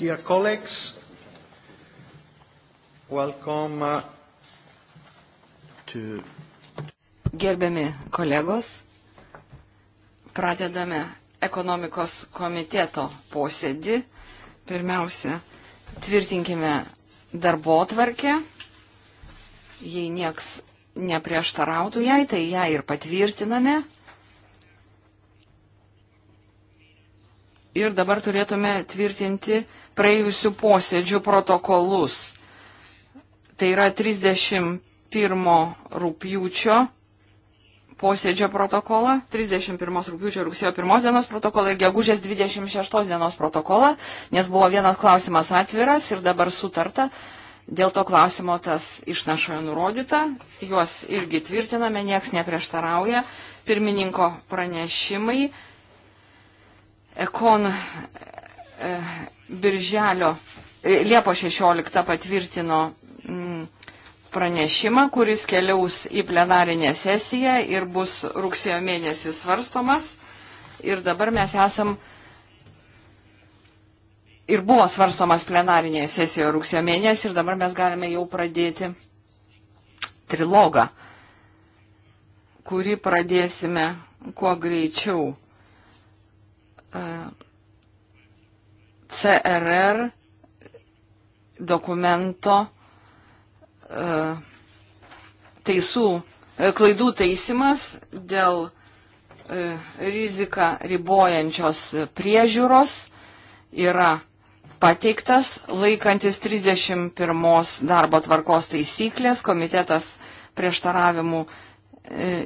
Dear colleagues, welcome uh, to. Gerbiami kolegos, pradedame ekonomikos komiteto posėdį. Pirmiausia, tvirtinkime darbo tvarkę. Jei nieks neprieštarautų jai, tai ją ir patvirtiname. ir dabar turėtume tvirtinti praėjusių posėdžių protokolus. Tai yra 31 rūpjūčio posėdžio protokolą, 31 rūpjūčio rugsėjo 1 dienos protokolą ir gegužės 26 dienos protokolą, nes buvo vienas klausimas atviras ir dabar sutarta. Dėl to klausimo tas išnašoje nurodyta, juos irgi tvirtiname, nieks neprieštarauja. Pirmininko pranešimai Ekon e, birželio e, Liepo 16 patvirtino mm, pranešimą, kuris keliaus į plenarinę sesiją ir bus rugsėjo mėnesį svarstomas. Ir dabar mes esam ir buvo svarstomas plenarinėje sesijoje rugsėjo mėnesį ir dabar mes galime jau pradėti trilogą, kurį pradėsime kuo greičiau. CRR dokumento e, taisų, e, klaidų taisimas dėl e, riziką ribojančios priežiūros yra pateiktas, laikantis 31 darbo tvarkos taisyklės, komitetas prieštaravimų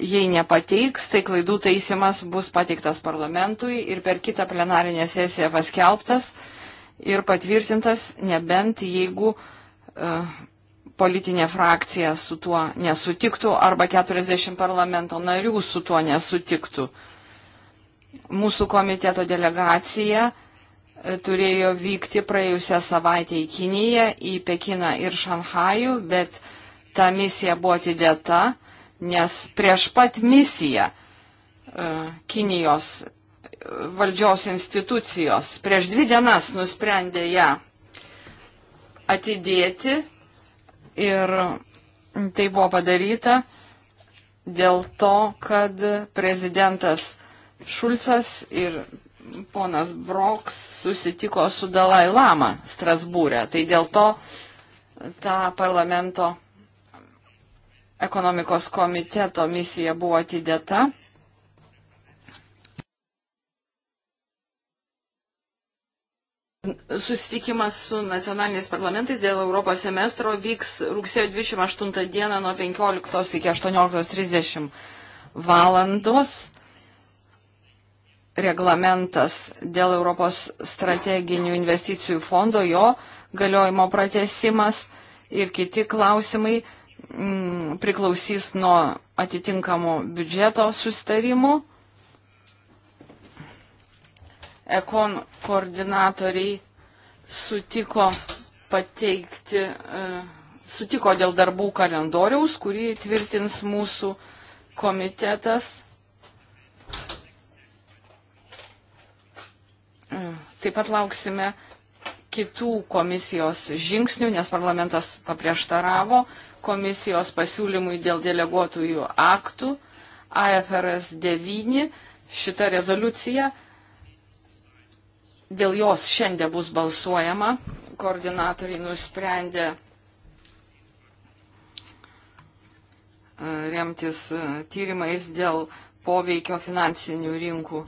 jei nepateiks, tai klaidų taisimas bus pateiktas parlamentui ir per kitą plenarinę sesiją paskelbtas ir patvirtintas, nebent jeigu uh, politinė frakcija su tuo nesutiktų arba 40 parlamento narių su tuo nesutiktų. Mūsų komiteto delegacija e, turėjo vykti praėjusią savaitę į Kiniją, į Pekiną ir Šanhajų, bet ta misija buvo atidėta nes prieš pat misiją e, Kinijos valdžios institucijos prieš dvi dienas nusprendė ją atidėti ir tai buvo padaryta dėl to, kad prezidentas Šulcas ir ponas Broks susitiko su Dalai Lama Strasbūrė. Tai dėl to ta parlamento ekonomikos komiteto misija buvo atidėta. Susitikimas su nacionaliniais parlamentais dėl Europos semestro vyks rugsėjo 28 dieną nuo 15 iki 18.30 valandos. Reglamentas dėl Europos strateginių investicijų fondo, jo galiojimo pratesimas ir kiti klausimai m, mm, priklausys nuo atitinkamų biudžeto sustarimų. Ekon koordinatoriai sutiko pateikti, e, sutiko dėl darbų kalendoriaus, kurį tvirtins mūsų komitetas. E, taip pat lauksime kitų komisijos žingsnių, nes parlamentas paprieštaravo, komisijos pasiūlymui dėl deleguotųjų aktų, AFRS 9, šita rezoliucija, dėl jos šiandien bus balsuojama, koordinatoriai nusprendė e, remtis e, tyrimais dėl poveikio finansinių rinkų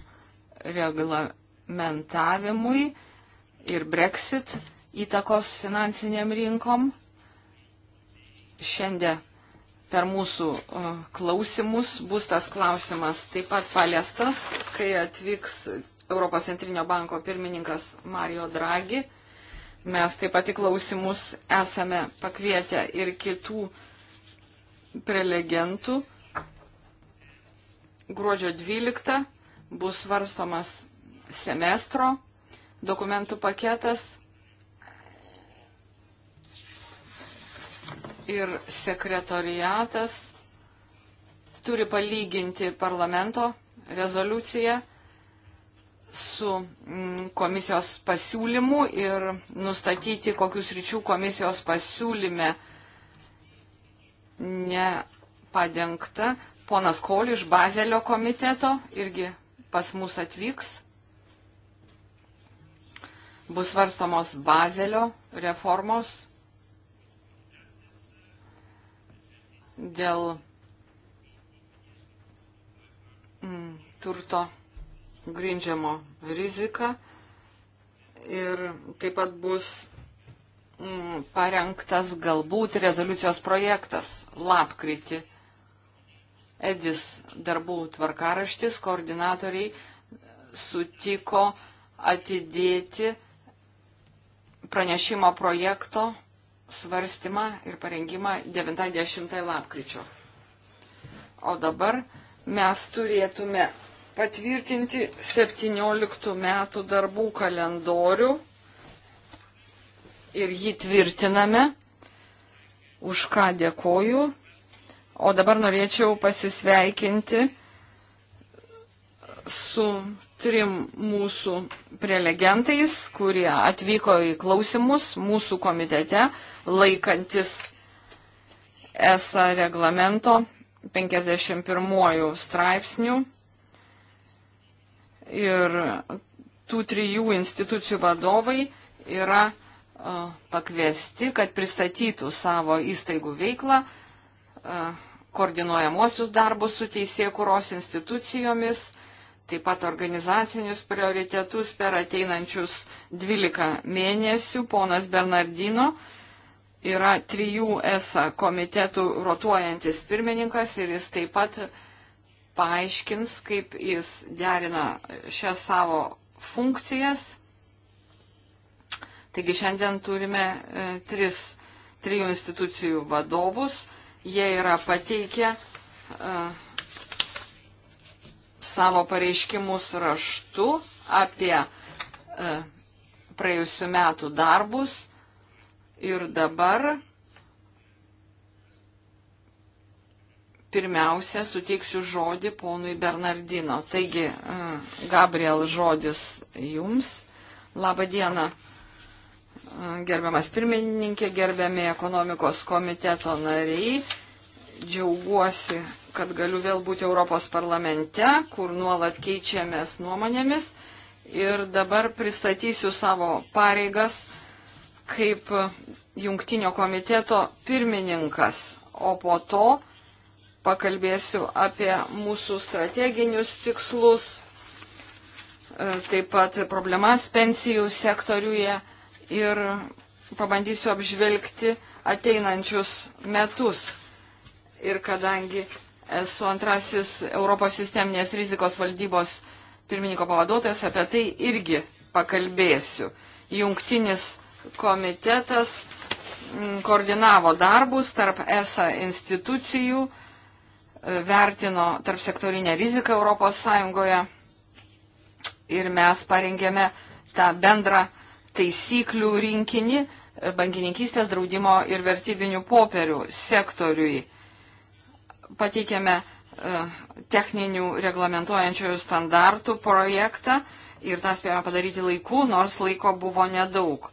reglamentavimui ir Brexit įtakos finansiniam rinkom šiandien per mūsų e, klausimus bus tas klausimas taip pat paliestas, kai atvyks Europos centrinio banko pirmininkas Mario Draghi. Mes taip pat į klausimus esame pakvietę ir kitų prelegentų. Gruodžio 12 bus svarstomas semestro dokumentų paketas ir sekretoriatas turi palyginti parlamento rezoliuciją su mm, komisijos pasiūlymu ir nustatyti, kokius ryčių komisijos pasiūlyme nepadengta. Ponas Kol iš Bazelio komiteto irgi pas mus atvyks. Bus svarstomos Bazelio reformos dėl mm, turto grindžiamo riziką ir taip pat bus mm, parengtas galbūt rezoliucijos projektas lapkritį. Edis darbų tvarkaraštis, koordinatoriai sutiko atidėti pranešimo projekto svarstymą ir parengimą 90 lapkričio. O dabar mes turėtume patvirtinti 17 metų darbų kalendorių ir jį tvirtiname, už ką dėkoju. O dabar norėčiau pasisveikinti su trim mūsų prelegentais, kurie atvyko į klausimus mūsų komitete, laikantis ESA reglamento 51 straipsnių. Ir tų trijų institucijų vadovai yra pakviesti, kad pristatytų savo įstaigų veiklą, koordinuojamosius darbus su teisėkuros institucijomis, taip pat organizacinius prioritetus per ateinančius 12 mėnesių. Ponas Bernardino yra trijų ESA komitetų rotuojantis pirmininkas ir jis taip pat paaiškins, kaip jis derina šias savo funkcijas. Taigi šiandien turime e, tris, trijų institucijų vadovus. Jie yra pateikę uh, savo pareiškimus raštu apie e, praėjusiu metu darbus ir dabar pirmiausia suteiksiu žodį ponui Bernardino. Taigi, e, Gabriel, žodis jums. Labą dieną, e, gerbiamas pirmininkė, gerbiami ekonomikos komiteto nariai. Džiaugiuosi, kad galiu vėl būti Europos parlamente, kur nuolat keičiamės nuomonėmis. Ir dabar pristatysiu savo pareigas kaip jungtinio komiteto pirmininkas. O po to pakalbėsiu apie mūsų strateginius tikslus, e, taip pat problemas pensijų sektoriuje ir pabandysiu apžvelgti ateinančius metus. Ir kadangi Esu antrasis Europos sisteminės rizikos valdybos pirmininko pavaduotojas, apie tai irgi pakalbėsiu. Jungtinis komitetas mm, koordinavo darbus tarp ESA institucijų, e, vertino tarp sektorinę riziką Europos Sąjungoje ir mes parengėme tą bendrą taisyklių rinkinį e, bankininkystės draudimo ir vertybinių popierių sektoriui pateikėme e, techninių reglamentuojančių standartų projektą ir tą spėjome padaryti laiku, nors laiko buvo nedaug.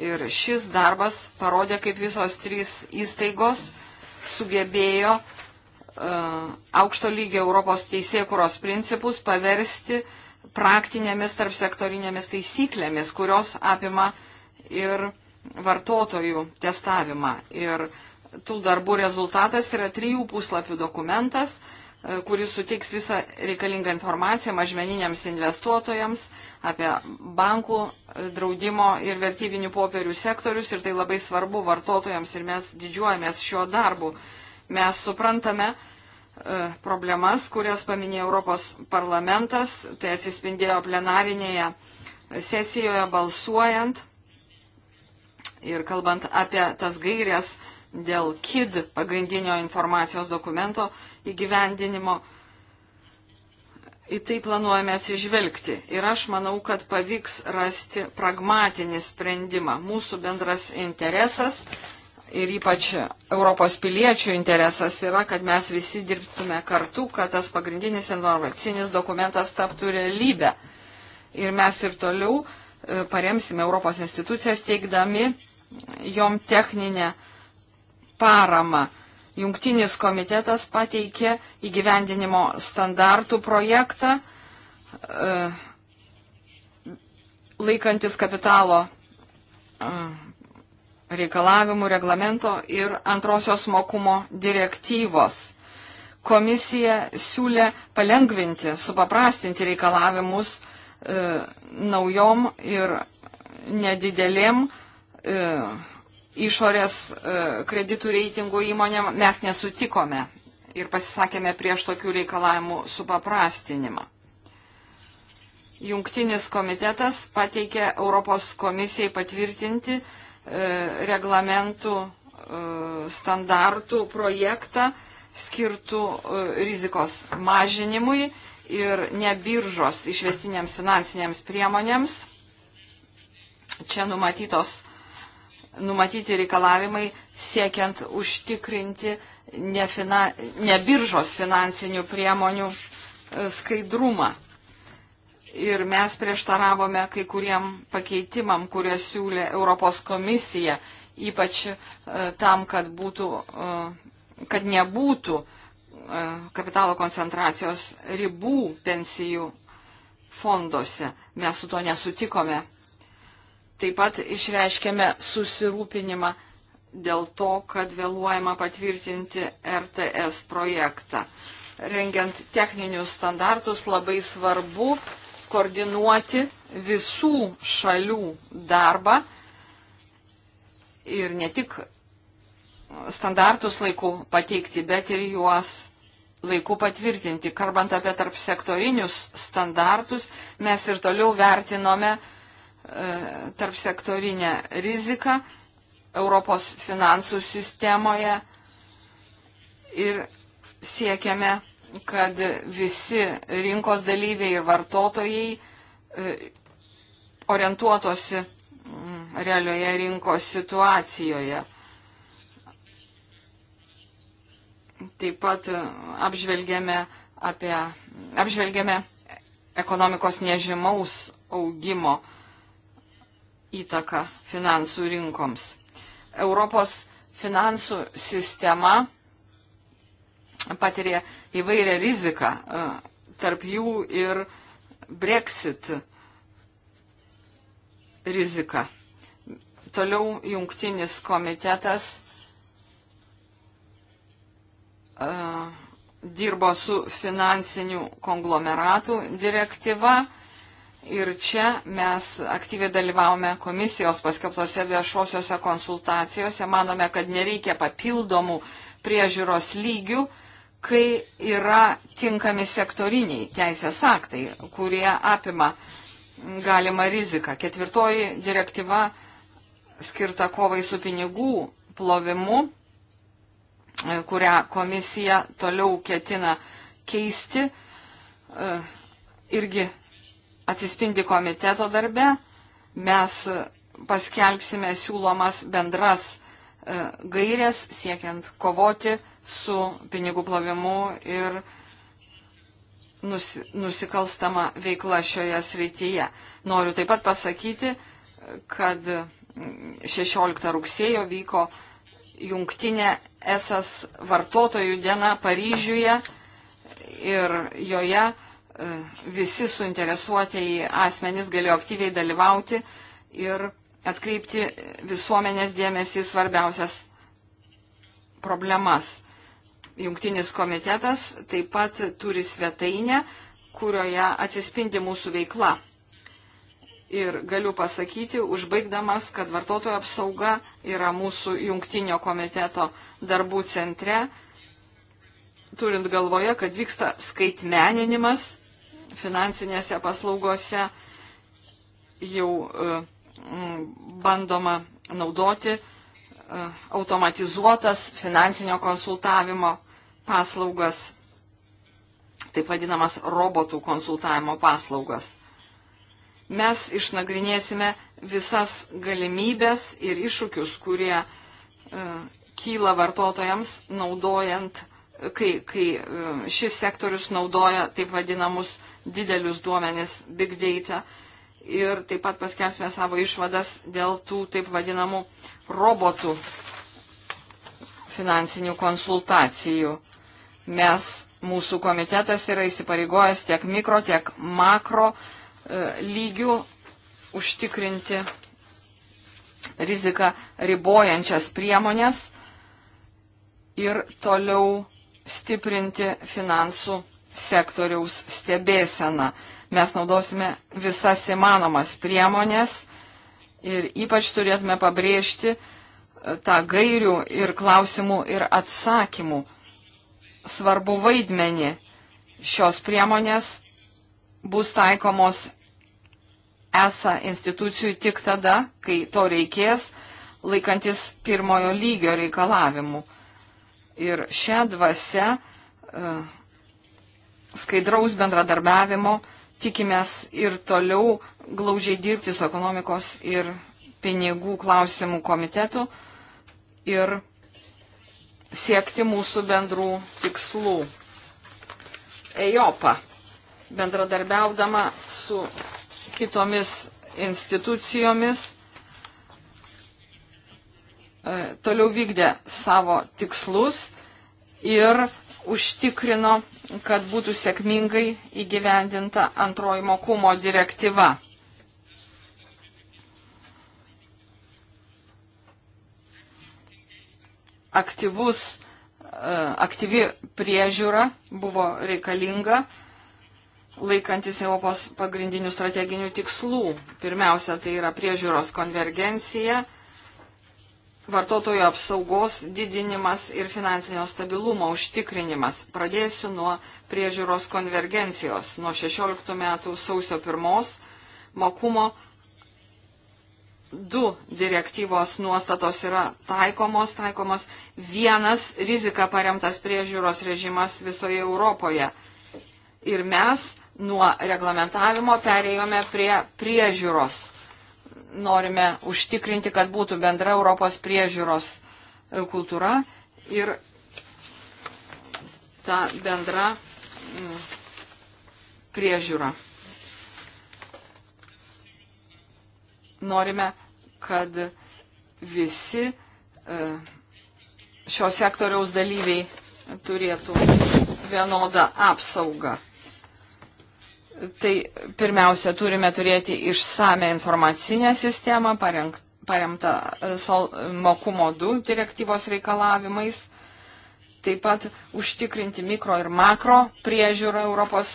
Ir šis darbas parodė, kaip visos trys įstaigos sugebėjo uh, aukšto lygio Europos teisėkuros principus paversti praktinėmis tarp sektorinėmis taisyklėmis, kurios apima ir vartotojų testavimą. Ir tų darbų rezultatas yra trijų puslapių dokumentas, e, kuris sutiks visą reikalingą informaciją mažmeniniams investuotojams apie bankų, e, draudimo ir vertybinių popierių sektorius ir tai labai svarbu vartotojams ir mes didžiuojamės šiuo darbu. Mes suprantame e, problemas, kurias paminėjo Europos parlamentas, tai atsispindėjo plenarinėje sesijoje balsuojant ir kalbant apie tas gairias, dėl KID pagrindinio informacijos dokumento įgyvendinimo. Į tai planuojame atsižvelgti ir aš manau, kad pavyks rasti pragmatinį sprendimą. Mūsų bendras interesas ir ypač Europos piliečių interesas yra, kad mes visi dirbtume kartu, kad tas pagrindinis informacinis dokumentas taptų realybę. Ir mes ir toliau e, paremsime Europos institucijas teikdami jom techninę paramą. Jungtinis komitetas pateikė įgyvendinimo standartų projektą, e, laikantis kapitalo e, reikalavimų reglamento ir antrosios mokumo direktyvos. Komisija siūlė palengvinti, supaprastinti reikalavimus e, naujom ir nedidelėm e, išorės e, kreditų reitingų įmonėm mes nesutikome ir pasisakėme prieš tokių reikalavimų supaprastinimą. Jungtinis komitetas pateikė Europos komisijai patvirtinti e, reglamentų e, standartų projektą skirtų e, rizikos mažinimui ir nebiržos išvestinėms finansinėms priemonėms. Čia numatytos numatyti reikalavimai siekiant užtikrinti ne, fina, ne biržos finansinių priemonių e, skaidrumą. Ir mes prieštaravome kai kuriem pakeitimam, kurie siūlė Europos komisija, ypač e, tam, kad, būtų, e, kad nebūtų e, kapitalo koncentracijos ribų pensijų fonduose. Mes su to nesutikome Taip pat išreiškėme susirūpinimą dėl to, kad vėluojama patvirtinti RTS projektą. Rengiant techninius standartus labai svarbu koordinuoti visų šalių darbą ir ne tik standartus laiku pateikti, bet ir juos laiku patvirtinti. Karbant apie tarp sektorinius standartus, mes ir toliau vertinome, E, tarp sektorinę riziką Europos finansų sistemoje ir siekiame, kad visi rinkos dalyviai ir vartotojai e, orientuotosi realioje rinkos situacijoje. Taip pat e, apžvelgėme, apie, apžvelgėme ekonomikos nežymaus augimo uh, įtaką finansų rinkoms. Europos finansų sistema patiria įvairią riziką, e, tarp jų ir Brexit rizika. Toliau jungtinis komitetas e, dirbo su finansinių konglomeratų direktyva Ir čia mes aktyviai dalyvavome komisijos paskelbtose viešosiuose konsultacijose. Manome, kad nereikia papildomų priežiūros lygių, kai yra tinkami sektoriniai teisės aktai, kurie apima galima rizika. Ketvirtoji direktyva skirta kovai su pinigų plovimu, kurią komisija toliau ketina keisti, e, irgi atsispindi komiteto darbe. Mes paskelbsime siūlomas bendras e, gairias siekiant kovoti su pinigų plovimu ir nusikalstama veikla šioje srityje. Noriu taip pat pasakyti, kad 16 mm, rugsėjo vyko jungtinė SS vartotojų diena Paryžiuje ir joje E, visi suinteresuotieji asmenys galėjo aktyviai dalyvauti ir atkreipti visuomenės dėmesį svarbiausias problemas. Jungtinis komitetas taip pat turi svetainę, kurioje atsispindi mūsų veikla. Ir galiu pasakyti, užbaigdamas, kad vartotojo apsauga yra mūsų jungtinio komiteto darbų centre, turint galvoje, kad vyksta skaitmeninimas finansinėse paslaugose jau e, bandoma naudoti e, automatizuotas finansinio konsultavimo paslaugas, taip vadinamas robotų konsultavimo paslaugas mes išnagrinėsime visas galimybės ir iššūkius, kurie e, kyla vartotojams naudojant kai, kai um, šis sektorius naudoja taip vadinamus didelius duomenis, big data. Ir taip pat paskelbsime savo išvadas dėl tų taip vadinamų robotų finansinių konsultacijų. Mes, mūsų komitetas yra įsipareigojęs tiek mikro, tiek makro e, lygių užtikrinti riziką ribojančias priemonės ir toliau stiprinti finansų sektoriaus stebėseną. Mes naudosime visas įmanomas priemonės ir ypač turėtume pabrėžti e, tą gairių ir klausimų ir atsakymų svarbu vaidmenį. Šios priemonės bus taikomos esą institucijų tik tada, kai to reikės, laikantis pirmojo lygio reikalavimų. Ir šią dvasę e, skaidraus bendradarbiavimo tikimės ir toliau glaudžiai dirbti su ekonomikos ir pinigų klausimų komitetu ir siekti mūsų bendrų tikslų. EJOPA bendradarbiaudama su kitomis institucijomis E, toliau vykdė savo tikslus ir užtikrino, kad būtų sėkmingai įgyvendinta antroji mokumo direktyva. Aktyvus, e, aktyvi priežiūra buvo reikalinga laikantis Europos pagrindinių strateginių tikslų. Pirmiausia, tai yra priežiūros konvergencija vartotojų apsaugos didinimas ir finansinio stabilumo užtikrinimas. Pradėsiu nuo priežiūros konvergencijos. Nuo 16 metų sausio 1 mokumo du direktyvos nuostatos yra taikomos, taikomas vienas rizika paremtas priežiūros režimas visoje Europoje. Ir mes nuo reglamentavimo perėjome prie priežiūros norime užtikrinti, kad būtų bendra Europos priežiūros e, kultūra ir ta bendra priežiūra. Norime, kad visi e, šio sektoriaus dalyviai turėtų vienodą apsaugą. Tai pirmiausia, turime turėti išsame informacinę sistemą, parengt, paremtą e, sol, mokumo 2 direktyvos reikalavimais. Taip pat užtikrinti mikro ir makro priežiūrą ES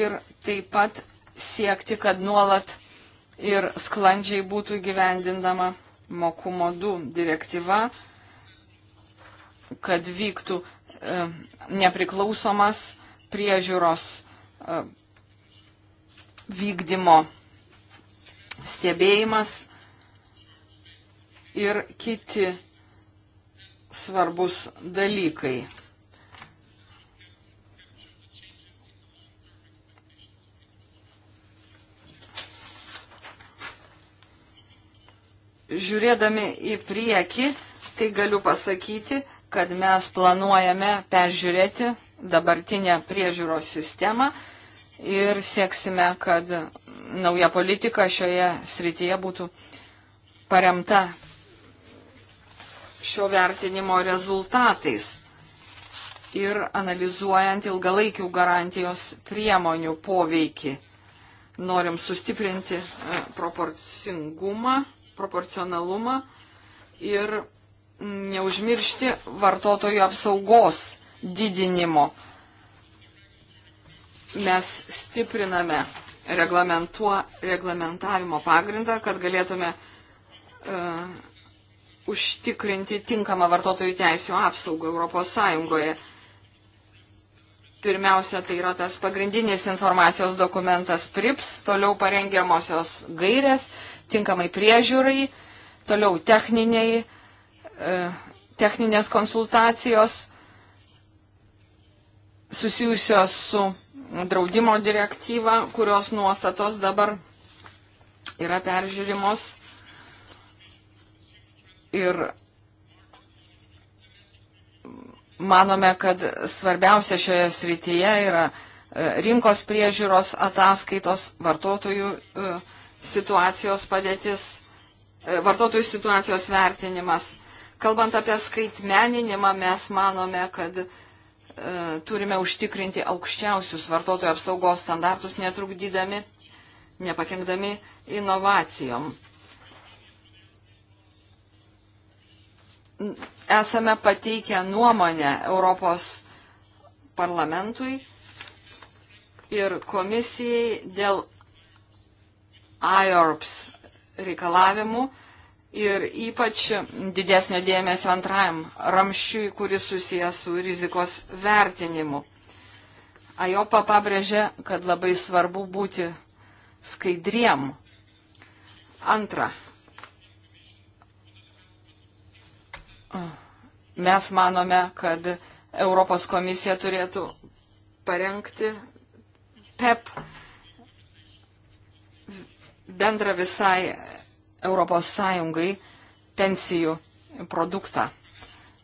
ir taip pat siekti, kad nuolat ir sklandžiai būtų gyvendindama mokumo 2 direktyva, kad vyktų e, nepriklausomas priežiūros vykdymo stebėjimas ir kiti svarbus dalykai. Žiūrėdami į priekį, tai galiu pasakyti, kad mes planuojame peržiūrėti dabartinę priežiūros sistemą ir sieksime, kad nauja politika šioje srityje būtų paremta šio vertinimo rezultatais ir analizuojant ilgalaikių garantijos priemonių poveikį. Norim sustiprinti e, proporcingumą, proporcionalumą ir neužmiršti vartotojų apsaugos didinimo. Mes stipriname reglamentavimo pagrindą, kad galėtume uh, užtikrinti tinkamą vartotojų teisų apsaugą Europos Sąjungoje. Pirmiausia, tai yra tas pagrindinis informacijos dokumentas PRIPS, toliau parengiamosios gairės, tinkamai priežiūrai, toliau techniniai, e, techninės konsultacijos, susijusios su draudimo direktyva, kurios nuostatos dabar yra peržiūrimos. Ir manome, kad svarbiausia šioje srityje yra e, rinkos priežiūros ataskaitos, vartotojų e, situacijos padėtis, e, vartotojų situacijos vertinimas. Kalbant apie skaitmeninimą, mes manome, kad turime užtikrinti aukščiausius vartotojų apsaugos standartus, netrukdydami, nepakengdami inovacijom. Esame pateikę nuomonę Europos parlamentui ir komisijai dėl IORPS reikalavimų ir ypač didesnio dėmesio antrajam ramščiui, kuris susijęs su rizikos vertinimu. Ajopa pabrėžė, kad labai svarbu būti skaidriem. Antra. Mes manome, kad Europos komisija turėtų parengti PEP e bendrą visai ES pensijų produktą.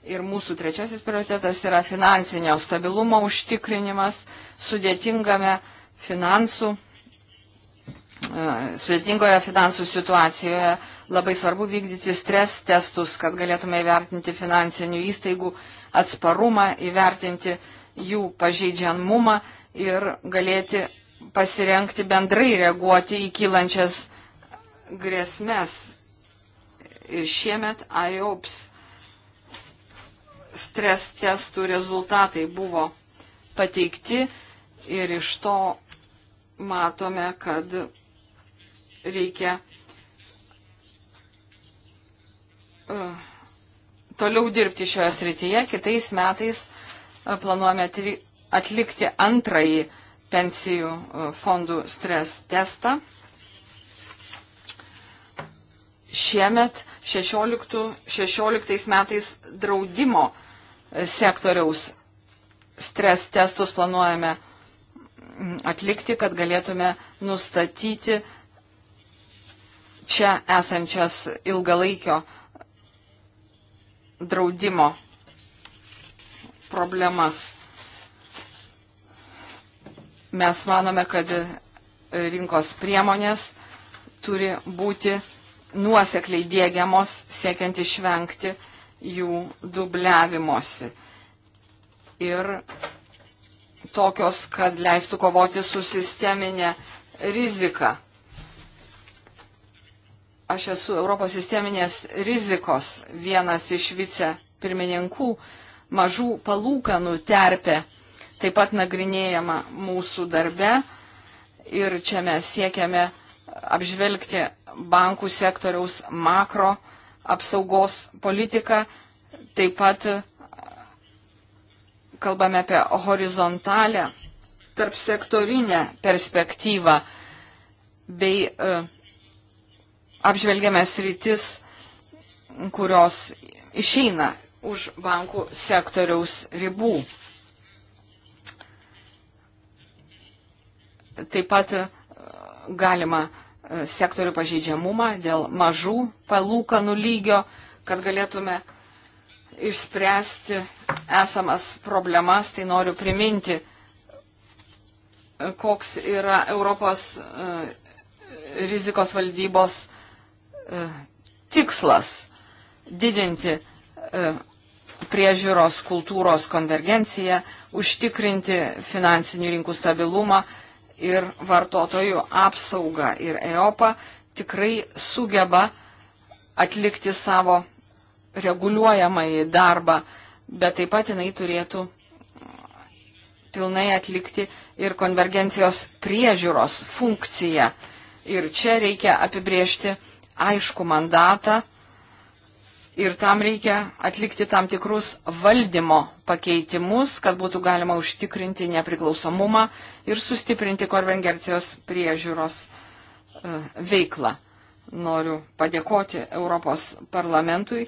Ir mūsų trečiasis prioritetas yra finansinio stabilumo užtikrinimas sudėtingame finansų, e, sudėtingoje finansų situacijoje. Labai svarbu vykdyti stres testus, kad galėtume įvertinti finansinių įstaigų atsparumą, įvertinti jų pažeidžiamumą ir galėti pasirenkti bendrai reaguoti į kylančias grėsmės. Ir šiemet IOPS stres testų rezultatai buvo pateikti ir iš to matome, kad reikia uh, toliau dirbti šioje srityje. Kitais metais uh, planuojame atlikti antrąjį pensijų uh, fondų stres testą šiemet 16, 16 metais draudimo sektoriaus stres testus planuojame atlikti, kad galėtume nustatyti čia esančias ilgalaikio draudimo problemas. Mes manome, kad rinkos priemonės turi būti nuosekliai dėgiamos, siekiant išvengti jų dubliavimosi. Ir tokios, kad leistų kovoti su sisteminė rizika. Aš esu Europos sisteminės rizikos vienas iš vice pirmininkų, mažų palūkanų terpė taip pat nagrinėjama mūsų darbe ir čia mes siekiame apžvelgti bankų sektoriaus makro apsaugos politiką. Taip pat e, kalbame apie horizontalę tarp sektorinę perspektyvą bei e, apžvelgiame sritis, kurios išeina už bankų sektoriaus ribų. Taip pat e, galima uh, sektorių pažeidžiamumą, dėl mažų palūkanų lygio, kad galėtume išspręsti esamas problemas, tai noriu priminti, koks yra Europos e, rizikos valdybos e, tikslas didinti e, priežiūros kultūros konvergenciją, užtikrinti finansinių rinkų stabilumą, ir vartotojų apsaugą. Ir EOPA tikrai sugeba atlikti savo reguliuojamąjį darbą, bet taip pat jinai turėtų pilnai atlikti ir konvergencijos priežiūros funkciją. Ir čia reikia apibriežti aišku mandatą Ir tam reikia atlikti tam tikrus valdymo pakeitimus, kad būtų galima užtikrinti nepriklausomumą ir sustiprinti konvengercijos priežiūros e, veiklą. Noriu padėkoti Europos parlamentui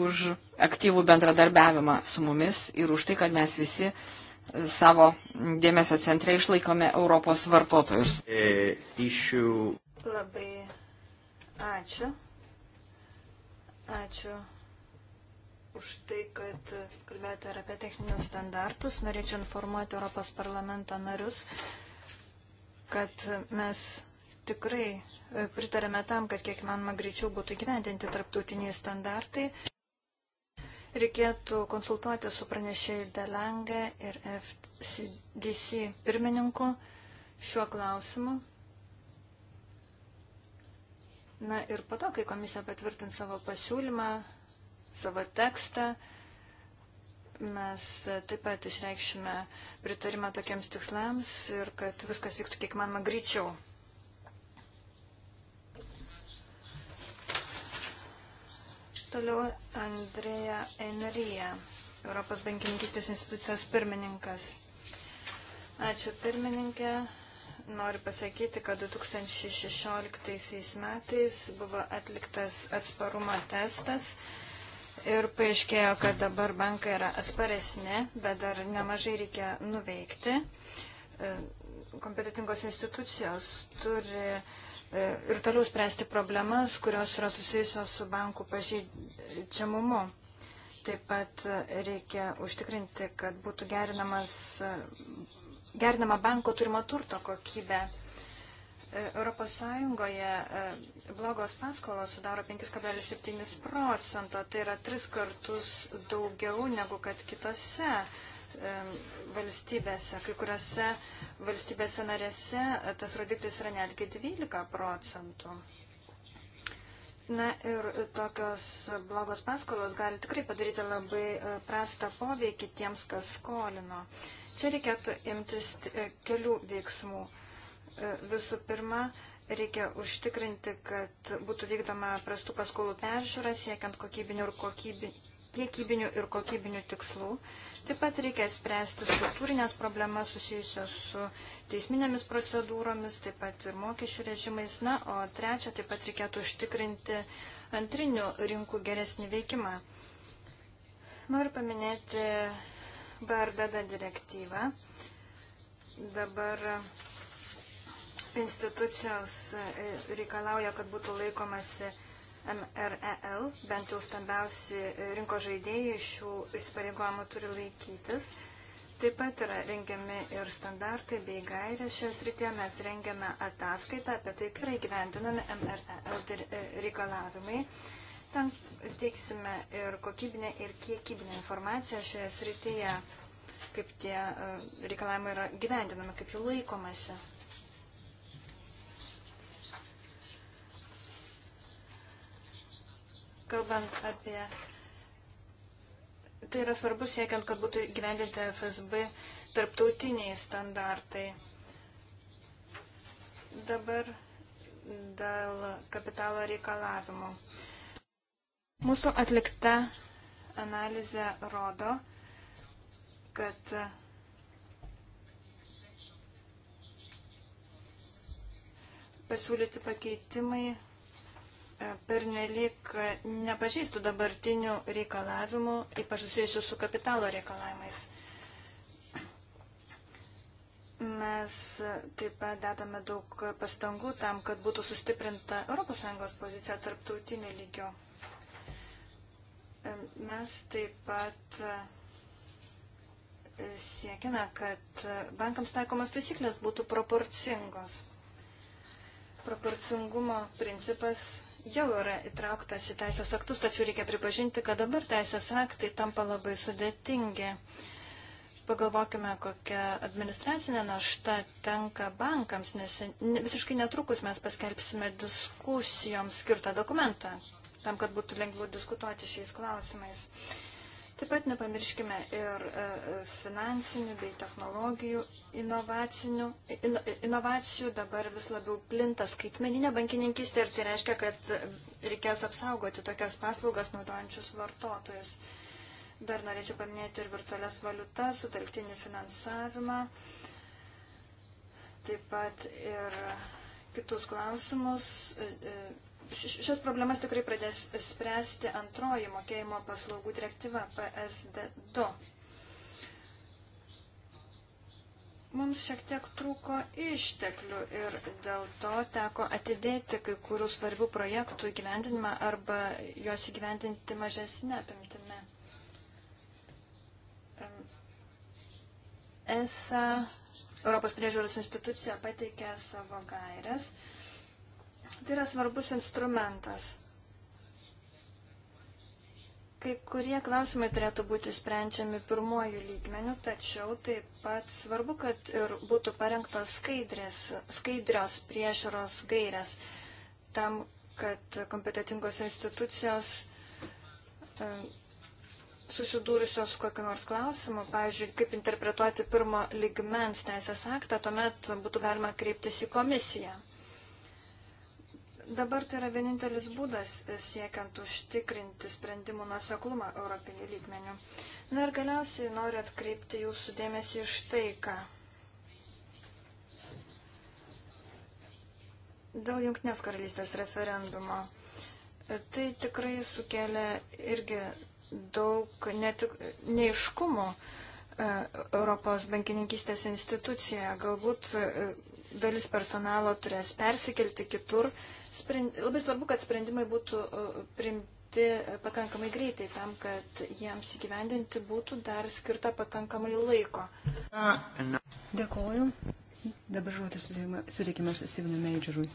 už aktyvų bendradarbiavimą su mumis ir už tai, kad mes visi e, savo dėmesio centre išlaikome Europos vartotojus. E, Labai ačiū. Ačiū už tai, kad kalbėjote ir apie techninius standartus. Norėčiau informuoti Europos parlamento narius, kad mes tikrai pritarėme tam, kad kiek manoma greičiau būtų gyvendinti tarptautiniai standartai. Reikėtų konsultuoti su pranešėjų Delange ir FDC pirmininku šiuo klausimu. Na ir po to, kai komisija patvirtins savo pasiūlymą, savo tekstą, mes taip pat išreikšime pritarimą tokiems tikslams ir kad viskas vyktų kiek manoma greičiau. Toliau Andrėja Enerija, Europos bankininkistės institucijos pirmininkas. Ačiū pirmininkė noriu pasakyti, kad 2016 metais buvo atliktas atsparumo testas ir paaiškėjo, kad dabar bankai yra atsparesni, bet dar nemažai reikia nuveikti. E, kompetitingos institucijos turi e, ir toliau spręsti problemas, kurios yra susijusios su bankų pažeidžiamumu. Taip pat reikia užtikrinti, kad būtų gerinamas gerinama banko turimo turto kokybė. E, Europos Sąjungoje e, blogos paskolos sudaro 5,7 procento, tai yra tris kartus daugiau negu kad kitose e, valstybėse. Kai kuriuose valstybėse narėse tas rodiklis yra netgi 12 procentų. Na ir tokios blogos paskolos gali tikrai padaryti labai prastą poveikį tiems, kas skolino. Uh, Čia reikėtų imtis e, kelių veiksmų. E, visų pirma, reikia užtikrinti, kad būtų vykdoma prastų paskolų peržiūra, siekiant kokybinių ir kokybinių kiekybinių ir kokybinių tikslų. Taip pat reikia spręsti struktūrinės problemas susijusios su teisminėmis procedūromis, taip pat ir mokesčių režimais. Na, o trečia, taip pat reikėtų užtikrinti antrinių rinkų geresnį veikimą. Noriu paminėti BRDD direktyvą. Dabar institucijos e, reikalauja, kad būtų laikomasi MREL, bent jau stambiausi e, rinko žaidėjai šių įsipareigojimų turi laikytis. Taip pat yra rengiami ir standartai bei gairės šios rytė. Mes rengiame ataskaitą apie tai, kaip yra įgyvendinami MREL tai, e, reikalavimai. Ten teiksime ir kokybinę, ir kiekybinę informaciją šioje srityje, kaip tie e, reikalavimai yra gyvendinami, kaip jų laikomasi. Kalbant apie Tai yra svarbu siekiant, kad būtų gyvendinti FSB tarptautiniai standartai. Dabar dėl kapitalo reikalavimo. Mūsų atlikta analizė rodo, kad pasiūlyti pakeitimai e, pernelyg nepažįstų dabartinių reikalavimų, ypač susijusių su kapitalo reikalavimais. Mes taip pat dedame daug pastangų tam, kad būtų sustiprinta ES pozicija tarptautiniu lygiu. Mes taip pat e, siekime, kad e, bankams taikomas taisyklės būtų proporcingos. Proporcingumo principas jau yra įtrauktas į teisės aktus, tačiau reikia pripažinti, kad dabar teisės aktai tampa labai sudėtingi. Pagalvokime, kokia administracinė našta tenka bankams, nes visiškai netrukus mes paskelbsime diskusijoms skirtą dokumentą, tam, kad būtų lengviau diskutuoti šiais klausimais. Taip pat nepamirškime ir e, e, finansinių bei technologijų inovacijų. inovacijų dabar vis labiau plinta skaitmeninė bankininkistė ir tai reiškia, kad reikės apsaugoti tokias paslaugas naudojančius vartotojus. Dar norėčiau paminėti ir virtualias valiutas, sutelktinį finansavimą, taip pat ir kitus klausimus e, Šios problemas tikrai pradės spręsti antroji mokėjimo paslaugų direktyva PSD2. Mums šiek tiek trūko išteklių ir dėl to teko atidėti kai kurių svarbių projektų įgyvendinimą arba juos įgyvendinti mažesnė apimtime. ESA, Europos priežiūros institucija, pateikė savo gairias Tai yra svarbus instrumentas. Kai kurie klausimai turėtų būti sprendžiami pirmojų lygmenių, tačiau taip pat svarbu, kad ir būtų parengtos skaidrės, skaidrios priežiūros gairės tam, kad kompetitingos institucijos e, susidūrusios su kokiu nors klausimu, pavyzdžiui, kaip interpretuoti pirmo ligmens teisės aktą, tuomet būtų galima kreiptis į komisiją. Dabar tai yra vienintelis būdas siekiant užtikrinti sprendimų nuoseklumą europinių lygmenių. Na ir galiausiai noriu atkreipti jūsų dėmesį iš tai, ką. Dėl Junktinės karalystės referendumo. Tai tikrai sukelia irgi daug netik, neiškumo e, Europos bankininkystės institucijoje. Galbūt e, dalis personalo turės persikelti kitur. Sprend... Labai svarbu, kad sprendimai būtų e, priimti e, pakankamai greitai tam, kad jiems įgyvendinti būtų dar skirta pakankamai laiko. Dėkoju. Dabar žodis suteikimas Stevenui Majorui.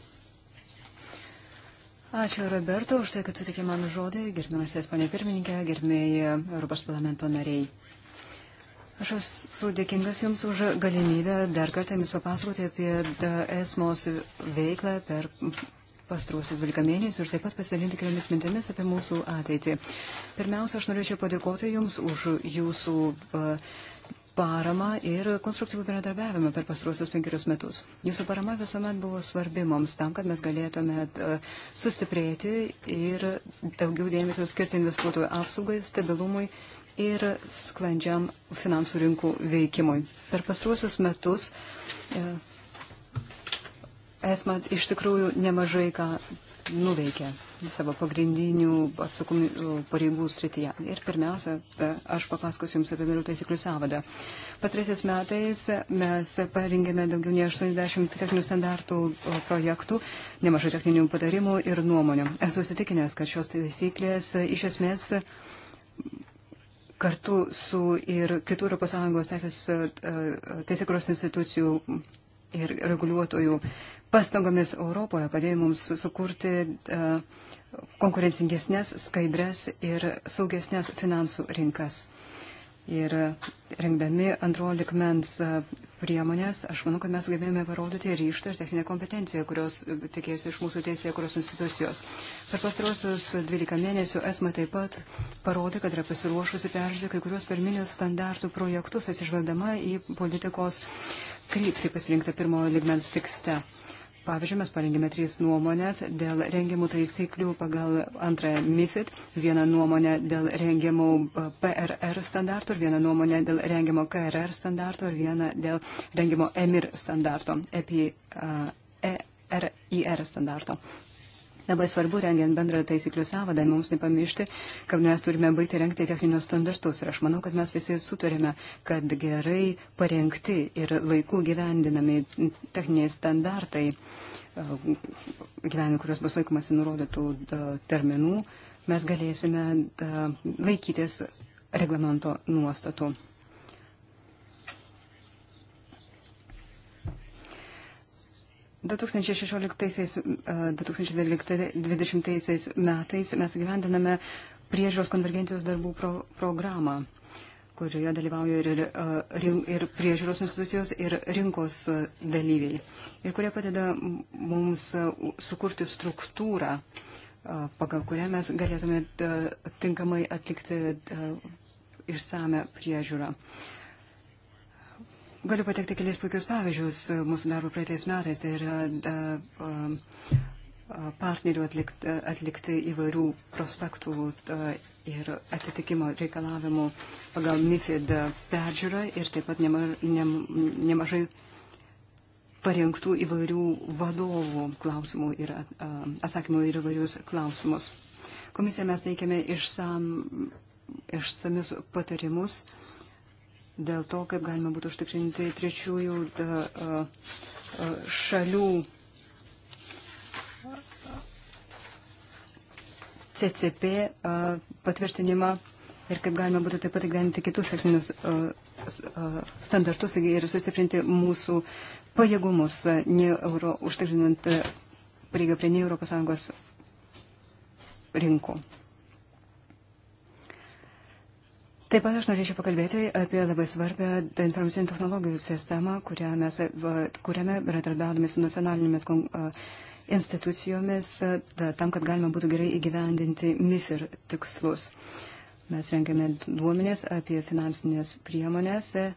Ačiū Roberto už tai, kad sutikė man žodį, gerbiamasis panė pirmininkė, gerbėjai Europos parlamento nariai. Aš esu dėkingas Jums už galimybę dar kartą Jums papasakoti apie e, esmos veiklą per pastruosius 12 mėnesius ir taip pat pasidalinti keliomis mintimis apie mūsų ateitį. Pirmiausia, aš norėčiau padėkoti Jums už Jūsų e, paramą ir konstruktyvų bendradarbiavimą per pastruosius penkerius metus. Jūsų parama visuomet buvo svarbi mums tam, kad mes galėtume e, sustiprėti ir daugiau dėmesio skirti investuotojų apsaugai, stabilumui ir sklandžiam finansų rinkų veikimui. Per pastruosius metus e, esmą iš tikrųjų nemažai ką nuveikė savo pagrindinių atsakomų e, pareigų srityje. Ir pirmiausia, e, aš papasakosiu Jums apie vėlių taisyklių savadą. Pastraisiais metais mes parengėme daugiau nei 80 techninių standartų projektų, nemažai techninių patarimų ir nuomonių. Esu įsitikinęs, kad šios taisyklės iš esmės kartu su ir kitų ES teisės e, e, teisėkros institucijų ir reguliuotojų pastangomis Europoje padėjo mums sukurti e, konkurencingesnės, skaidres ir saugesnės finansų rinkas. Ir rengdami antro likmens priemonės, aš manau, kad mes sugebėjome parodyti ryštą ir techninę kompetenciją, kurios e, tikėjusi iš mūsų teisėje, kurios institucijos. Per pastarosius 12 mėnesių esma taip pat parodė, kad yra pasiruošusi peržiūrėti kai kurios pirminių standartų projektus, atsižvelgdama į politikos kryptį pasirinktą pirmojo ligmens tikste. Pavyzdžiui, mes parengėme trys nuomonės dėl rengiamų taisyklių pagal antrąją MIFID, vieną nuomonę dėl rengiamų e, PRR standartų ir vieną nuomonę dėl rengiamo KRR standartų ir vieną dėl rengiamo EMIR standarto, EPI, ERIR standarto. Labai svarbu, rengiant bendrą taisyklių savadą, mums nepamiršti, kad mes turime baigti rengti techninius standartus. Ir aš manau, kad mes visi sutarėme, kad gerai parengti ir laikų gyvendinami techniniai standartai, gyvenime, kurios bus laikomasi nurodytų terminų, mes galėsime laikytis reglamento nuostatų. 2016-2020 e, metais mes gyvendiname priežiūros konvergencijos darbų pro, programą, kurioje dalyvauja ir, e, ir, ir priežiūros institucijos, ir rinkos dalyviai, ir kurie padeda mums sukurti struktūrą, e, pagal kurią mes galėtume tinkamai atlikti išsame priežiūrą. Uh, Galiu patekti kelias puikius pavyzdžius mūsų darbo praeitais metais. Tai yra da, um, partnerių atlikti, atlikti įvairių prospektų da, ir atitikimo reikalavimų pagal MIFID peržiūrą ir taip pat nema, nem, nemažai parengtų įvairių vadovų klausimų ir atsakymų ir įvairius klausimus. Komisija mes teikiame išsam, išsamius patarimus dėl to, kaip galima būtų užtikrinti trečiųjų šalių CCP patvirtinimą ir kaip galima būtų taip pat įgyventi kitus techninius standartus ir sustiprinti mūsų pajėgumus, ne euro, užtikrinant prieigą prie ne ES rinkų. Taip pat aš norėčiau pakalbėti apie labai svarbę informacinių technologijų sistemą, kurią mes, kuriame bendradarbiaudami su nacionalinėmis institucijomis tam, kad galima būtų gerai įgyvendinti MIFIR tikslus. Mes rengiame duomenės apie finansinės priemonės. E,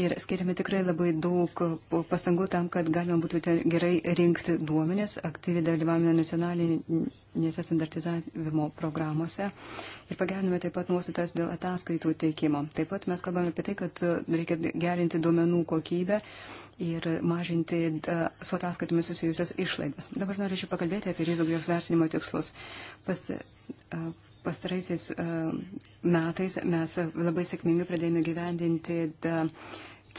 Ir skiriame tikrai labai daug pastangų tam, kad galima būtų gerai rinkti duomenės, aktyviai dalyvavome nacionalinėse standartizavimo programuose ir pagerinome taip pat nuostatas dėl ataskaitų teikimo. Taip pat mes kalbame apie tai, kad e, reikia gerinti duomenų kokybę ir mažinti e, su ataskaitomis susijusias išlaidas. Dabar norėčiau pakalbėti apie rizikos vertinimo tikslus. Past, e, pastaraisiais e, metais mes labai sėkmingai pradėjome gyvendinti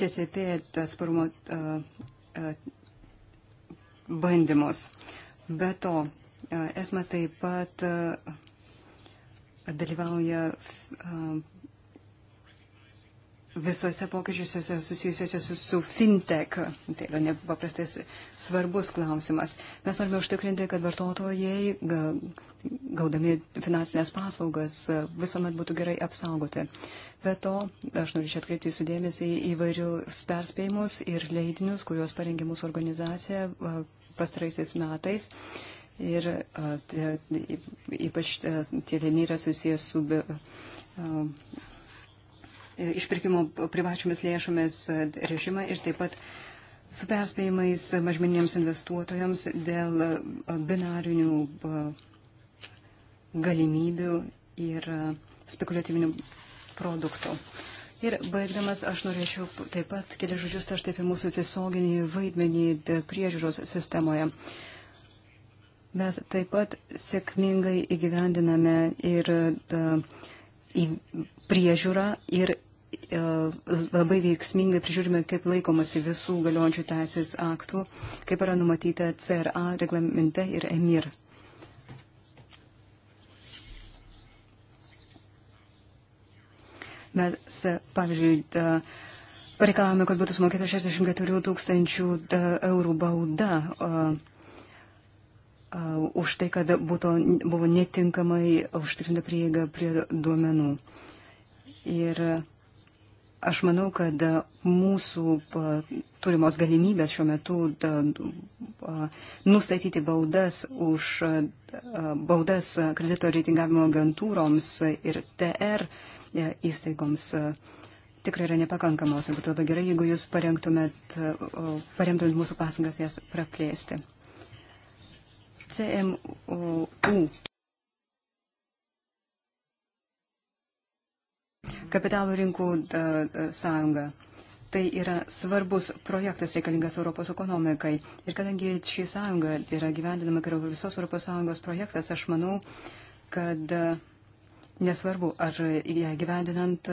CCP atsparumo e, e, bandymus. Be to, ESMA taip pat dalyvauja visuose pokyčiuose susijusiuose su, su fintech. Tai yra nepaprastai svarbus klausimas. Mes norime užtikrinti, kad vartotojai, gaudami finansinės paslaugas, visuomet būtų gerai apsaugoti. Be to, aš norėčiau atkreipti jūsų dėmesį į įvairius perspėjimus ir leidinius, kuriuos parengė mūsų organizacija pastaraisiais metais. Ir ypač tie leidiniai yra susijęs su. Be, a, E, išpirkimo privačiomis lėšomis režimą ir taip pat su perspėjimais mažmeniniams investuotojams dėl e, binarinių e, galimybių ir spekuliatyvinių produktų. Ir baigdamas, aš norėčiau taip pat keli žodžius tarti apie mūsų tiesioginį vaidmenį priežiūros sistemoje. Mes taip pat sėkmingai įgyvendiname ir da, priežiūrą ir e, labai veiksmingai prižiūrime, kaip laikomasi visų galiojančių teisės aktų, kaip yra numatyta CRA reglamente ir EMIR. Mes, pavyzdžiui, reikalavome, kad būtų sumokėta 64 tūkstančių eurų bauda. O, už tai, kad būtų, buvo netinkamai užtikrinta prieiga prie duomenų. Ir aš manau, kad mūsų turimos galimybės šiuo metu nustatyti baudas už baudas kredito reitingavimo agentūroms ir TR įstaigoms tikrai yra nepakankamos. Ir būtų labai gerai, jeigu jūs parengtumėt, parengtumėt mūsų pasangas jas praplėsti. CMU. Kapitalo rinkų sąjunga. Tai yra svarbus projektas reikalingas Europos ekonomikai. Ir kadangi ši sąjunga yra gyvendinama kaip visos ES projektas, aš manau, kad nesvarbu, ar ją gyvendinant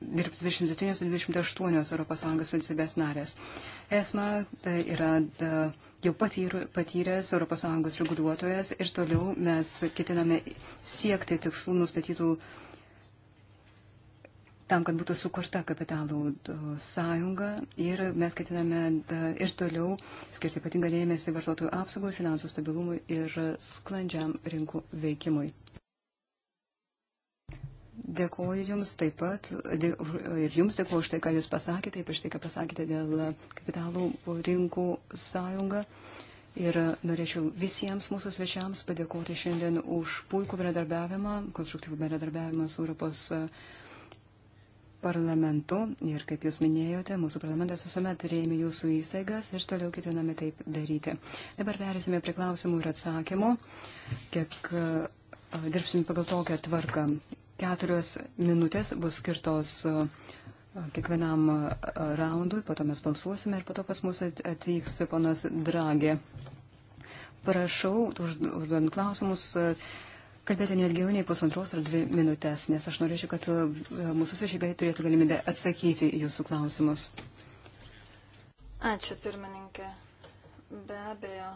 dirbs 27-28 ES valstybės narės. ESMA tai yra da, jau patyr, patyręs ES reguliuotojas ir toliau mes ketiname siekti tikslų nustatytų tam, kad būtų sukurta kapitalų sąjunga ir mes ketiname da, ir toliau skirti ypatingą dėmesį vartotojų apsaugai, finansų stabilumui ir sklandžiam rinkų veikimui. Dėkuoju Jums taip pat dė, ir Jums dėkuoju už tai, ką Jūs pasakėte, ypač tai, ką pasakėte dėl kapitalų rinkų sąjungą. Ir norėčiau visiems mūsų svečiams padėkoti šiandien už puikų bendradarbiavimą, konstruktyvų bendradarbiavimą su Europos e, parlamentu. Ir kaip Jūs minėjote, mūsų parlamentas visuomet rėmė Jūsų įstaigas ir toliau ketiname taip daryti. Dabar perėsime prie klausimų ir atsakymų. Kiek e, dirbsim pagal tokią tvarką. Keturios minutės bus skirtos e, kiekvienam e, raundui, po to mes balsuosime ir po to pas mus atvyks ponas Dragė. Prašau, užduodant klausimus, e, kalbėti nelgiau nei pusantros ar dvi minutės, nes aš norėčiau, kad mūsų svečiai turėtų galimybę atsakyti jūsų klausimus. Ačiū, pirmininkė. Be abejo,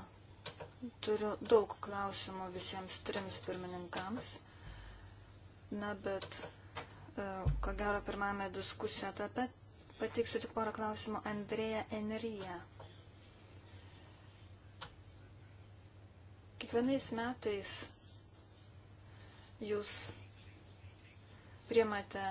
turiu daug klausimų visiems trims pirmininkams. Na, bet e, ko gero pirmame diskusijų etape pateiksiu tik porą klausimų Andrėja Enryja. Kiekvienais metais jūs priemate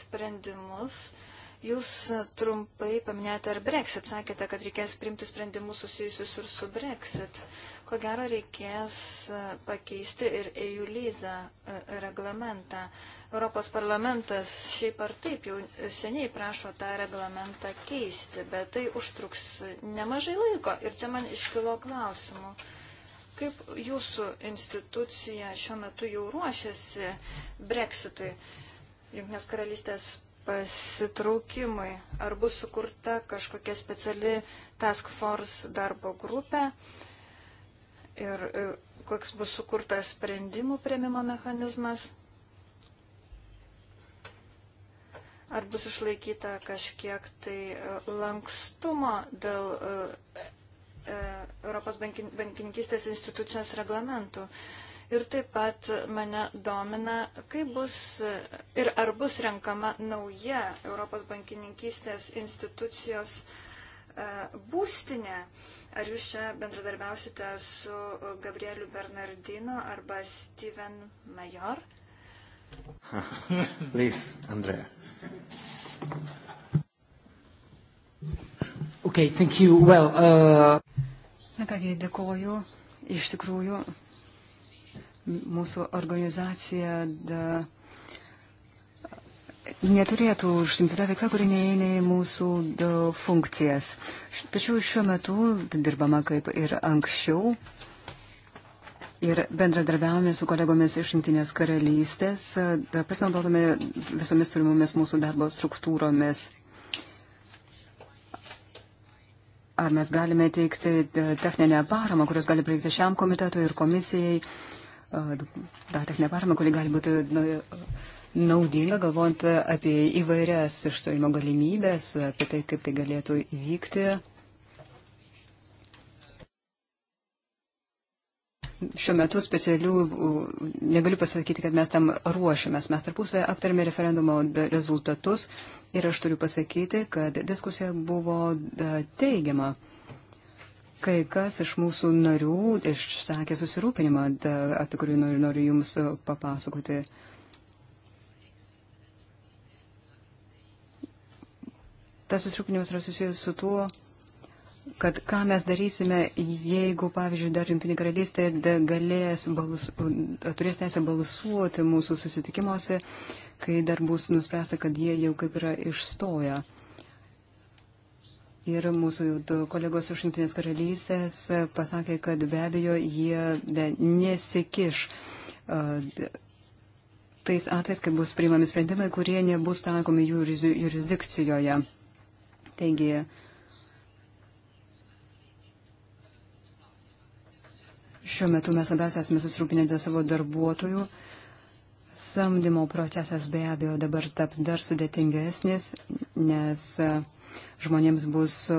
sprendimus, uh, Jūs e, trumpai paminėjote ir Brexit, sakėte, kad reikės priimti sprendimus susijusius ir su Brexit. Ko gero reikės e, pakeisti ir EU lyzą e, reglamentą. Europos parlamentas šiaip ar taip jau seniai prašo tą reglamentą keisti, bet tai užtruks nemažai laiko ir čia man iškilo klausimų. Kaip jūsų institucija šiuo metu jau ruošiasi Brexitui? Junknės karalystės pasitraukimui? Ar bus sukurta kažkokia speciali task force darbo grupė? Ir e, koks bus sukurtas sprendimų prieimimo mechanizmas? Ar bus išlaikyta kažkiek tai e, lankstumo dėl e, Europos bankininkistės institucijos reglamentų? Ir taip pat mane domina, kaip bus ir ar bus renkama nauja Europos bankininkystės institucijos e, būstinė. Ar jūs čia bendradarbiausite su Gabrieliu Bernardino arba Steven Major? Please, Andrea. Okay, thank you. Well, uh... Na kągi, dėkoju. Iš tikrųjų, mūsų organizacija da, neturėtų užsimti tą veiklą, kuri neįeina į mūsų da, funkcijas. Tačiau šiuo metu dirbama kaip ir anksčiau. Ir bendradarbiavome su kolegomis iš Jungtinės karalystės, da, pasinaudodami visomis turimomis mūsų darbo struktūromis. Ar mes galime teikti techninę paramą, kurios gali prieikti šiam komitetui ir komisijai? Uh, tą techninę paramą, kuri gali būti naudinga, galvojant apie įvairias išstojimo galimybės, apie tai, kaip tai galėtų įvykti. Šiuo metu specialių, negaliu pasakyti, kad mes tam ruošiamės. Mes tarpusvėje aptarėme referendumo rezultatus ir aš turiu pasakyti, kad diskusija buvo teigiama. Kai kas iš mūsų narių išsakė susirūpinimą, apie kurį noriu, noriu Jums e, papasakoti. Tas susirūpinimas yra susijęs su tuo, kad ką mes darysime, jeigu, pavyzdžiui, dar Junktinė karalystė galės balsu, turės teisę balsuoti mūsų susitikimuose, kai dar bus nuspręsta, kad jie jau kaip yra išstoja. Ir mūsų kolegos iš Junktinės karalystės e, pasakė, kad be abejo jie e, nesikiš e, tais atvejais, kai bus priimami sprendimai, kurie nebus taikomi jų jurisdikcijoje. Taigi, šiuo metu mes labiausiai esame susirūpinę dėl savo darbuotojų. Samdymo procesas be abejo dabar taps dar sudėtingesnis, nes. Uh, Žmonėms bus e,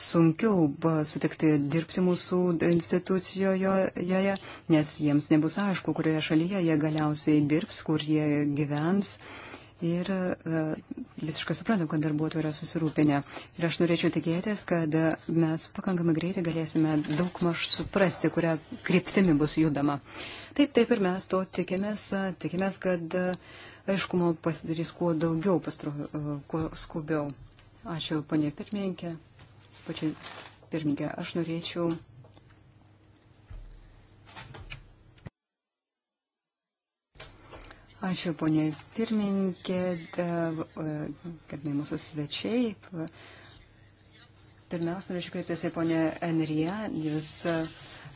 sunkiau sutikti dirbti mūsų institucijoje, nes jiems nebus aišku, kurioje šalyje jie galiausiai dirbs, kur jie gyvens. Ir e, visiškai suprantu, kad darbuotojai yra susirūpinę. Ir aš norėčiau tikėtis, kad mes pakankamai greitai galėsime daug maž suprasti, kuria kryptimi bus judama. Taip, taip ir mes to tikimės. Tikimės, kad e, aiškumo pasidarys kuo daugiau, pastro, kuo skubiau. Ačiū, ponė pirmininkė. Pačiu pirmininkė, aš norėčiau. Ačiū, ponė pirmininkė, e, gerbėjai mūsų svečiai. Pirmiausia, norėčiau kreipėsi ponė Enrija, jūs. Uh,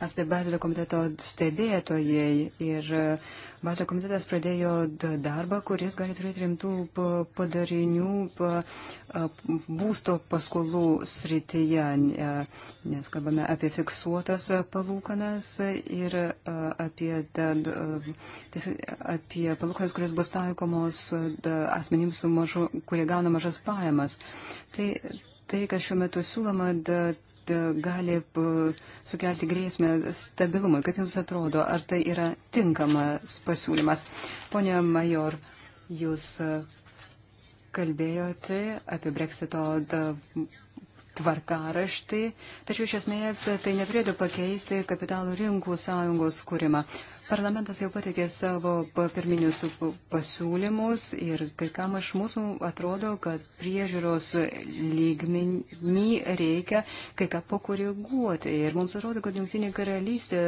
esate Bazilio komiteto stebėtojai ir e, Bazilio komitetas pradėjo darbą, kuris gali turėti rimtų padarinių būsto paskolų srityje, e, nes kalbame apie fiksuotas palūkanas ir apie, apie palūkanas, kurios bus taikomos asmenims, mažu, kurie gauna mažas pajamas. Tai, tai, kas šiuo metu siūloma, da, E, gali sukelti grėsmę stabilumui. Kaip Jums atrodo, ar tai yra tinkamas pasiūlymas? Pone Major, Jūs e, kalbėjote apie breksito tvarkaraštį, tačiau iš esmės tai neturėtų pakeisti kapitalų rinkų sąjungos kūrimą. Parlamentas jau patikė savo pirminius pasiūlymus ir kai kam iš mūsų atrodo, kad priežiūros lygmenį reikia kai ką pakoreguoti. Ir mums atrodo, kad Junktinė karalystė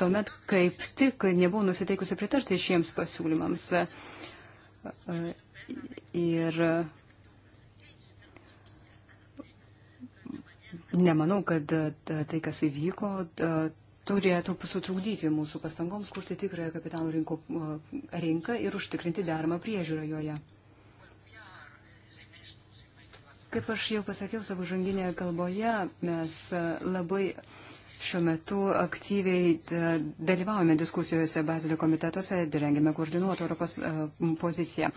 tuomet kaip tik nebuvo nusiteikusi pritarti šiems pasiūlymams. Ir Nemanau, kad e, tai, kas įvyko, e, turėtų sutrukdyti mūsų pastangoms kurti tikrąją kapitalų rinkų, e, rinką ir užtikrinti deramą priežiūrą joje. Kaip aš jau pasakiau savo žanginėje kalboje, mes labai šiuo metu aktyviai dalyvaujame diskusijose Bazilio komitetuose ir rengiame koordinuotą Europos poziciją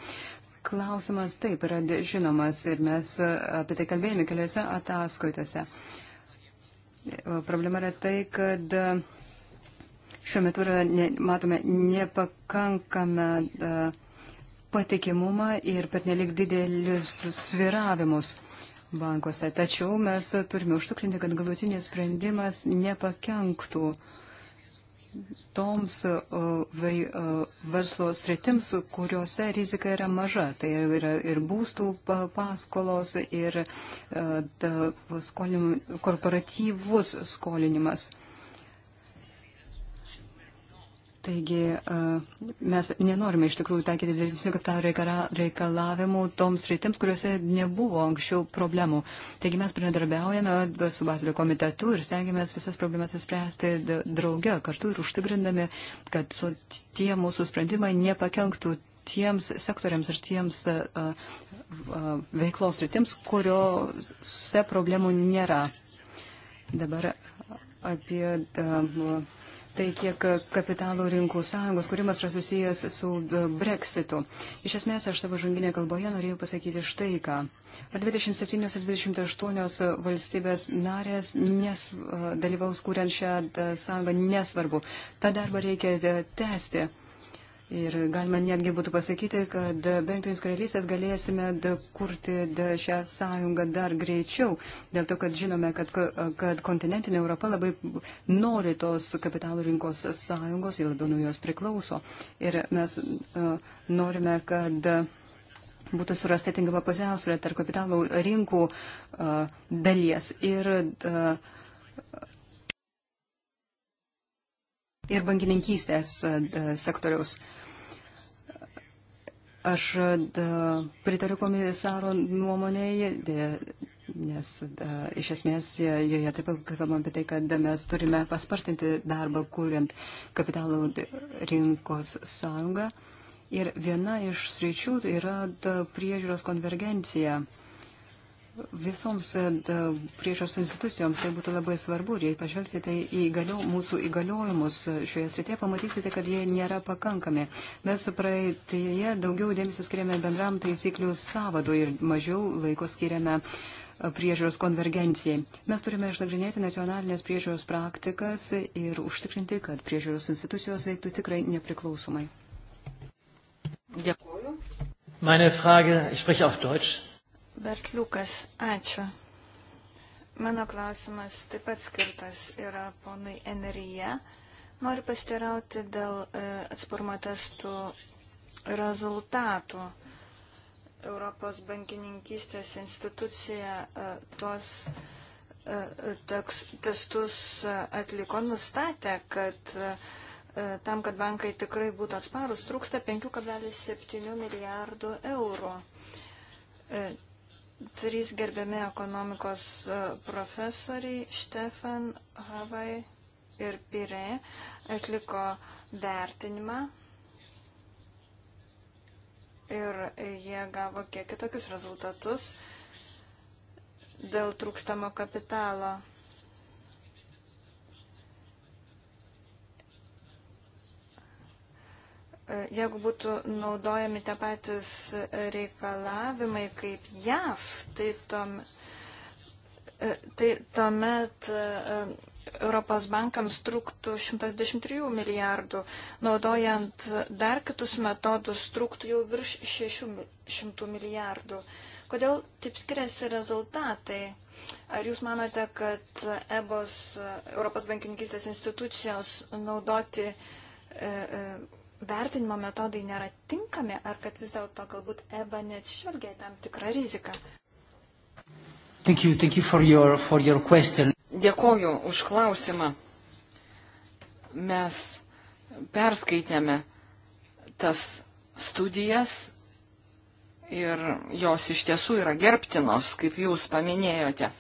klausimas taip yra žinomas ir mes e, apie tai kalbėjome keliose ataskaitose. E, problema yra tai, kad e, šiuo metu yra, ne, matome nepakankamą patikimumą ir pernelik didelius sviravimus bankuose. Tačiau mes turime užtikrinti, kad galutinis sprendimas nepakenktų uh, toms e, e, verslo sritims, kuriuose rizika yra maža. Tai yra ir būstų paskolos, ir e, skolim, korporatyvus skolinimas. Taigi e, mes nenorime iš tikrųjų taikyti didesnių kapitalo reikalavimų toms rytims, kuriuose nebuvo anksčiau problemų. Taigi mes bendradarbiaujame su Bazilio komitetu ir stengiamės visas problemas įspręsti drauge kartu ir užtikrindami, kad tie mūsų sprendimai nepakenktų tiems sektoriams ir tiems e, e, veiklos rytims, kuriuose problemų nėra. Dabar apie. Da, tai, kiek kapitalų rinkų sąjungos kūrimas yra susijęs su e, breksitu. Iš esmės, aš savo žanginėje kalboje norėjau pasakyti štai ką. Ar 27 ar 28 valstybės narės nes, e, dalyvaus kūriant šią e, sąjungą, nesvarbu. Ta darba reikia tęsti. Ir galima netgi būtų pasakyti, kad bent jau iš karalystės galėsime kurti šią sąjungą dar greičiau, dėl to, kad žinome, kad, kad kontinentinė Europa labai nori tos kapitalų rinkos sąjungos, jie labiau nuo jos priklauso. Ir mes uh, norime, kad būtų surasta tinkama pusiausvė tarp kapitalų rinkų uh, dalies. Ir, uh, ir bankininkystės sektoriaus. Uh, Aš e, da, pritariu komisaro nuomonėje, nes da, iš esmės joje taip pat kalbama apie tai, kad mes turime paspartinti darbą, kuriant kapitalų rinkos sąjungą. Ir viena iš sričių yra priežiūros konvergencija. Uh, visoms e, priešos institucijoms tai būtų labai svarbu. Ir jei pažvelgsite į įgalio, mūsų įgaliojimus šioje srityje, pamatysite, kad jie nėra pakankami. Mes praeitėje daugiau dėmesio skiriame bendram taisyklių savadui ir mažiau laiko skiriame e, priežiūros konvergencijai. Mes turime išnagrinėti nacionalinės priežiūros praktikas ir užtikrinti, kad priežiūros institucijos veiktų tikrai nepriklausomai. Dėkuoju. Meine Frage, ich spreche auf Deutsch. Bertliukas, ačiū. Mano klausimas taip pat skirtas yra ponui Enerija. Noriu pastirauti dėl e, atsparumo testų rezultatų. Europos bankininkystės institucija e, tuos e, teks, testus atliko, nustatė, kad tam, kad bankai tikrai būtų atsparus, trūksta 5,7 milijardų eurų trys gerbiami ekonomikos e, profesoriai Štefan, Havai ir Pire atliko vertinimą ir jie gavo kiek kitokius rezultatus dėl trūkstamo kapitalo. jeigu būtų naudojami tie patys reikalavimai kaip JAV, tai, tom, e, tai tuomet e, Europos bankams trūktų 123 milijardų, naudojant dar kitus metodus trūktų jau virš 600 milijardų. Kodėl taip skiriasi rezultatai? Ar jūs manote, kad EBOS, Europos bankininkistės institucijos naudoti e, vertinimo metodai nėra tinkami, ar kad vis dėlto galbūt EBA neatsižvelgia tam tikrą riziką? Thank you, thank you for your, for your question. Dėkoju už klausimą. Mes perskaitėme tas studijas ir jos iš tiesų yra gerbtinos, kaip jūs paminėjote.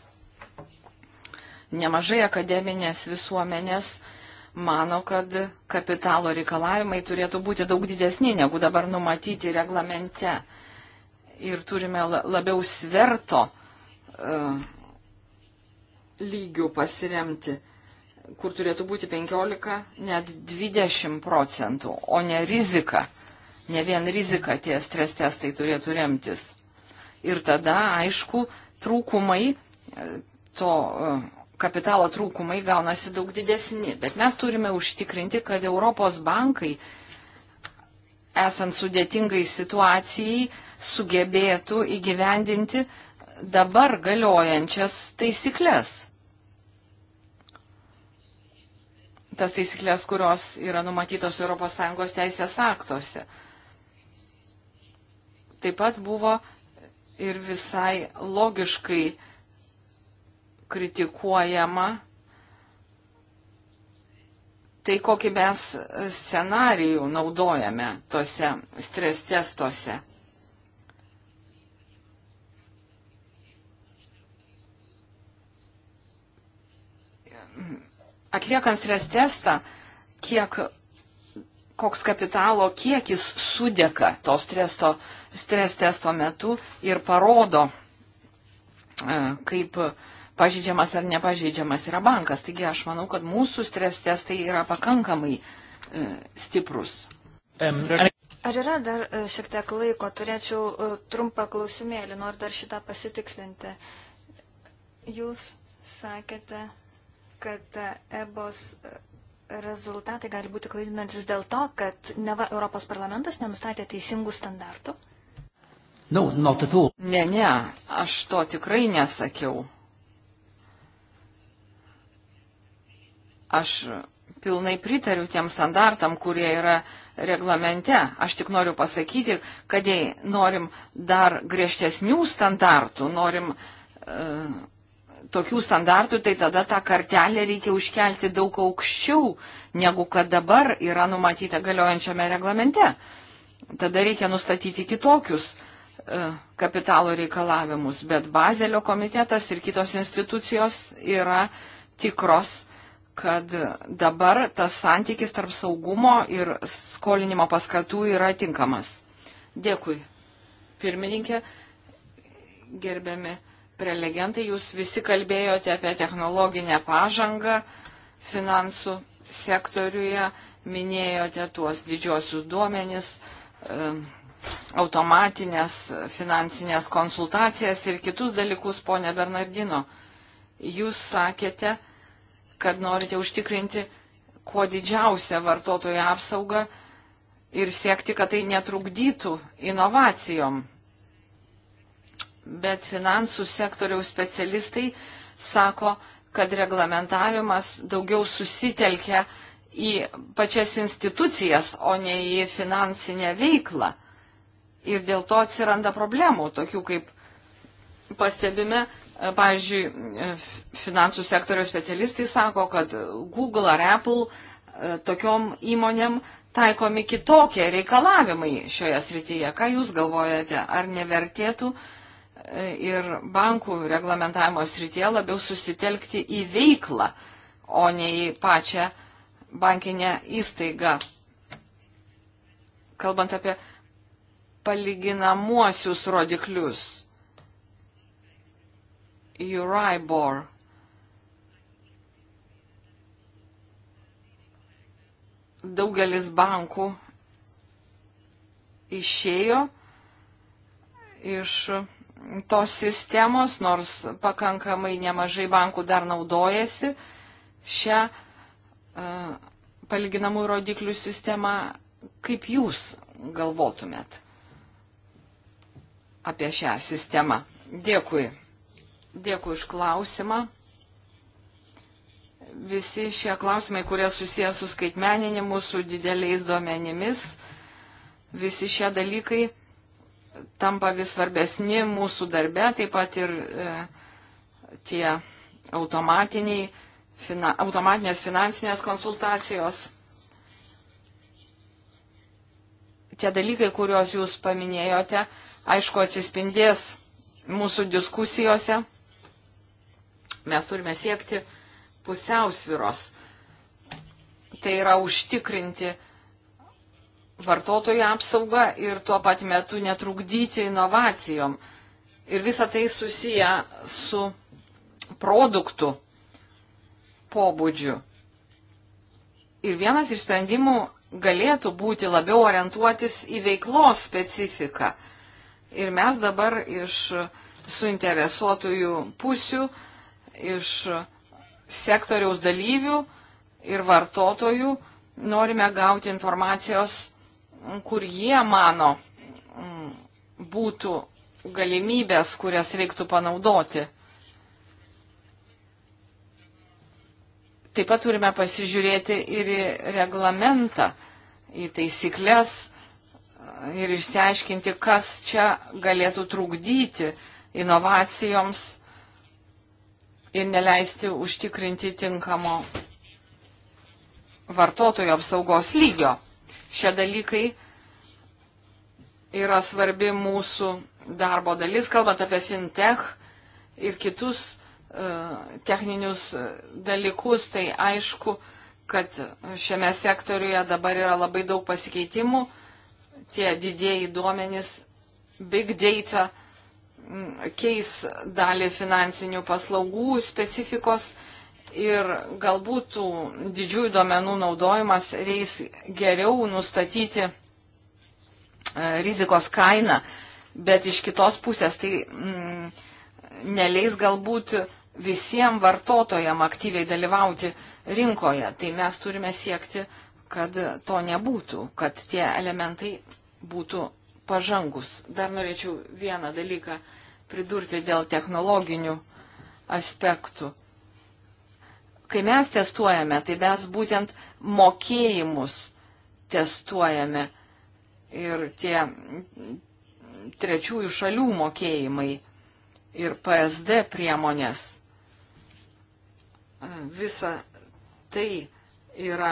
Nemažai akademinės visuomenės uh, mano, kad kapitalo reikalavimai turėtų būti daug didesni negu dabar numatyti reglamente. Ir turime labiau sverto uh, lygių pasiremti, kur turėtų būti 15, net 20 procentų, o ne rizika. Ne vien rizika tie stres testai turėtų remtis. Ir tada, aišku, trūkumai e, to uh, kapitalo trūkumai gaunasi daug didesni. Bet mes turime užtikrinti, kad Europos bankai, esant sudėtingai situacijai, sugebėtų įgyvendinti dabar galiojančias taisyklės. Tas taisyklės, kurios yra numatytos ES teisės aktuose. Taip pat buvo ir visai logiškai kritikuojama tai, kokį mes scenarijų naudojame tose stres testuose. Atliekant stres testą, kiek, koks kapitalo kiekis sudėka to streso, stres testo metu ir parodo, e, kaip uh, pažydžiamas ar nepažydžiamas yra bankas. Taigi aš manau, kad mūsų stres testai yra pakankamai e, stiprus. Ar yra dar e, šiek tiek laiko? Turėčiau e, trumpą klausimėlį, noriu dar šitą pasitikslinti. Jūs sakėte, kad EBOS e rezultatai gali būti klaidinantis dėl to, kad neva Europos parlamentas nenustatė teisingų standartų? No, ne, ne, aš to tikrai nesakiau. Aš pilnai pritariu tiem standartam, kurie yra reglamente. Aš tik noriu pasakyti, kad jei norim dar griežtesnių standartų, norim e, tokių standartų, tai tada tą kartelę reikia užkelti daug aukščiau, negu kad dabar yra numatyta galiojančiame reglamente. Tada reikia nustatyti kitokius e, kapitalo reikalavimus, bet Bazelio komitetas ir kitos institucijos yra tikros kad dabar tas santykis tarp saugumo ir skolinimo paskatų yra tinkamas. Dėkui. Pirmininkė, gerbiami prelegentai, jūs visi kalbėjote apie technologinę pažangą finansų sektoriuje, minėjote tuos didžiosius duomenis, automatinės finansinės konsultacijas ir kitus dalykus, ponė Bernardino. Jūs sakėte, kad norite užtikrinti kuo didžiausią vartotojų apsaugą ir siekti, kad tai netrukdytų inovacijom. Bet finansų sektoriaus specialistai sako, kad reglamentavimas daugiau susitelkia į pačias institucijas, o ne į finansinę veiklą. Ir dėl to atsiranda problemų, tokių kaip pastebime Pavyzdžiui, e, finansų sektoriaus specialistai sako, kad Google ar Apple e, tokiom įmonėm taikomi kitokie reikalavimai šioje srityje. Ką Jūs galvojate, ar nevertėtų e, ir bankų reglamentavimo srityje labiau susitelkti į veiklą, o ne į pačią bankinę įstaigą? Kalbant apie palyginamuosius rodiklius, Euribor. Daugelis bankų išėjo iš tos sistemos, nors pakankamai nemažai bankų dar naudojasi šią uh, e, palyginamų rodiklių sistemą. Kaip jūs galvotumėt apie šią sistemą? Dėkui. Dėkui už klausimą. Visi šie klausimai, kurie susijęs su skaitmeninimu, su dideliais duomenimis, visi šie dalykai tampa vis svarbesni mūsų darbe, taip pat ir e, tie automatiniai, fina, automatinės finansinės konsultacijos. Tie dalykai, kuriuos jūs paminėjote, aišku, atsispindės mūsų diskusijose. Mes turime siekti pusiausviros. Tai yra užtikrinti vartotojų apsaugą ir tuo pat metu netrukdyti inovacijom. Ir visa tai susiję su produktų pobūdžiu. Ir vienas iš sprendimų galėtų būti labiau orientuotis į veiklos specifiką. Ir mes dabar iš suinteresuotųjų pusių uh, iš sektoriaus dalyvių ir vartotojų norime gauti informacijos, kur jie mano mm, būtų galimybės, kurias reiktų panaudoti. Taip pat turime pasižiūrėti ir į reglamentą, į taisyklės ir išsiaiškinti, kas čia galėtų trukdyti inovacijoms ir neleisti užtikrinti tinkamo vartotojų apsaugos lygio. Šie dalykai yra svarbi mūsų darbo dalis, kalbant apie fintech ir kitus e, techninius e, dalykus, tai aišku, kad šiame sektoriuje dabar yra labai daug pasikeitimų, tie didėjai duomenys, big data, uh, keis dalį finansinių paslaugų specifikos ir galbūt tų didžiųjų duomenų naudojimas reis geriau nustatyti e, rizikos kainą, bet iš kitos pusės tai mm, neleis galbūt visiems vartotojams aktyviai dalyvauti rinkoje. Tai mes turime siekti, kad to nebūtų, kad tie elementai būtų pažangus. Dar norėčiau vieną dalyką pridurti dėl technologinių aspektų. Kai mes testuojame, tai mes būtent mokėjimus testuojame ir tie trečiųjų šalių mokėjimai ir PSD priemonės. Visa tai yra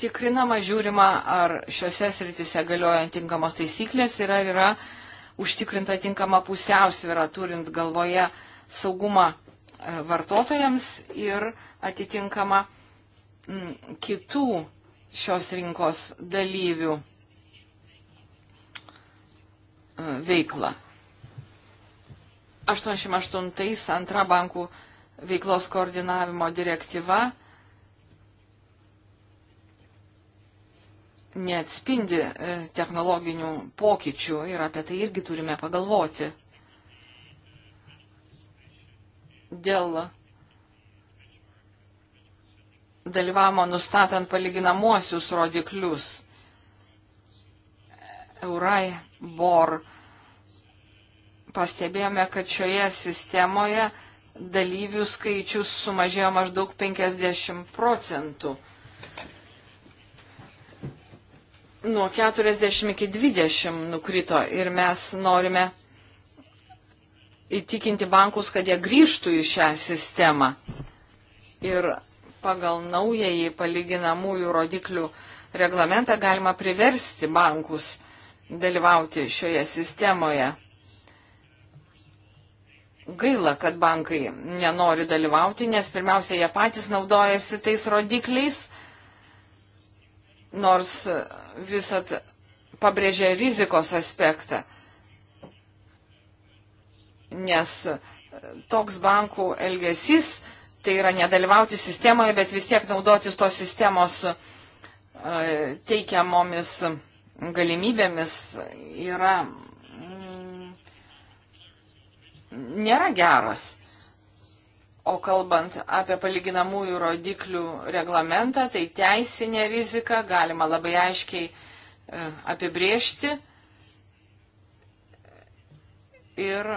tikrinama, žiūrima, ar šiuose sritise galioja tinkamos taisyklės ir ar yra užtikrinta tinkama pusiausvėra, turint galvoje saugumą e, vartotojams ir atitinkamą kitų šios rinkos dalyvių e, veiklą. 88 antra bankų veiklos koordinavimo direktyva neatspindi e, technologinių pokyčių ir apie tai irgi turime pagalvoti. Dėl dalyvavimo nustatant palyginamosius rodiklius. Eurai Bor pastebėjome, kad šioje sistemoje dalyvių skaičius sumažėjo maždaug 50 procentų nuo 40 iki 20 nukrito ir mes norime įtikinti bankus, kad jie grįžtų į šią sistemą. Ir pagal naująjį palyginamųjų rodiklių reglamentą galima priversti bankus dalyvauti šioje sistemoje. Gaila, kad bankai nenori dalyvauti, nes pirmiausia, jie patys naudojasi tais rodikliais, nors visat pabrėžė rizikos aspektą, nes toks bankų elgesys, tai yra nedalyvauti sistemoje, bet vis tiek naudotis tos sistemos e, teikiamomis galimybėmis yra, mm, nėra geras. O kalbant apie palyginamųjų rodiklių reglamentą, tai teisinė rizika galima labai aiškiai e, apibriežti. Ir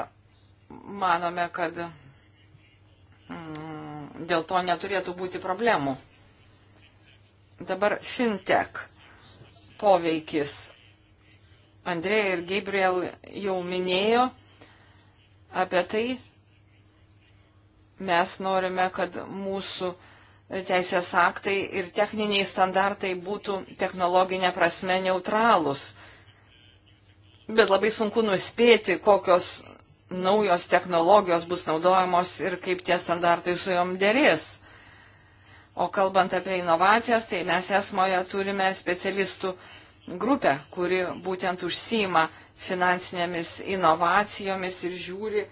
manome, kad mm, dėl to neturėtų būti problemų. Dabar fintech poveikis. Andrėja ir Gabriel jau minėjo apie tai, Mes norime, kad mūsų teisės aktai ir techniniai standartai būtų technologinė prasme neutralūs. Bet labai sunku nuspėti, kokios naujos technologijos bus naudojamos ir kaip tie standartai su jom dėrės. O kalbant apie inovacijas, tai mes esmoje turime specialistų grupę, kuri būtent užsima finansinėmis inovacijomis ir žiūri,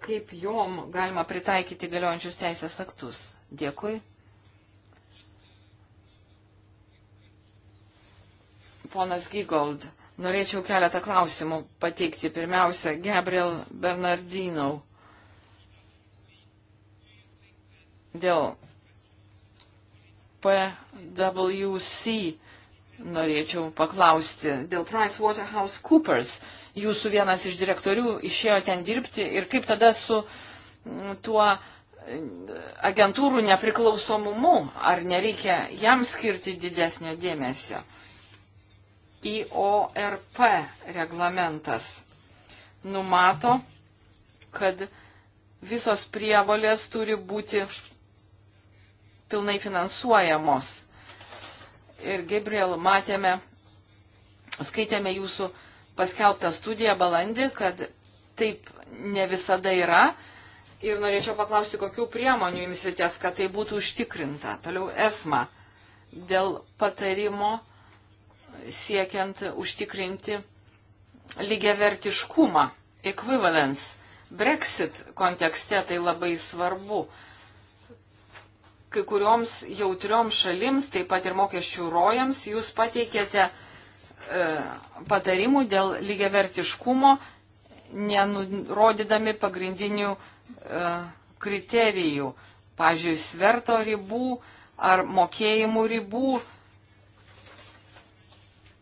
kaip jom galima pritaikyti galiojančius teisės aktus. Dėkui. Ponas Gigold, norėčiau keletą klausimų pateikti. Pirmiausia, Gabriel Bernardinau. Dėl PWC norėčiau paklausti dėl PricewaterhouseCoopers. Jūsų vienas iš direktorių išėjo ten dirbti ir kaip tada su mm, tuo mm, agentūrų nepriklausomumu, ar nereikia jam skirti didesnio dėmesio. IORP reglamentas numato, kad visos prievalės turi būti pilnai finansuojamos ir Gabriel matėme, skaitėme jūsų paskelbtą studiją balandį, kad taip ne visada yra. Ir norėčiau paklausti, kokių priemonių imsitės, kad tai būtų užtikrinta. Toliau esma dėl patarimo siekiant užtikrinti lygiavertiškumą, equivalence. Brexit kontekste tai labai svarbu, kai kurioms jautrioms šalims, taip pat ir mokesčių rojams, jūs pateikėte e, patarimų dėl lygiavertiškumo, nenurodydami pagrindinių e, kriterijų, pavyzdžiui, sverto ribų ar mokėjimų ribų.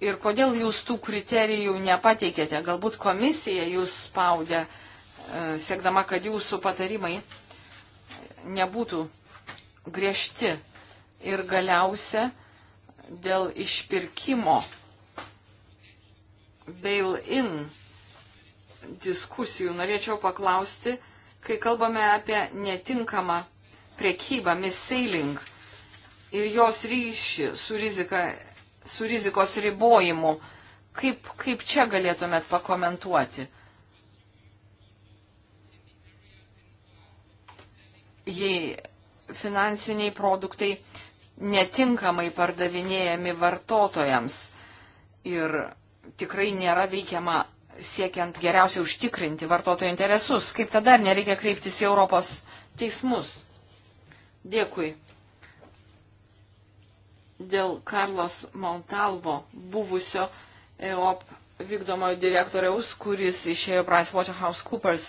Ir kodėl jūs tų kriterijų nepateikėte? Galbūt komisija jūs spaudė, e, siekdama, kad jūsų patarimai nebūtų griežti. Ir galiausia, dėl išpirkimo bail-in diskusijų norėčiau paklausti, kai kalbame apie netinkamą priekybą, missailing ir jos ryšį su, rizika, su rizikos ribojimu, kaip, kaip čia galėtumėt pakomentuoti? Jei finansiniai produktai netinkamai pardavinėjami vartotojams ir tikrai nėra veikiama siekiant geriausiai užtikrinti vartotojų interesus. Kaip tada nereikia kreiptis į Europos teismus? Dėkui. Dėl Karlos Montalvo buvusio EOP vykdomojo direktoriaus, kuris išėjo PricewaterhouseCoopers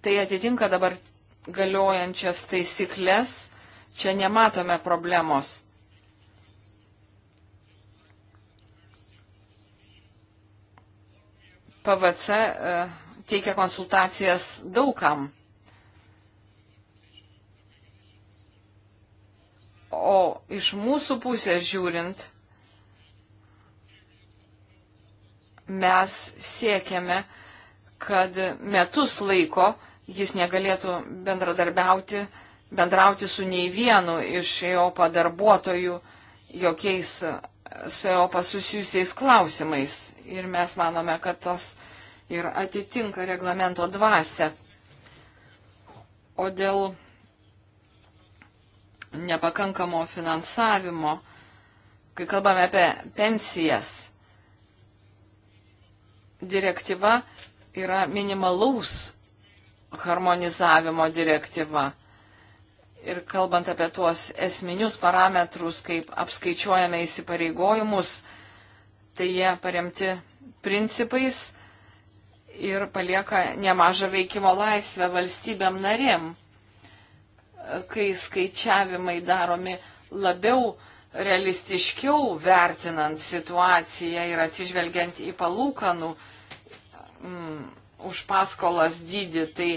tai atitinka dabar galiojančias taisyklės, čia nematome problemos. PVC e, teikia konsultacijas daugam. O iš mūsų pusės žiūrint, mes siekiame, kad metus laiko jis negalėtų bendradarbiauti, bendrauti su nei vienu iš EOPA darbuotojų jokiais su EOPA susijusiais klausimais. Ir mes manome, kad tas ir atitinka reglamento dvasę. O dėl nepakankamo finansavimo, kai kalbame apie pensijas, direktyva yra minimalaus harmonizavimo direktyva. Ir kalbant apie tuos esminius parametrus, kaip apskaičiuojame įsipareigojimus, tai jie paremti principais ir palieka nemažą veikimo laisvę valstybėm narėm, kai skaičiavimai daromi labiau realistiškiau vertinant situaciją ir atsižvelgiant į palūkanų mm, už paskolas dydį, tai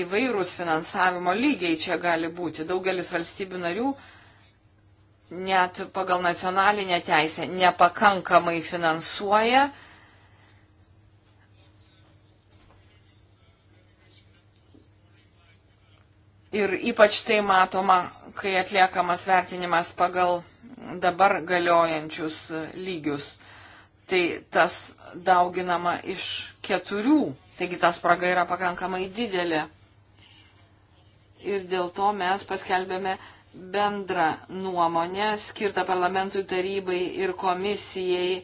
įvairūs finansavimo lygiai čia gali būti. Daugelis valstybių narių net pagal nacionalinę teisę nepakankamai finansuoja. Ir ypač tai matoma, kai atliekamas vertinimas pagal dabar galiojančius lygius tai tas dauginama iš keturių. Taigi ta spraga yra pakankamai didelė. Ir dėl to mes paskelbėme bendrą nuomonę skirtą parlamentui tarybai ir komisijai,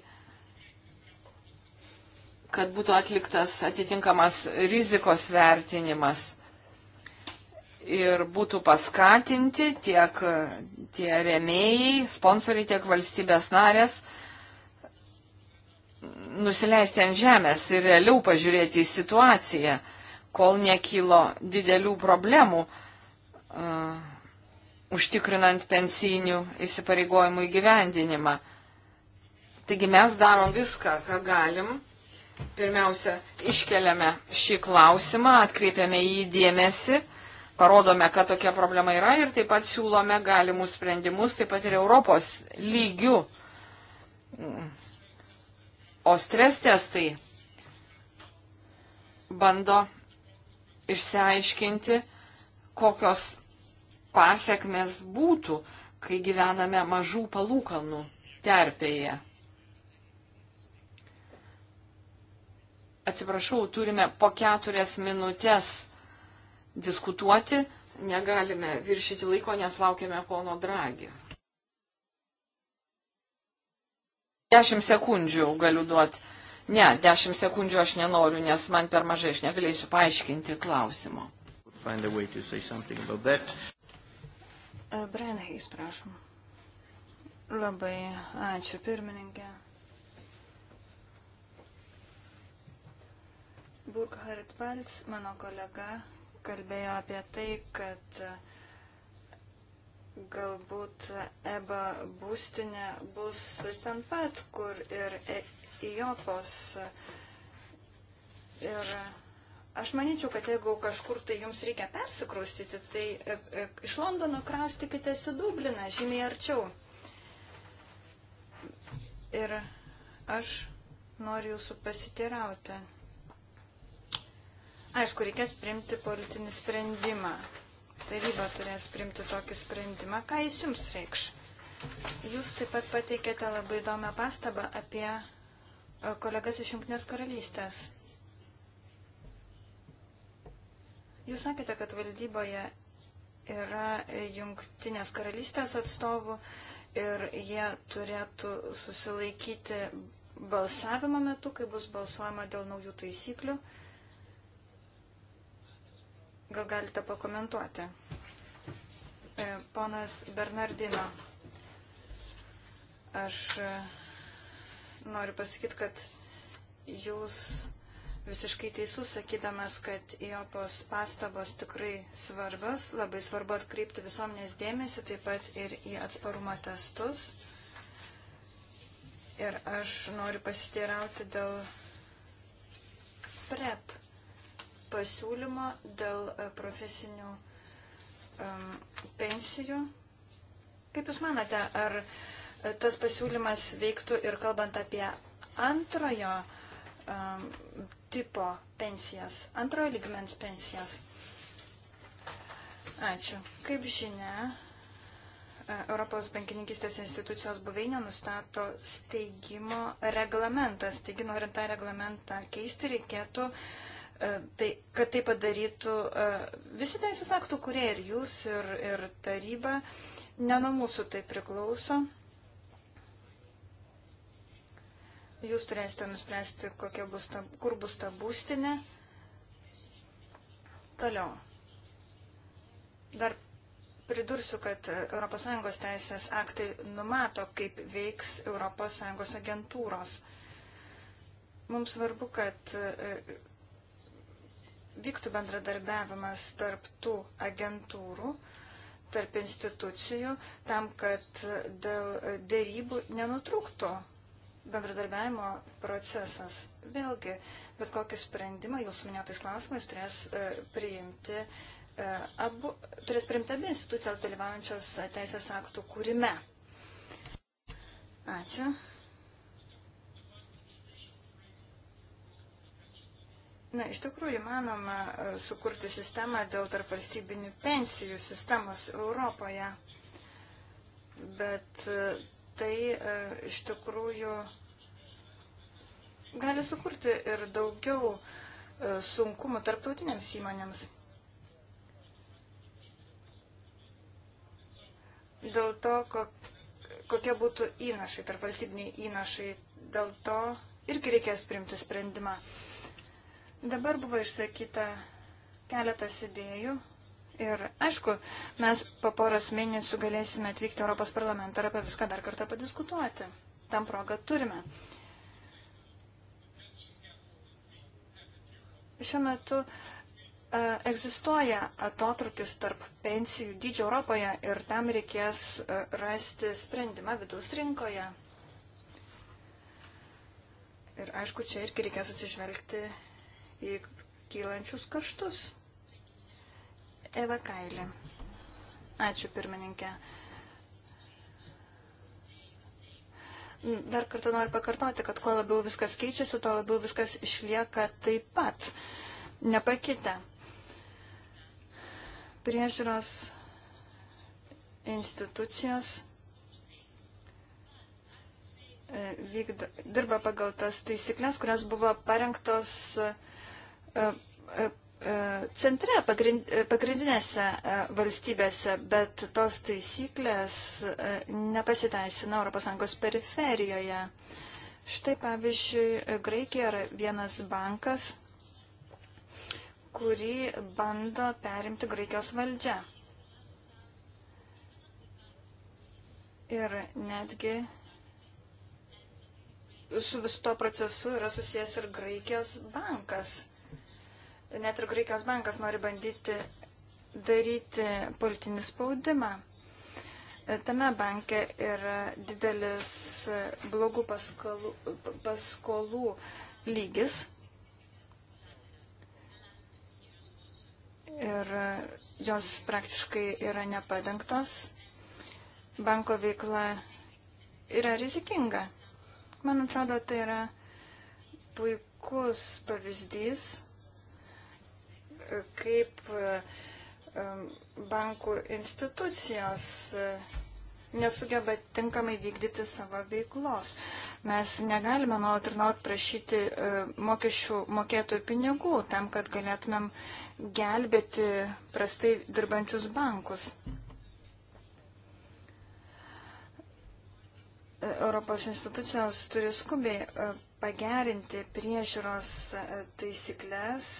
kad būtų atliktas atitinkamas rizikos vertinimas ir būtų paskatinti tiek tie remėjai, sponsoriai, tiek valstybės narės nusileisti ant žemės ir realiau pažiūrėti į situaciją, kol nekylo didelių problemų uh, užtikrinant pensijinių įsipareigojimų įgyvendinimą. Taigi mes darom viską, ką galim. Pirmiausia, iškeliame šį klausimą, atkreipiame į jį dėmesį, parodome, kad tokia problema yra ir taip pat siūlome galimus sprendimus, taip pat ir Europos lygių O stres testai bando išsiaiškinti, kokios pasiekmes būtų, kai gyvename mažų palūkanų terpėje. Atsiprašau, turime po keturias minutės diskutuoti, negalime viršyti laiko, nes laukiame pono Dragi. 10 sekundžių galiu duoti. Ne, 10 sekundžių aš nenoriu, nes man per mažai aš negalėsiu paaiškinti klausimo. E, Brian Hayes, prašom. Labai ačiū, pirmininkė. Burkhard Palts, mano kolega, kalbėjo apie tai, kad uh, Galbūt EBA būstinė bus ten pat, kur ir e- IOPOS. Ir aš manyčiau, kad jeigu kažkur tai jums reikia persikraustyti, tai e, e, iš Londono kraustikitės į Dubliną, žymiai arčiau. Ir aš noriu jūsų pasiteirauti. Aišku, reikės priimti politinį sprendimą taryba turės primti tokį sprendimą, ką jis jums reikš? Jūs taip pat pateikėte labai įdomią pastabą apie e, kolegas iš Junktinės karalystės. Jūs sakėte, kad valdyboje yra e, Junktinės karalystės atstovų ir jie turėtų susilaikyti balsavimo metu, kai bus balsuojama dėl naujų taisyklių. Uh, Gal galite pakomentuoti? E, ponas Bernardino, aš e, noriu pasakyti, kad jūs visiškai teisus, sakydamas, kad Jopos pastabos tikrai svarbios, labai svarbu atkreipti visuomenės dėmesį, taip pat ir į atsparumo testus. Ir aš noriu pasiteirauti dėl PREP pasiūlymo dėl e, profesinių um, pensijų. Kaip Jūs manote, ar e, tas pasiūlymas veiktų ir kalbant apie antrojo um, tipo pensijas, antrojo ligmens pensijas? Ačiū. Kaip žinia, Europos bankininkistės institucijos buveinė nustato steigimo reglamentas. Taigi, norint tą reglamentą keisti, reikėtų uh, E, tai, kad tai padarytų e, visi teisės aktų, kurie ir jūs, ir, ir taryba, ne nuo mūsų tai priklauso. Jūs turėsite nuspręsti, bus ta, kur bus ta būstinė. Toliau. Dar pridursiu, kad ES teisės aktai numato, kaip veiks ES agentūros mums svarbu, kad e, vyktų bendradarbiavimas tarp tų agentūrų, tarp institucijų, tam, kad dėl dėrybų nenutrūktų bendradarbiavimo procesas. Vėlgi, bet kokį sprendimą jūsų minėtais klausimais turės e, priimti e, abu, turės priimti abi institucijos dalyvaujančios teisės aktų kūrime. Ačiū. Na, iš tikrųjų, manoma e, sukurti sistemą dėl tarpvalstybinių pensijų sistemos Europoje, bet e, tai e, iš tikrųjų gali sukurti ir daugiau sunkumų tarptautiniams įmonėms. Dėl to, kokie būtų įnašai, tarpvalstybiniai įnašai, dėl to irgi reikės priimti sprendimą. Dabar buvo išsakyta keletas idėjų. Ir aišku, mes po poros mėnesių galėsime atvykti Europos parlamentą ir apie viską dar kartą padiskutuoti. Tam progą turime. Šiuo metu e, egzistuoja atotrukis tarp pensijų dydžio Europoje ir tam reikės e, rasti sprendimą vidaus rinkoje. Ir aišku, čia irgi reikės atsižvelgti į kylančius kaštus. Eva Kailė. Ačiū pirmininkė. Dar kartą noriu pakartoti, kad kuo labiau viskas keičiasi, tuo labiau viskas išlieka taip pat nepakitę. Priežiūros institucijos e, vykda, dirba pagal tas taisyklės, kurias buvo parengtos uh, E, e, e, centre, pagrindinėse valstybėse, bet tos taisyklės nepasiteisina ES periferijoje. Štai pavyzdžiui, Graikija yra vienas bankas, kurį bando perimti Graikijos valdžia. Ir netgi su visu to procesu yra susijęs ir Graikijos bankas net ir Graikijos bankas nori bandyti daryti politinį spaudimą. Tame banke yra didelis blogų paskolų, paskolų lygis. Ir jos praktiškai yra nepadengtos. Banko veikla yra rizikinga. Man atrodo, tai yra puikus pavyzdys kaip bankų institucijos eh, nesugeba tinkamai vykdyti savo veiklos. Mes negalime nuolat ir nuolat prašyti eh, mokesčių mokėtojų pinigų tam, kad galėtumėm gelbėti prastai dirbančius bankus. Europos institucijos turi skubiai eh, pagerinti priežiūros taisyklės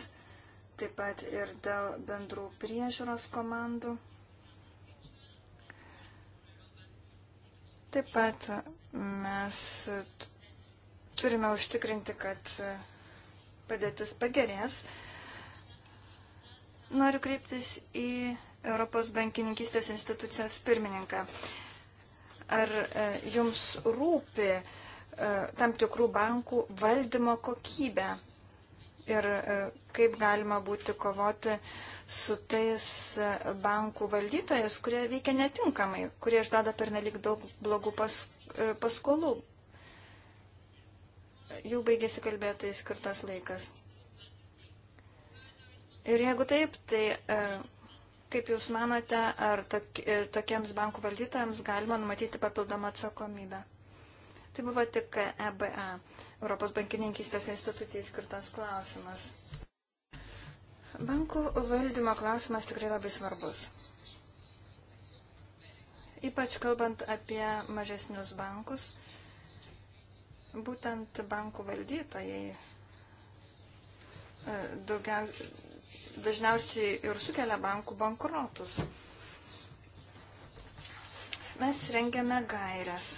taip pat ir dėl bendrų priežiūros komandų. Taip pat mes turime užtikrinti, kad padėtis pagerės. Noriu kreiptis į Europos bankininkystės institucijos pirmininką. Ar e, jums rūpi e, tam tikrų bankų valdymo kokybę? ir e, kaip galima būti kovoti su tais e, bankų valdytojais, kurie veikia netinkamai, kurie išdada per nelik daug blogų pas, e, paskolų. Jų baigėsi kalbėtojai skirtas laikas. Ir jeigu taip, tai kaip Jūs manote, ar tokiems bankų valdytojams galima numatyti papildomą atsakomybę? Tai buvo tik EBA, Europos bankininkystės institucijai skirtas klausimas. Bankų valdymo klausimas tikrai labai svarbus. Ypač kalbant apie mažesnius bankus, būtent bankų valdytojai e, daugiau, dažniausiai ir sukelia bankų bankrotus. Mes rengiame gairias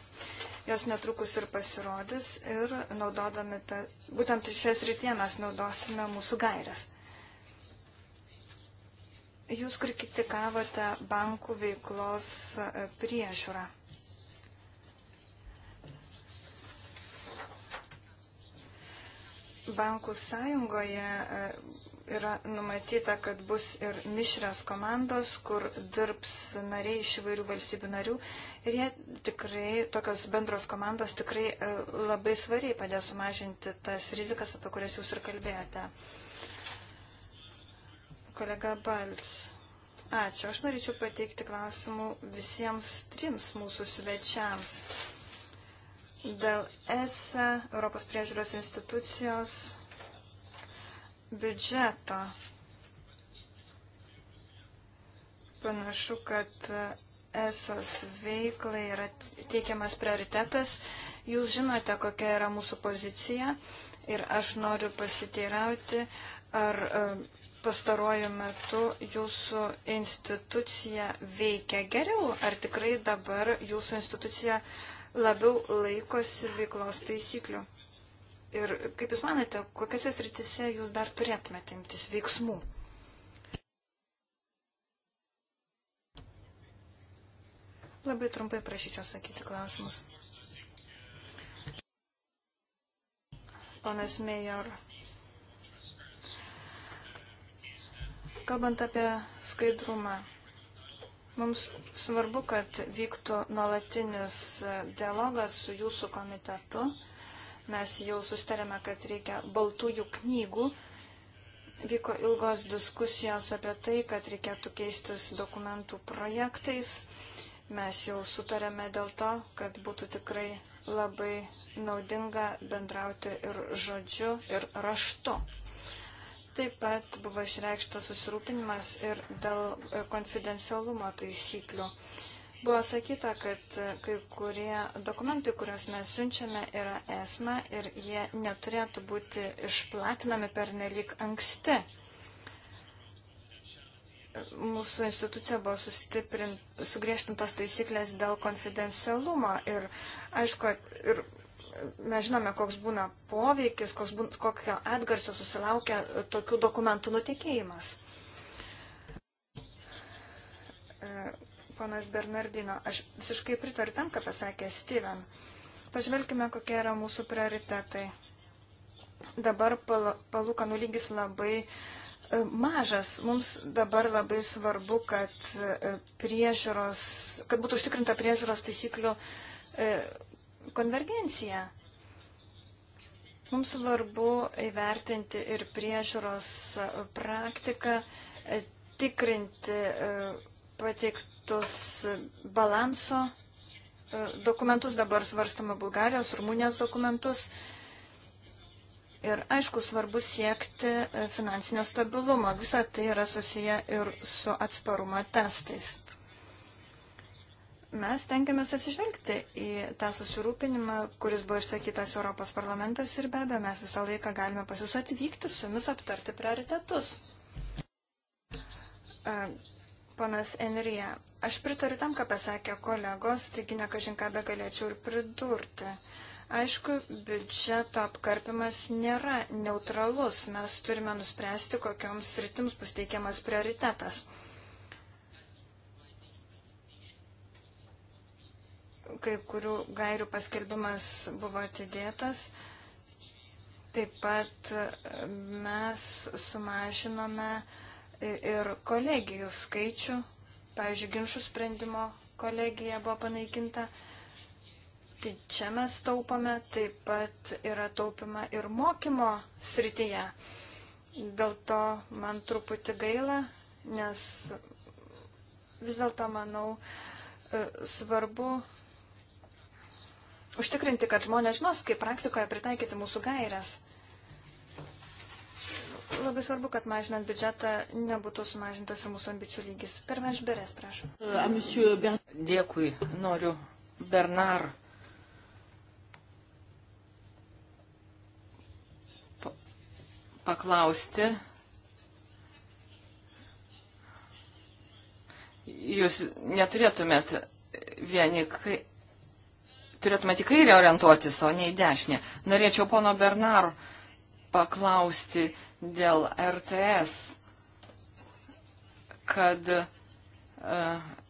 jos netrukus ir pasirodys ir naudodami tą, būtent šioje srityje mes naudosime mūsų gairias. Jūs kritikavote bankų veiklos e, priežiūrą. Bankų sąjungoje e, yra numatyta, kad bus ir mišrios komandos, kur dirbs nariai iš įvairių valstybių narių. Ir jie tikrai, tokios bendros komandos tikrai e, labai svariai padės sumažinti tas rizikas, apie kurias jūs ir kalbėjote. Kolega Balts. Ačiū. Aš norėčiau pateikti klausimų visiems trims mūsų svečiams. Dėl ESA, Europos priežiūros institucijos, biudžeto. Panašu, kad esos veiklai yra teikiamas prioritetas. Jūs žinote, kokia yra mūsų pozicija ir aš noriu pasiteirauti, ar e, pastaruoju metu jūsų institucija veikia geriau, ar tikrai dabar jūsų institucija labiau laikosi veiklos taisyklių. Ir kaip Jūs manote, kokiuose sritise Jūs dar turėtumėte imtis veiksmų? Labai trumpai prašyčiau sakyti klausimus. Ponas Mejor. Kalbant apie skaidrumą, mums svarbu, kad vyktų nuolatinis dialogas su jūsų komitetu. Mes jau sustarėme, kad reikia baltųjų knygų. Vyko ilgos diskusijos apie tai, kad reikėtų keistis dokumentų projektais. Mes jau sutarėme dėl to, kad būtų tikrai labai naudinga bendrauti ir žodžiu, ir raštu. Taip pat buvo išreikštas susirūpinimas ir dėl konfidencialumo taisyklių. Buvo sakyta, kad kai kurie dokumentai, kuriuos mes siunčiame, yra esma ir jie neturėtų būti išplatinami per nelik anksti. Mūsų institucija buvo sugriežtintas taisyklės dėl konfidencialumo ir, aišku, ir mes žinome, koks būna poveikis, koks būna, kokio atgarsio susilaukia tokių dokumentų nutikėjimas. ponas Bernardino. Aš visiškai pritariu tam, ką pasakė Steven. Pažvelkime, kokie yra mūsų prioritetai. Dabar palūkanų lygis labai e, mažas. Mums dabar labai svarbu, kad, e, priežiūros, kad būtų užtikrinta priežiūros taisyklių e, konvergencija. Mums svarbu įvertinti ir priežiūros praktiką, tikrinti pateikt kitus e, balanso e, dokumentus, dabar svarstama Bulgarijos, Rumunijos dokumentus. Ir aišku, svarbu siekti e, finansinio stabilumo. Visa tai yra susiję ir su atsparumo testais. Mes tenkiamės atsižvelgti į tą susirūpinimą, kuris buvo išsakytas Europos parlamentas ir be abejo mes visą laiką galime pas jūs atvykti ir su jumis aptarti prioritetus. Panas Enrija, aš pritariu tam, ką pasakė kolegos, taigi nekažinką be galėčiau ir pridurti. Aišku, biudžeto apkarpimas nėra neutralus, mes turime nuspręsti, kokioms sritims bus teikiamas prioritetas. Kai kurių gairių paskelbimas buvo atidėtas. Taip pat mes sumažinome uh, ir kolegijų skaičių. Pavyzdžiui, ginčių sprendimo kolegija buvo panaikinta. Tai čia mes taupome, taip pat yra taupima ir mokymo srityje. Dėl to man truputį gaila, nes vis dėlto manau e, svarbu užtikrinti, kad žmonės žinos, kaip praktikoje pritaikyti mūsų gairias. Labai svarbu, kad mažinant biudžetą nebūtų sumažintas ir mūsų ambicijų lygis. Pervenš Berės, prašom. Dėkui, noriu Bernar. Paklausti. Jūs neturėtumėt vieni, kai, turėtumėt į kairę orientuotis, o ne į dešinę. Norėčiau pono Bernar paklausti, dėl RTS, kad e,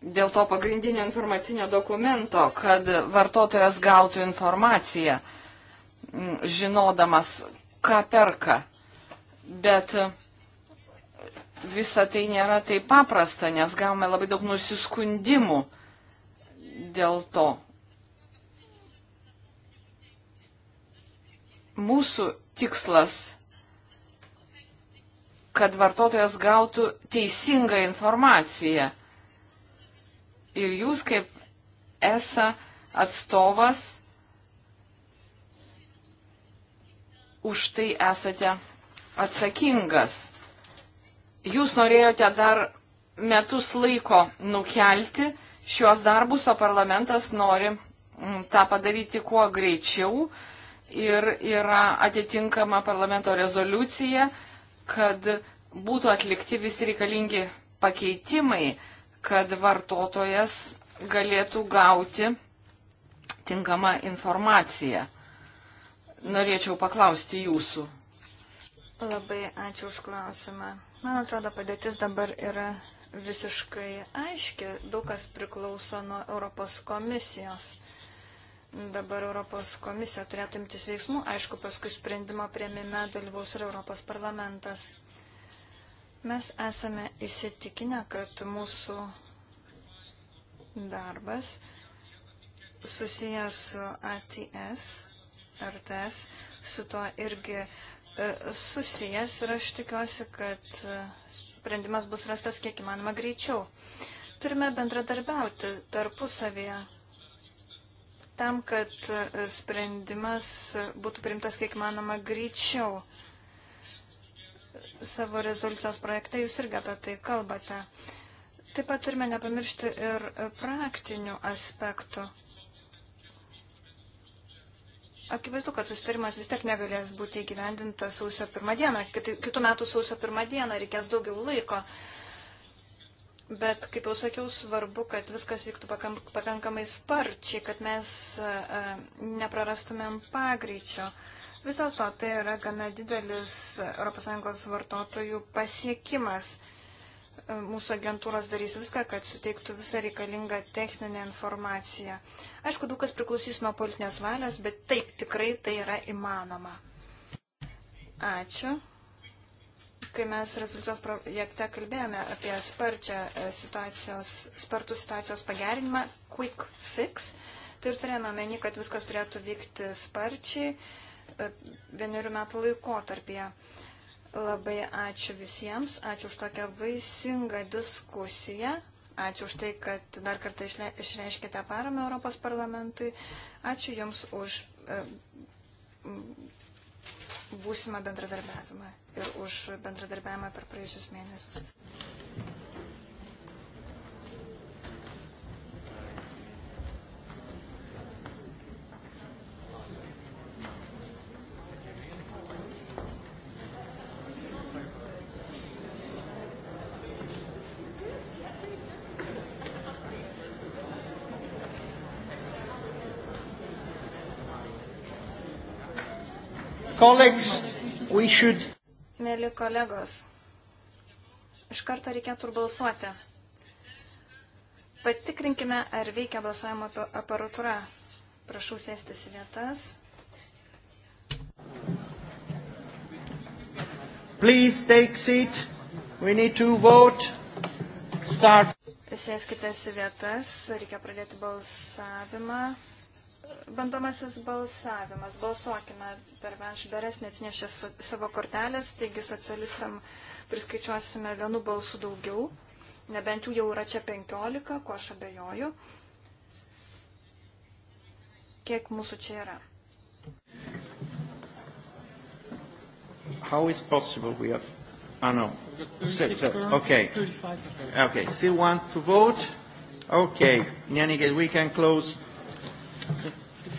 dėl to pagrindinio informacinio dokumento, kad vartotojas gautų informaciją, žinodamas, ką perka. Bet visa tai nėra taip paprasta, nes gavome labai daug nusiskundimų dėl to. Mūsų tikslas kad vartotojas gautų teisingą informaciją. Ir jūs kaip esą atstovas už tai esate atsakingas. Jūs norėjote dar metus laiko nukelti šiuos darbus, o parlamentas nori mm, tą padaryti kuo greičiau. Ir yra atitinkama parlamento rezoliucija, kad būtų atlikti visi reikalingi pakeitimai, kad vartotojas galėtų gauti tinkamą informaciją. Norėčiau paklausti jūsų. Labai ačiū už klausimą. Man atrodo, padėtis dabar yra visiškai aiški. Daug kas priklauso nuo Europos komisijos dabar Europos komisija turėtų imtis veiksmų, aišku, paskui sprendimo prieimime dalyvaus ir Europos parlamentas. Mes esame įsitikinę, kad mūsų darbas susijęs su ATS, RTS, su tuo irgi e, susijęs ir aš tikiuosi, kad e, sprendimas bus rastas kiek įmanoma greičiau. Turime bendradarbiauti tarpusavėje tam, kad e, sprendimas būtų priimtas kiek manoma greičiau. Savo rezoliucijos projekte jūs irgi apie tai kalbate. Taip pat turime nepamiršti ir praktinių aspektų. Akivaizdu, kad susitarimas vis tiek negalės būti įgyvendintas sausio pirmą dieną. Kitų metų sausio pirmą dieną reikės daugiau laiko. Uh, Bet, kaip jau sakiau, svarbu, kad viskas vyktų pakankamai sparčiai, kad mes e, e, neprarastumėm pagreičio. Vis dėlto tai yra gana didelis ES vartotojų pasiekimas. E, mūsų agentūros darys viską, kad suteiktų visą reikalingą techninę informaciją. Aišku, daug kas priklausys nuo politinės valios, bet taip tikrai tai yra įmanoma. Ačiū kai mes rezoliucijos projekte kalbėjome apie sparčią e, situacijos, spartų situacijos pagerinimą, quick fix, tai ir turėjome meni, kad viskas turėtų vykti sparčiai e, vienerių metų laikotarpyje. Labai ačiū visiems, ačiū už tokią vaisingą diskusiją, ačiū už tai, kad dar kartą išreiškite paramą Europos parlamentui, ačiū Jums už e, būsimą bendradarbiavimą ir už bendradarbiavimą per praėjusius mėnesius. Colleagues, we should. Mėly kolegos, iš karto reikėtų balsuoti. Patikrinkime, ar veikia balsavimo aparatūra. Prašau sėstis į vietas. Please take seat. We need to vote. Start. Sėskite į vietas. Reikia pradėti balsavimą bandomasis balsavimas. Balsuokime per Venšberes, netinešė savo kortelės, taigi socialistam priskaičiuosime vienu balsu daugiau, nebent jų jau yra čia 15, ko aš abejoju. Kiek mūsų čia yra? How is possible we have... Ah, no. Six, six, okay. Okay, still want to vote? Okay, in any case, we can close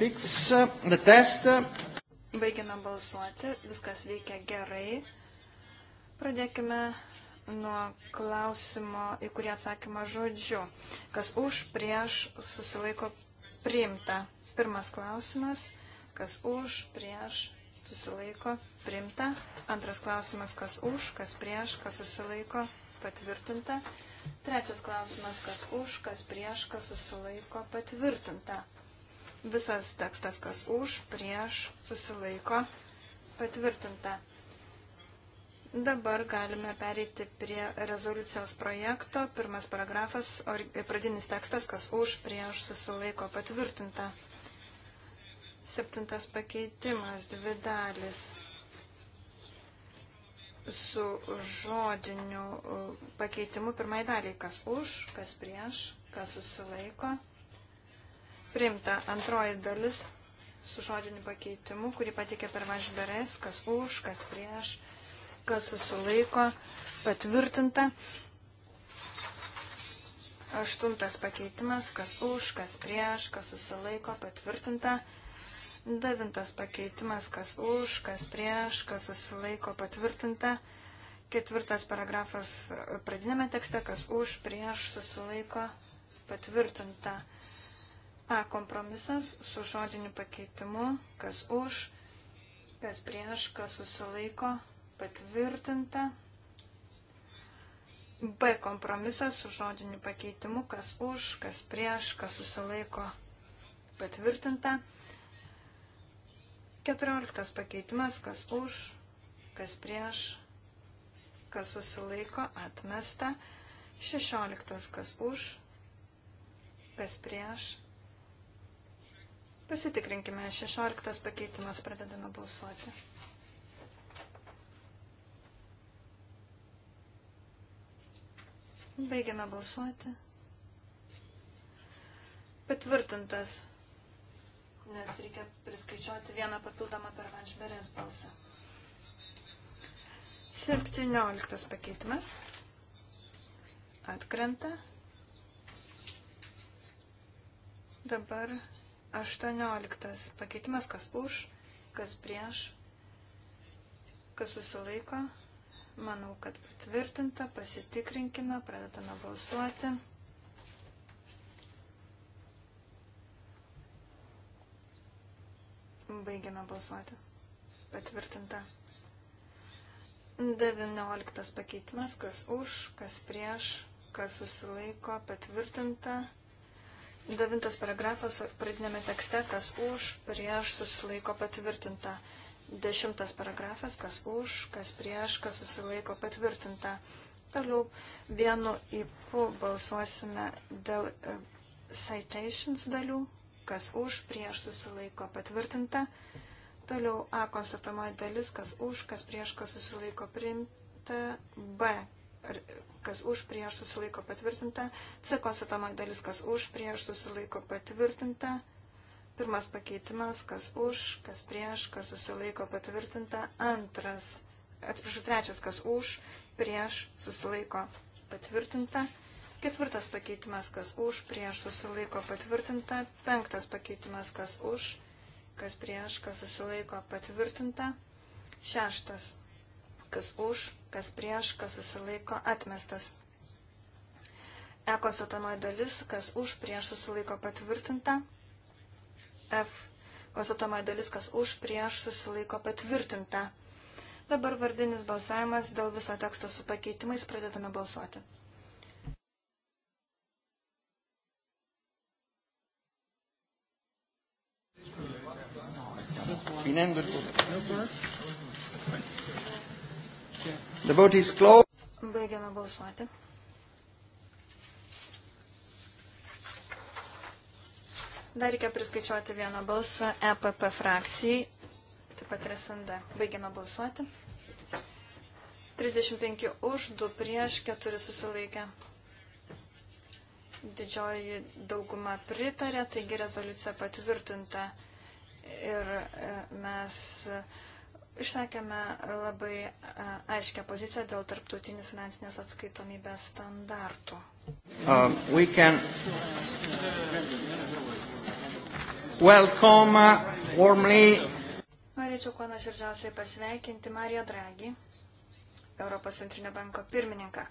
fix the test. Baigiame balsuoti, viskas veikia gerai. Pradėkime nuo klausimo, į kurį atsakymą žodžiu. Kas už, prieš, susilaiko priimta. Pirmas klausimas, kas už, prieš, susilaiko priimta. Antras klausimas, kas už, kas prieš, kas susilaiko patvirtinta. Trečias klausimas, kas už, kas prieš, kas susilaiko patvirtinta. Visas tekstas, kas už, prieš, susilaiko, patvirtinta. Dabar galime pereiti prie rezoliucijos projekto. Pirmas paragrafas, pradinis tekstas, kas už, prieš, susilaiko, patvirtinta. Septintas pakeitimas, dvi dalis su žodiniu uh, pakeitimu pirmai daliai, kas už, kas prieš, kas susilaiko, patvirtinta Primta antroji dalis su žodiniu pakeitimu, kurį patikė per Važberes, kas už, kas prieš, kas susilaiko, patvirtinta. Aštuntas pakeitimas, kas už, kas prieš, kas susilaiko, patvirtinta. Devintas pakeitimas, kas už, kas prieš, kas susilaiko, patvirtinta. Ketvirtas paragrafas pradinėme tekste, kas už, prieš, susilaiko, patvirtinta. Patvirtinta A kompromisas su žodiniu pakeitimu, kas už, kas prieš, kas susilaiko, patvirtinta. B kompromisas su žodiniu pakeitimu, kas už, kas prieš, kas susilaiko, patvirtinta. 14 pakeitimas, kas už, kas prieš, kas susilaiko, atmesta. 16 kas už, kas prieš, Pasitikrinkime, 16 pakeitimas pradedame balsuoti. Baigiame balsuoti. Patvirtintas, nes reikia priskaičiuoti vieną papildomą per Vanšberės balsą. 17 pakeitimas. Atkrenta. Dabar 18 pakeitimas, kas už, kas prieš, kas susilaiko. Manau, kad patvirtinta, pasitikrinkime, pradedame balsuoti. Baigiame balsuoti. Patvirtinta. 19 pakeitimas, kas už, kas prieš, kas susilaiko, patvirtinta. Devintas paragrafas pradinėme tekste, kas už, prieš, susilaiko patvirtinta. Dešimtas paragrafas, kas už, kas prieš, kas susilaiko patvirtinta. Toliau vienu įpu balsuosime dėl e, citations dalių, kas už, prieš, susilaiko patvirtinta. Toliau A konstatuojamoji dalis, kas už, kas prieš, kas susilaiko priimta. B kas už prieš susilaiko patvirtinta, C konstatuojama dalis, kas už prieš susilaiko patvirtinta, pirmas pakeitimas, kas už, kas prieš, kas susilaiko patvirtinta, antras, atsiprašau, trečias, kas už, prieš susilaiko patvirtinta, ketvirtas pakeitimas, kas už, prieš susilaiko patvirtinta, penktas pakeitimas, kas už, kas prieš, kas susilaiko patvirtinta, šeštas, kas už, kas prieš, kas susilaiko, atmestas. Ekos atomoji dalis, kas už, prieš, susilaiko, patvirtinta. F. Konstatuojamoji dalis, kas už, prieš, susilaiko, patvirtinta. Dabar vardinis balsavimas dėl viso teksto su pakeitimais pradedame balsuoti. Finendo il voto. The vote is closed. Baigiame balsuoti. Dar reikia priskaičiuoti vieną balsą EPP frakcijai, taip pat ir SND. Baigiame balsuoti. 35 už, 2 prieš, 4 susilaikė. Didžioji dauguma pritarė, taigi rezoliucija patvirtinta. Ir e, mes. Uh, Išsakėme labai e, aiškę poziciją dėl tarptautinių finansinės atskaitomybės standartų. Um, we can welcome uh, warmly. Norėčiau kuo nuoširdžiausiai pasveikinti Mariją Dragį, Europos centrinio banko pirmininką.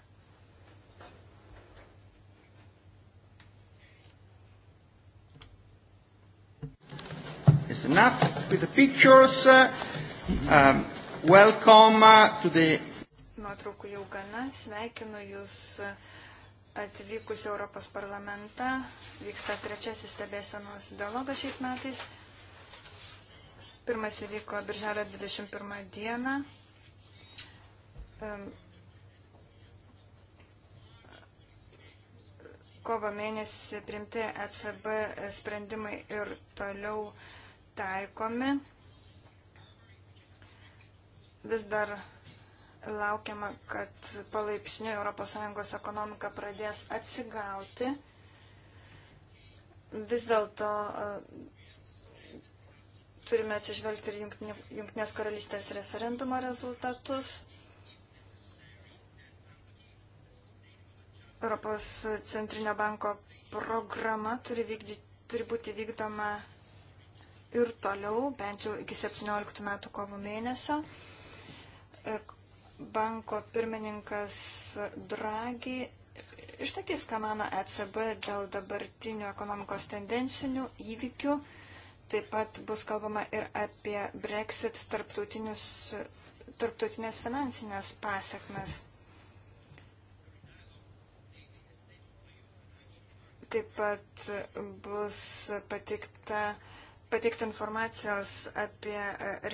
It's enough with the pictures. Uh, Um, welcome uh, to the. Nuotraukų jau gana. Sveikinu Jūs atvykus Europos parlamentą. Vyksta trečiasis stebėsenos dialogas šiais metais. Pirmas įvyko birželio 21 dieną. Um, kovo mėnesį primti ECB sprendimai ir toliau taikomi vis dar laukiama, kad palaipsniui ES ekonomika pradės atsigauti. Vis dėlto e, turime atsižvelgti ir Junktinės karalystės referendumo rezultatus. Europos centrinio banko programa turi, vykdy, turi būti vykdoma ir toliau, bent jau iki 17 metų kovo mėnesio. E, banko pirmininkas Dragi išsakys, ką mano ECB dėl dabartinių ekonomikos tendencinių įvykių. Taip pat bus kalbama ir apie Brexit tarptautinės finansinės pasiekmes. Taip pat bus patikta, patikta informacijos apie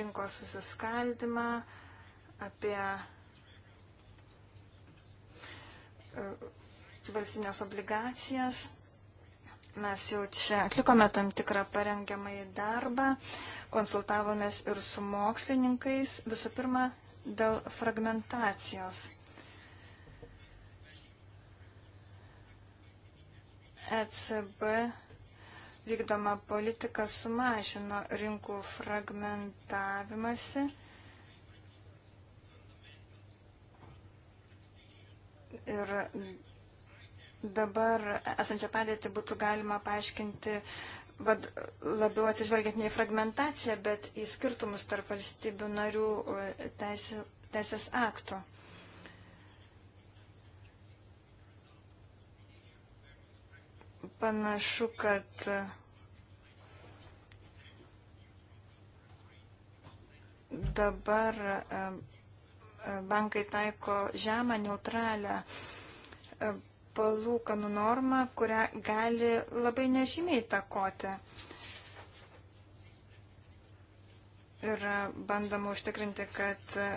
rinkos susiskaldimą, apie e, valstybinės obligacijas. Mes jau čia atlikome tam tikrą parengiamąjį darbą, konsultavomės ir su mokslininkais, visų pirma, dėl fragmentacijos. ECB vykdoma politika sumažino rinkų fragmentavimasi Ir dabar esančią padėtį būtų galima paaiškinti vad, labiau atsižvelgiant ne į fragmentaciją, bet į skirtumus tarp valstybių narių teisė, teisės akto. Panašu, kad dabar bankai taiko žemą neutralią e, palūkanų normą, kurią gali labai nežymiai takoti. Ir bandama užtikrinti, kad e,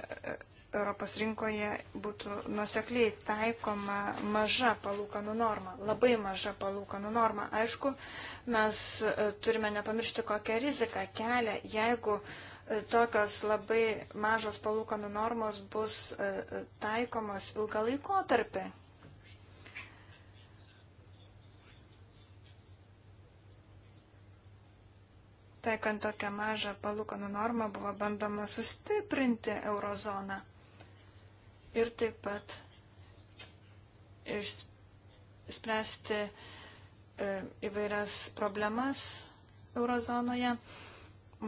Europos rinkoje būtų nusekliai taikoma maža palūkanų norma, labai maža palūkanų norma. Aišku, mes e, turime nepamiršti, kokią riziką kelia, jeigu uh, tokios labai mažos palūkanų normos bus e, e, taikomas ilgą laikotarpį. Taikant tokią mažą palūkanų normą buvo bandoma sustiprinti eurozoną ir taip pat išspręsti e, įvairias problemas eurozonoje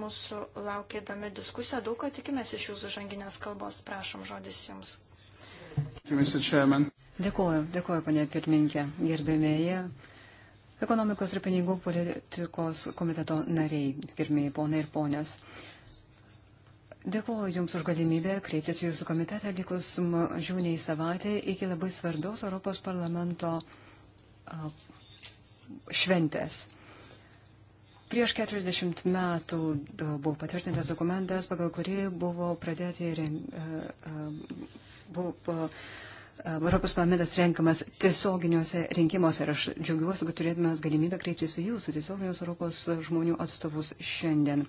mūsų laukia įdomi diskusija. Daug ko tikimės iš jūsų žanginės kalbos. Prašom, žodis jums. Dėkuoju, dėkuoju, panė pirmininkė, gerbėmėje. Ekonomikos ir pinigų politikos komiteto nariai, pirmieji ponai ir ponios. Dėkuoju Jums už galimybę kreiptis į Jūsų komitetą likus mažiau nei savaitę iki labai svarbios Europos parlamento šventės. Prieš 40 metų e, buvo patvirtintas dokumentas, pagal kurį buvo pradėti e, e, buvo, Europos parlamentas renkamas tiesioginiuose rinkimuose. Ir aš džiaugiuosi, kad turėtume galimybę kreiptis į jūsų tiesioginius Europos žmonių atstovus šiandien.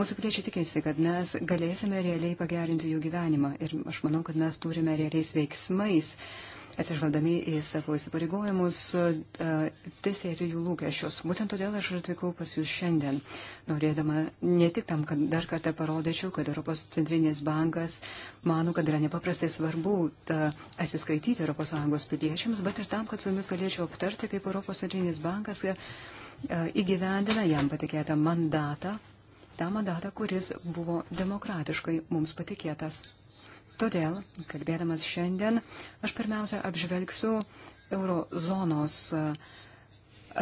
Mūsų piliečiai tikėsi, kad mes galėsime realiai pagerinti jų gyvenimą. Ir aš manau, kad mes turime realiais veiksmais uh, atsižvelgdami į savo įsipareigojimus, e, tiesėti jų lūkesčius. Būtent todėl aš atvykau pas jūs šiandien, norėdama ne tik tam, kad dar kartą parodyčiau, kad Europos centrinės bankas mano, kad yra nepaprastai svarbu ta, e, atsiskaityti ES piliečiams, bet ir tam, kad su jumis galėčiau aptarti, kaip Europos centrinis bankas e, įgyvendina jam patikėtą mandatą, tą mandatą, kuris buvo demokratiškai mums patikėtas. Todėl, kalbėdamas šiandien, aš pirmiausia apžvelgsiu eurozonos e,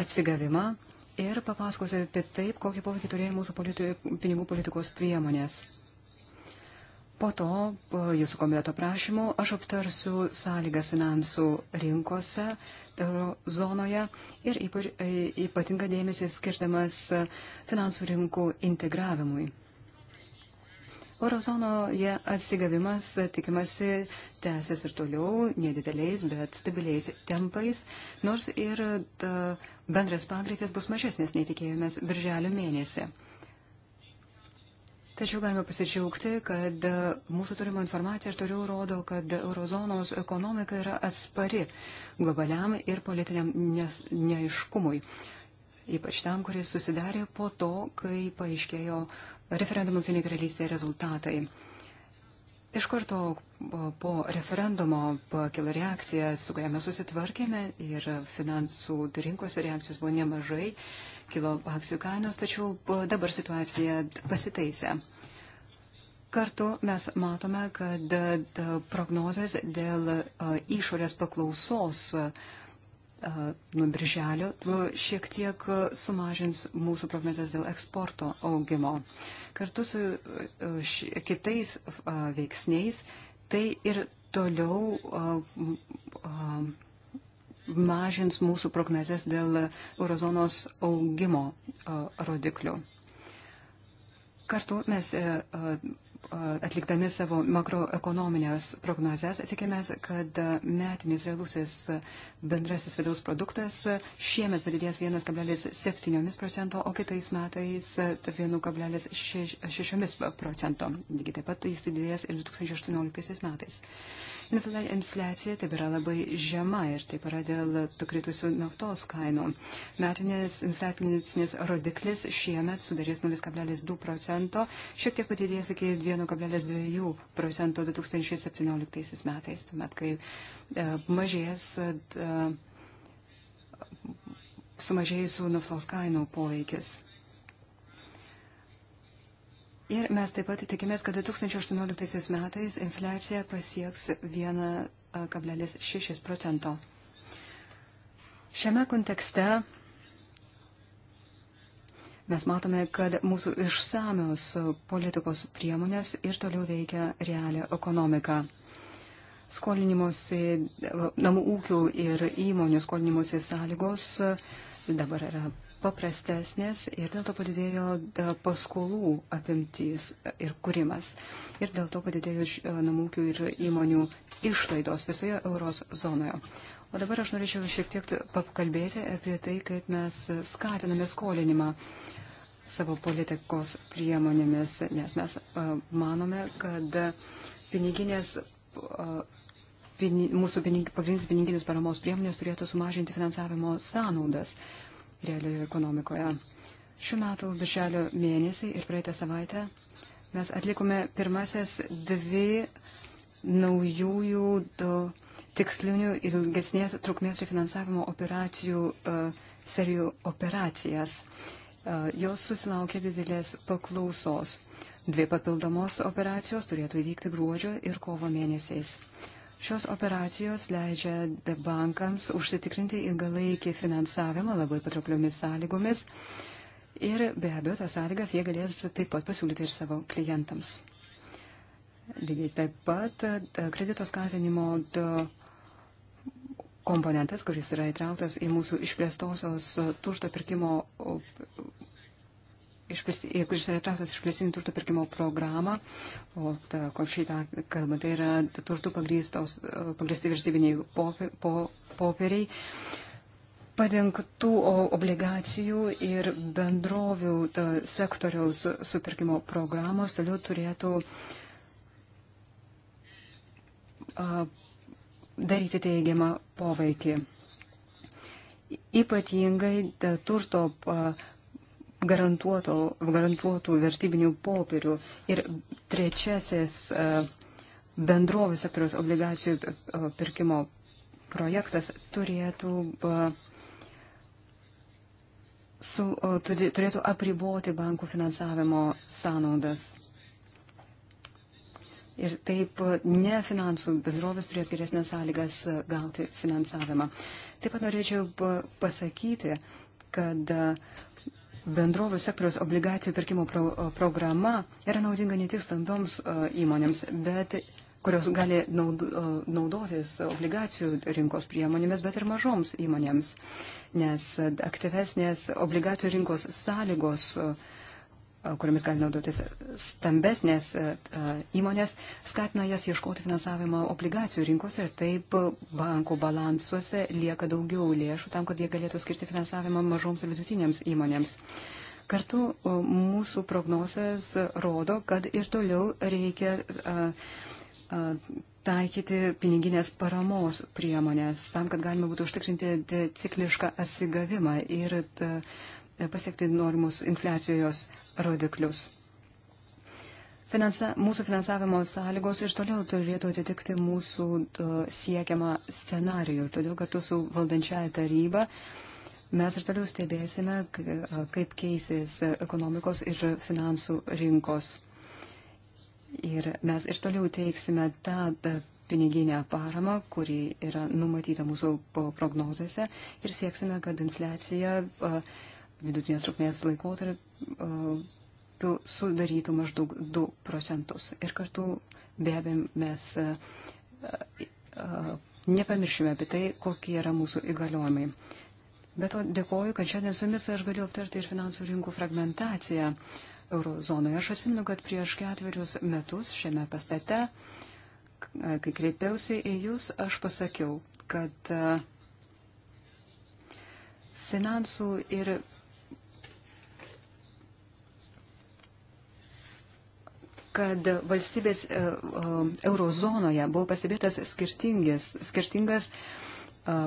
atsigavimą ir papasakosiu apie taip, kokį poveikį turėjo mūsų politi pinigų politikos priemonės. Po to, po jūsų komiteto prašymu, aš aptarsiu sąlygas finansų rinkose, eurozonoje ir ypač, e, ypatinga dėmesį skirdamas e, finansų rinkų integravimui. Eurozonoje atsigavimas tikimasi tęsis ir toliau nedideliais, bet stabiliais tempais, nors ir bendras pagreitis bus mažesnis nei tikėjomės birželio mėnesį. Tačiau galime pasidžiaugti, kad mūsų turima informacija ir toliau rodo, kad eurozonos ekonomika yra atspari globaliam ir politiniam neaiškumui. Ypač tam, kuris susidarė po to, kai paaiškėjo referendumo Junktinėje karalystėje rezultatai. Iš karto po referendumo kilo reakcija, su kuria mes susitvarkėme ir finansų rinkos reakcijos buvo nemažai, kilo akcijų kainos, tačiau dabar situacija pasitaisė. Kartu mes matome, kad prognozės dėl išorės paklausos uh, nuo birželio šiek tiek sumažins mūsų prognozes dėl eksporto augimo. Kartu su kitais veiksniais tai ir toliau mažins mūsų prognozes dėl eurozonos augimo rodiklių. Kartu mes atlikdami savo makroekonominės prognozes, tikimės, kad metinis realusis bendrasis vidaus produktas šiemet padidės 1,7 procento, o kitais metais 1,6 procento. Lygiai taip pat jis didės ir 2018 metais. Infliacija taip yra labai žema ir taip yra dėl kritusių naftos kainų. Metinės infliacinis rodiklis šiemet sudarys 0,2 procento, šiek tiek padidės iki 1,2 procento 2017 metais, tuomet kai e, mažės. E, sumažėjusių naftos kainų poveikis. Ir mes taip pat tikimės, kad 2018 metais infliacija pasieks 1,6 procento. Šiame kontekste mes matome, kad mūsų išsamios politikos priemonės ir toliau veikia realią ekonomiką. Skolinimuose namų ūkių ir įmonių skolinimuose sąlygos dabar yra paprastesnės ir dėl to padidėjo e, paskolų apimtys ir kūrimas. Ir dėl to padidėjo e, namūkių ir įmonių išlaidos visoje euros zonoje. O dabar aš norėčiau šiek tiek pakalbėti apie tai, kaip mes skatiname skolinimą savo politikos priemonėmis, nes mes e, manome, kad piniginės mūsų pinig, pagrindinis piniginis paramos priemonės turėtų sumažinti finansavimo sąnaudas realioje ekonomikoje. Šiuo metu birželio mėnesį ir praeitą savaitę mes atlikome pirmasis dvi naujųjų tikslinių ir ilgesnės trukmės refinansavimo operacijų e, serijų operacijas. E, jos susilaukė didelės paklausos. Dvi papildomos operacijos turėtų įvykti gruodžio ir kovo mėnesiais. Šios operacijos leidžia bankams užsitikrinti ilgalaikį finansavimą labai patraukliomis sąlygomis ir be abejo tas sąlygas jie galės taip pat pasiūlyti ir savo klientams. Lygiai taip pat e, kredito skatinimo e, komponentas, kuris yra įtrauktas į mūsų išplėstosios e, turto pirkimo jeigu jis yra traktas išplėstinį turto pirkimo programą, o ta, kur šitą kalbą, tai yra turtų pagrįsti virstybiniai popieriai, po, poperiai, padengtų obligacijų ir bendrovių ta, sektoriaus supirkimo programos toliau turėtų a, daryti teigiamą poveikį. Ypatingai ta, turto a, garantuotų, garantuotų vertybinių popierių ir trečiasis e, bendrovių sektoriaus obligacijų e, e, pirkimo projektas turėtų, su, turėtų apriboti bankų finansavimo sąnaudas. Ir taip ne finansų bendrovės turės geresnės sąlygas gauti finansavimą. Taip pat norėčiau pasakyti, kad bendrovų sektoriaus obligacijų pirkimo pro, programa yra naudinga ne tik stambioms įmonėms, bet kurios gali naud, naudotis obligacijų rinkos priemonėmis, bet ir mažoms įmonėms, nes aktyvesnės obligacijų rinkos sąlygos uh, kuriamis gali naudotis stambesnės e, e, įmonės, skatina jas ieškoti finansavimo obligacijų rinkose ir taip bankų balansuose lieka daugiau lėšų tam, kad jie galėtų skirti finansavimą mažoms ir vidutinėms įmonėms. Kartu e, mūsų prognozijas rodo, kad ir toliau reikia a, a, taikyti piniginės paramos priemonės tam, kad galima būtų užtikrinti ciklišką atsigavimą ir ta, pasiekti norimus infliacijos rodiklius. Finansa, mūsų finansavimo sąlygos ir toliau turėtų atitikti mūsų uh, siekiamą scenarijų. Ir todėl kartu su valdančiaja taryba mes ir toliau stebėsime, kaip keisės ekonomikos ir finansų rinkos. Ir mes ir toliau teiksime tą, tą piniginę paramą, kuri yra numatyta mūsų prognozėse ir sieksime, kad infliacija. Uh, vidutinės trukmės laikotarpiu sudarytų maždaug 2 procentus. Ir kartu be abejo mes e, e, nepamiršime apie tai, kokie yra mūsų įgaliojimai. Bet to dėkoju, kad šiandien su jumis aš galiu aptarti ir finansų rinkų fragmentaciją eurozonoje. Aš atsiminu, kad prieš ketverius metus šiame pastate, e, kai kreipiausi į jūs, aš pasakiau, kad finansų ir kad valstybės e, e, eurozonoje buvo pastebėtas skirtingas e,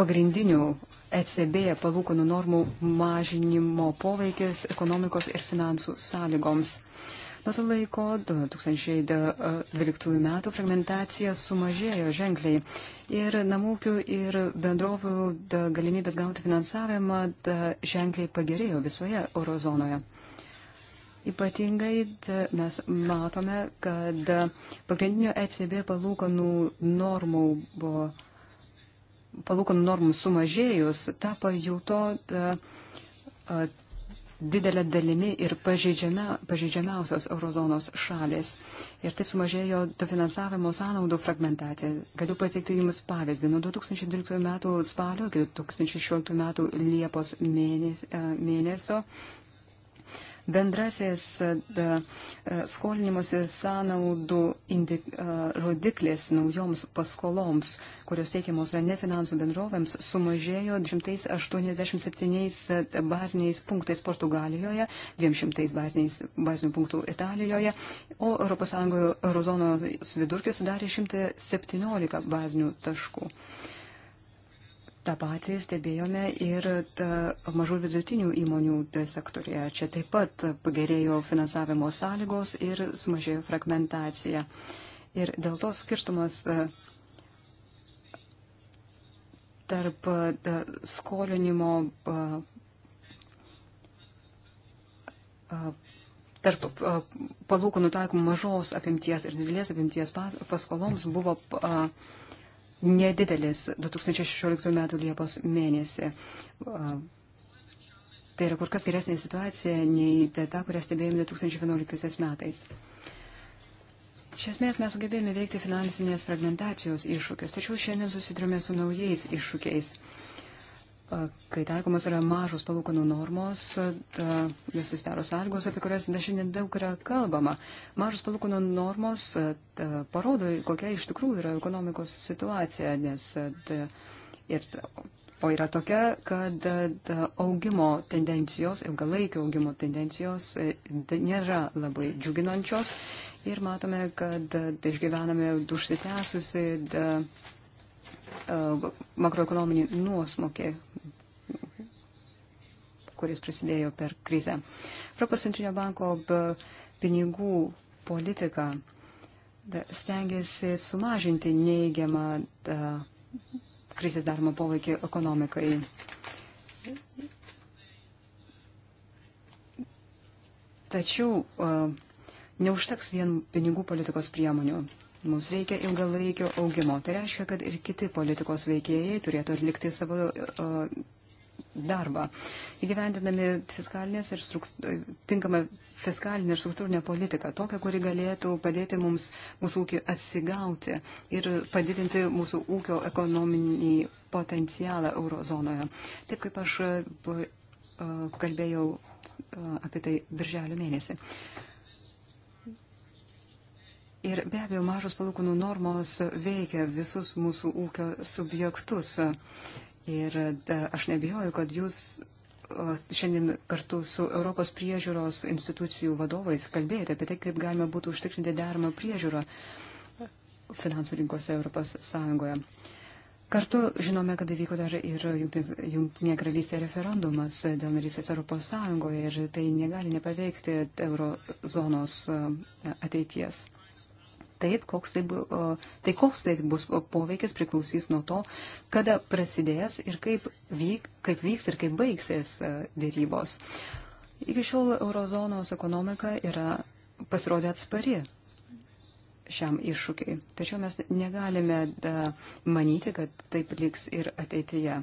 pagrindinių ECB palūkanų normų mažinimo poveikis ekonomikos ir finansų sąlygoms. Nuo to laiko 2012 metų fragmentacija sumažėjo ženkliai ir namūkių ir bendrovių galimybės gauti finansavimą ženkliai pagerėjo visoje eurozonoje. Ypatingai mes matome, kad pagrindinio ECB palūkanų normų buvo palūkanų normų sumažėjus, tą pajuto ta, a, didelė dalimi ir pažeidžiana, pažeidžiamiausios eurozonos šalis. Ir taip sumažėjo to finansavimo sąnaudų fragmentacija. Galiu pateikti Jums pavyzdį. Nuo 2012 metų spalio iki 2016 metų Liepos e, mėnesio, mėnesio bendrasis e, skolinimuose sąnaudų indik, e, rodiklis naujoms paskoloms, kurios teikiamos yra ne finansų bendrovėms, sumažėjo 187 e, baziniais punktais Portugalijoje, 200 baziniais, bazinių punktų Italijoje, o ES eurozonos vidurkis sudarė 117 bazinių taškų tą patį stebėjome ir mažų ir vidutinių įmonių sektorija. Čia taip pat pagerėjo finansavimo sąlygos ir sumažėjo fragmentacija. Ir dėl to skirtumas e, tarp e, skolinimo, e, tarp palūkanų taikomų mažos apimties ir didelės apimties paskoloms buvo. A, nedidelis 2016 m. Liepos mėnesį. Tai yra kur kas geresnė situacija nei ta, kurią stebėjome 2011 metais. Iš esmės mes sugebėjome veikti finansinės fragmentacijos iššūkius, tačiau šiandien susidurime su naujais iššūkiais kai taikomos yra mažos palūkanų normos, vis susidaro sąlygos, apie kurias šiandien daug yra kalbama. Mažos palūkanų normos ta, parodo, kokia iš tikrųjų yra ekonomikos situacija, nes ta, ir, o yra tokia, kad ta, augimo tendencijos, ilgalaikio augimo tendencijos nėra labai džiuginančios ir matome, kad išgyvename užsitęsusi. E, makroekonominį nuosmokį, kuris prasidėjo per krizę. Europos centrinio banko pinigų politika stengiasi sumažinti neigiamą krizės daromą poveikį ekonomikai. Tačiau e, neužteks vien pinigų politikos priemonių. Mums reikia ilgalaikio augimo. Tai reiškia, kad ir kiti politikos veikėjai turėtų atlikti savo uh, darbą. Įgyvendinami fiskalinės ir struk... tinkamą fiskalinę ir struktūrinę politiką, tokią, kuri galėtų padėti mums mūsų ūkiu atsigauti ir padidinti mūsų ūkio ekonominį potencialą eurozonoje. Taip kaip aš uh, kalbėjau uh, apie tai birželio mėnesį. Uh, Ir be abejo, mažos palūkanų normos veikia visus mūsų ūkio subjektus. Ir e, aš nebijoju, kad jūs šiandien kartu su Europos priežiūros institucijų vadovais kalbėjote apie tai, kaip galima būtų užtikrinti deramą priežiūrą finansų rinkose Europos Sąjungoje. Kartu žinome, kad įvyko dar ir Junktinė karalystė referendumas dėl narystės Europos Sąjungoje ir tai negali nepaveikti eurozonos e, ateities. Taip, koks tai, bu, tai koks tai bus poveikis priklausys nuo to, kada prasidės ir kaip, vyk, kaip vyks ir kaip baigsis e, dėrybos. Iki šiol eurozonos ekonomika yra pasirodė atspari šiam iššūkiai. Tačiau mes negalime da, e, manyti, kad taip liks ir ateityje.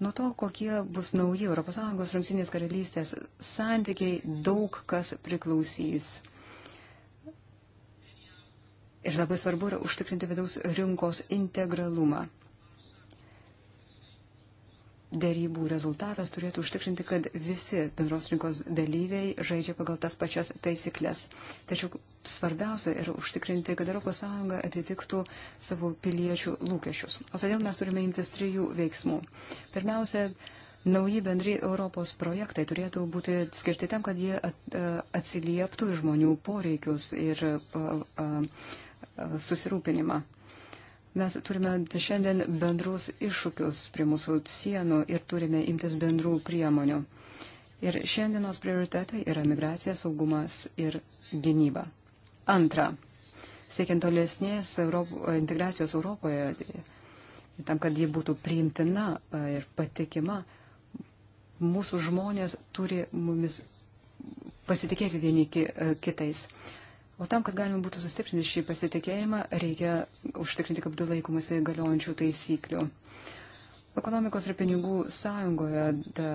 Nuo to, kokie bus nauji ES rinktinės karalystės santykiai, daug kas priklausys. Ir labai svarbu yra užtikrinti vidaus rinkos integralumą. Dėrybų rezultatas turėtų užtikrinti, kad visi bendros rinkos dalyviai žaidžia pagal tas pačias taisyklės. Tačiau svarbiausia yra užtikrinti, kad ES atitiktų savo piliečių lūkesčius. O todėl mes turime imtis trijų veiksmų. Pirmiausia, nauji bendri Europos projektai turėtų būti skirti tam, kad jie atsilieptų žmonių poreikius ir. Uh, uh, susirūpinimą. Mes turime šiandien bendrus iššūkius prie mūsų sienų ir turime imtis bendrų priemonių. Ir šiandienos prioritetai yra migracija, saugumas ir gynyba. Antra, siekiant tolesnės Europo, integracijos Europoje, tam, kad ji būtų priimtina e, ir patikima, mūsų žmonės turi mumis pasitikėti vieni e, kitais. O tam, kad galima būtų sustiprinti šį pasitikėjimą, reikia užtikrinti, kaip du laikomasi galiojančių taisyklių. Ekonomikos ir pinigų sąjungoje da,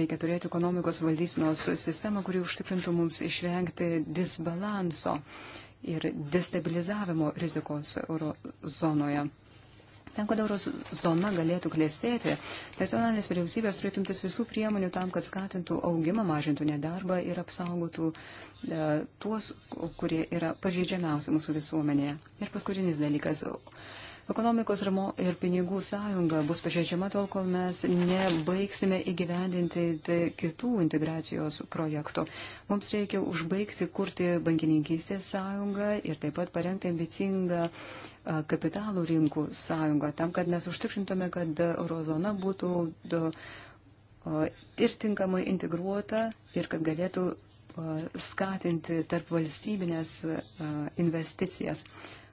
reikia turėti ekonomikos valdysinos sistemą, kuri užtikrintų mums išvengti disbalanso ir destabilizavimo rizikos euro zonoje. Ten, kad euros zona galėtų klėstėti, nacionalinės vyriausybės turėtų imtis visų priemonių tam, kad skatintų augimą, mažintų nedarbą ir apsaugotų E, tuos, kurie yra pažeidžiamiausi mūsų visuomenėje. Ir paskutinis dalykas. Ekonomikos ir pinigų sąjunga bus pažeidžiama tol, kol mes nebaigsime įgyvendinti tai kitų integracijos projektų. Mums reikia užbaigti kurti bankininkystės sąjungą ir taip pat parengti ambicingą e, kapitalų rinkų sąjungą, tam, kad mes užtikrintume, kad eurozona būtų e, ir tinkamai integruota ir kad galėtų skatinti tarp valstybinės investicijas.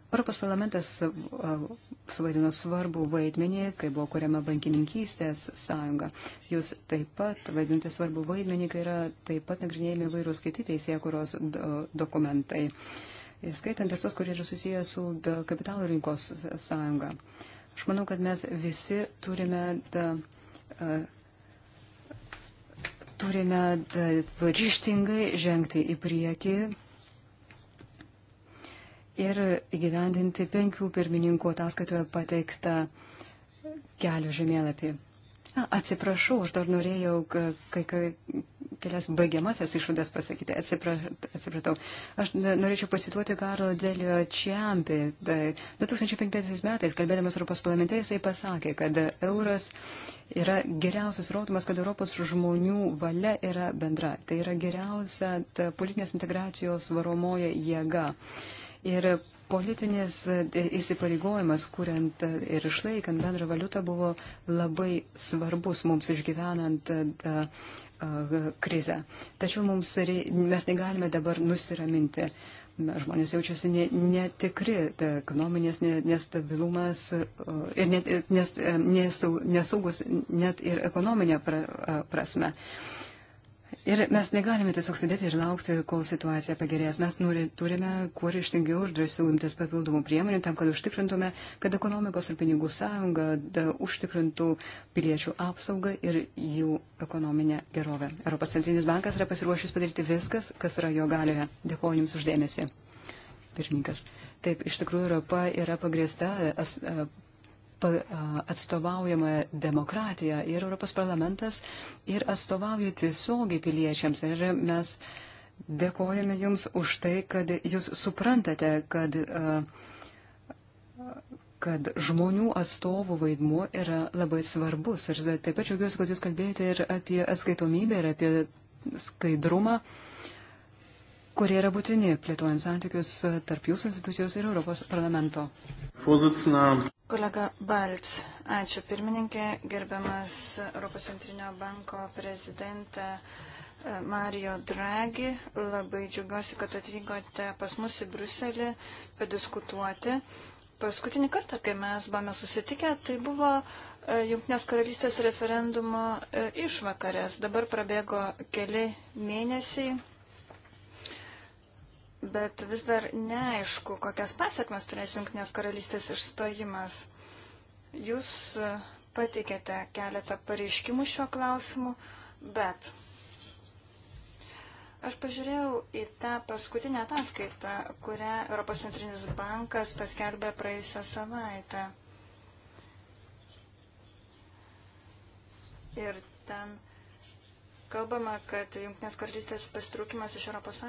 Europos parlamentas suvaidino svarbų vaidmenį, kai buvo kuriama bankininkystės sąjunga. Jūs taip pat vaidinate svarbų vaidmenį, kai yra taip pat nagrinėjami vairūs kiti teisėkuros dokumentai, skaitant ir tos, kurie yra susiję su kapitalo rinkos sąjunga. Aš manau, kad mes visi turime da, Turime e, ryštingai žengti į priekį ir įgyvendinti penkių pirmininkų ataskaitoje pateiktą kelio žemėlapį. A, atsiprašau, aš dar norėjau kai, kai, kelias baigiamasias išvadas pasakyti. Atsipratau. Aš norėčiau pasituoti Karo Dzelio Čiampi. 2005 metais, kalbėdamas Europos parlamente, jisai pasakė, kad euras yra geriausias rodomas, kad Europos žmonių valia yra bendra. Tai yra geriausia ta politinės integracijos varomoja jėga. Ir politinis e, įsipareigojimas, kuriant e, ir išlaikant bendrą valiutą, buvo labai svarbus mums išgyvenant. Da, e, da, krizę. Tačiau mums, mes negalime dabar nusiraminti. Žmonės jaučiasi netikri, ta ekonominės nestabilumas ir net, nes, nesaugus net ir ekonominė prasme. Ir mes negalime tiesiog sėdėti ir laukti, kol situacija pagerės. Mes nuri, turime kuo ryštingiau ir drąsiau imtis papildomų priemonių tam, kad užtikrintume, kad ekonomikos ir pinigų sąjunga da, užtikrintų piliečių apsaugą ir jų ekonominę gerovę. Europos centrinis bankas yra pasiruošęs padaryti viskas, kas yra jo galioje. Dėkuoju Jums uždėmesi. Pirmininkas. Taip, iš tikrųjų Europa yra pagrėsta atstovaujama demokratija ir Europos parlamentas ir atstovauja tiesiogiai piliečiams. Ir mes dėkojame Jums už tai, kad Jūs suprantate, kad, kad žmonių atstovų vaidmuo yra labai svarbus. Ir taip pat džiaugiuosi, kad Jūs kalbėjote ir apie atskaitomybę, ir apie skaidrumą. Uh, kurie yra būtini plėtojant santykius tarp jūsų institucijos ir Europos parlamento. Kolega Balts, ačiū pirmininkė, gerbiamas Europos centrinio banko prezidentą. E, Mario Draghi. Labai džiugiuosi, kad atvykote pas mus į Bruselį padiskutuoti. Paskutinį kartą, kai mes buvome susitikę, tai buvo e, Junktinės karalystės referendumo e, išvakarės. Dabar prabėgo keli mėnesiai bet vis dar neaišku, kokias pasiekmes turės Junktinės karalystės išstojimas. Jūs e, pateikėte keletą pareiškimų šiuo klausimu, bet Aš pažiūrėjau į tą paskutinę ataskaitą, kurią Europos centrinis bankas paskelbė praėjusią savaitę. Ir ten kalbama, kad Junktinės karalystės pasitraukimas iš ES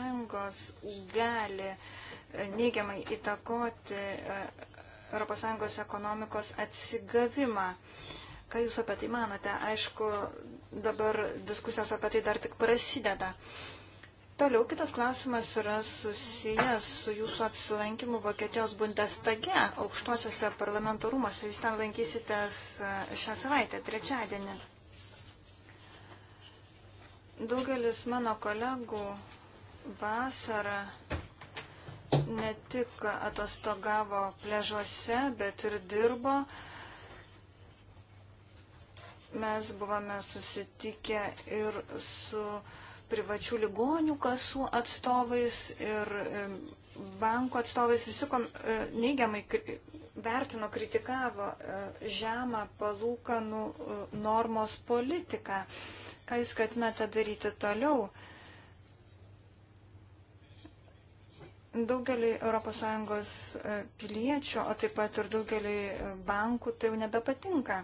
gali e, neigiamai įtakoti ES ekonomikos atsigavimą. Ką Jūs apie tai manote? Aišku, dabar diskusijos apie tai dar tik prasideda. Toliau kitas klausimas yra susijęs su Jūsų apsilankimu Vokietijos Bundestage, aukštuosiuose parlamento rūmose. Jūs ten lankysitės e, šią savaitę, trečiadienį. Daugelis mano kolegų vasarą ne tik atostogavo pležuose, bet ir dirbo. Mes buvome susitikę ir su privačių ligonių kasų atstovais ir bankų atstovais. Visi kom, e, neigiamai vertino, kritikavo e, žemą palūkanų e, normos politiką. Ką jūs skatinate daryti toliau? Daugelį ES e, piliečių, o taip pat ir daugelį e, bankų tai jau nebepatinka.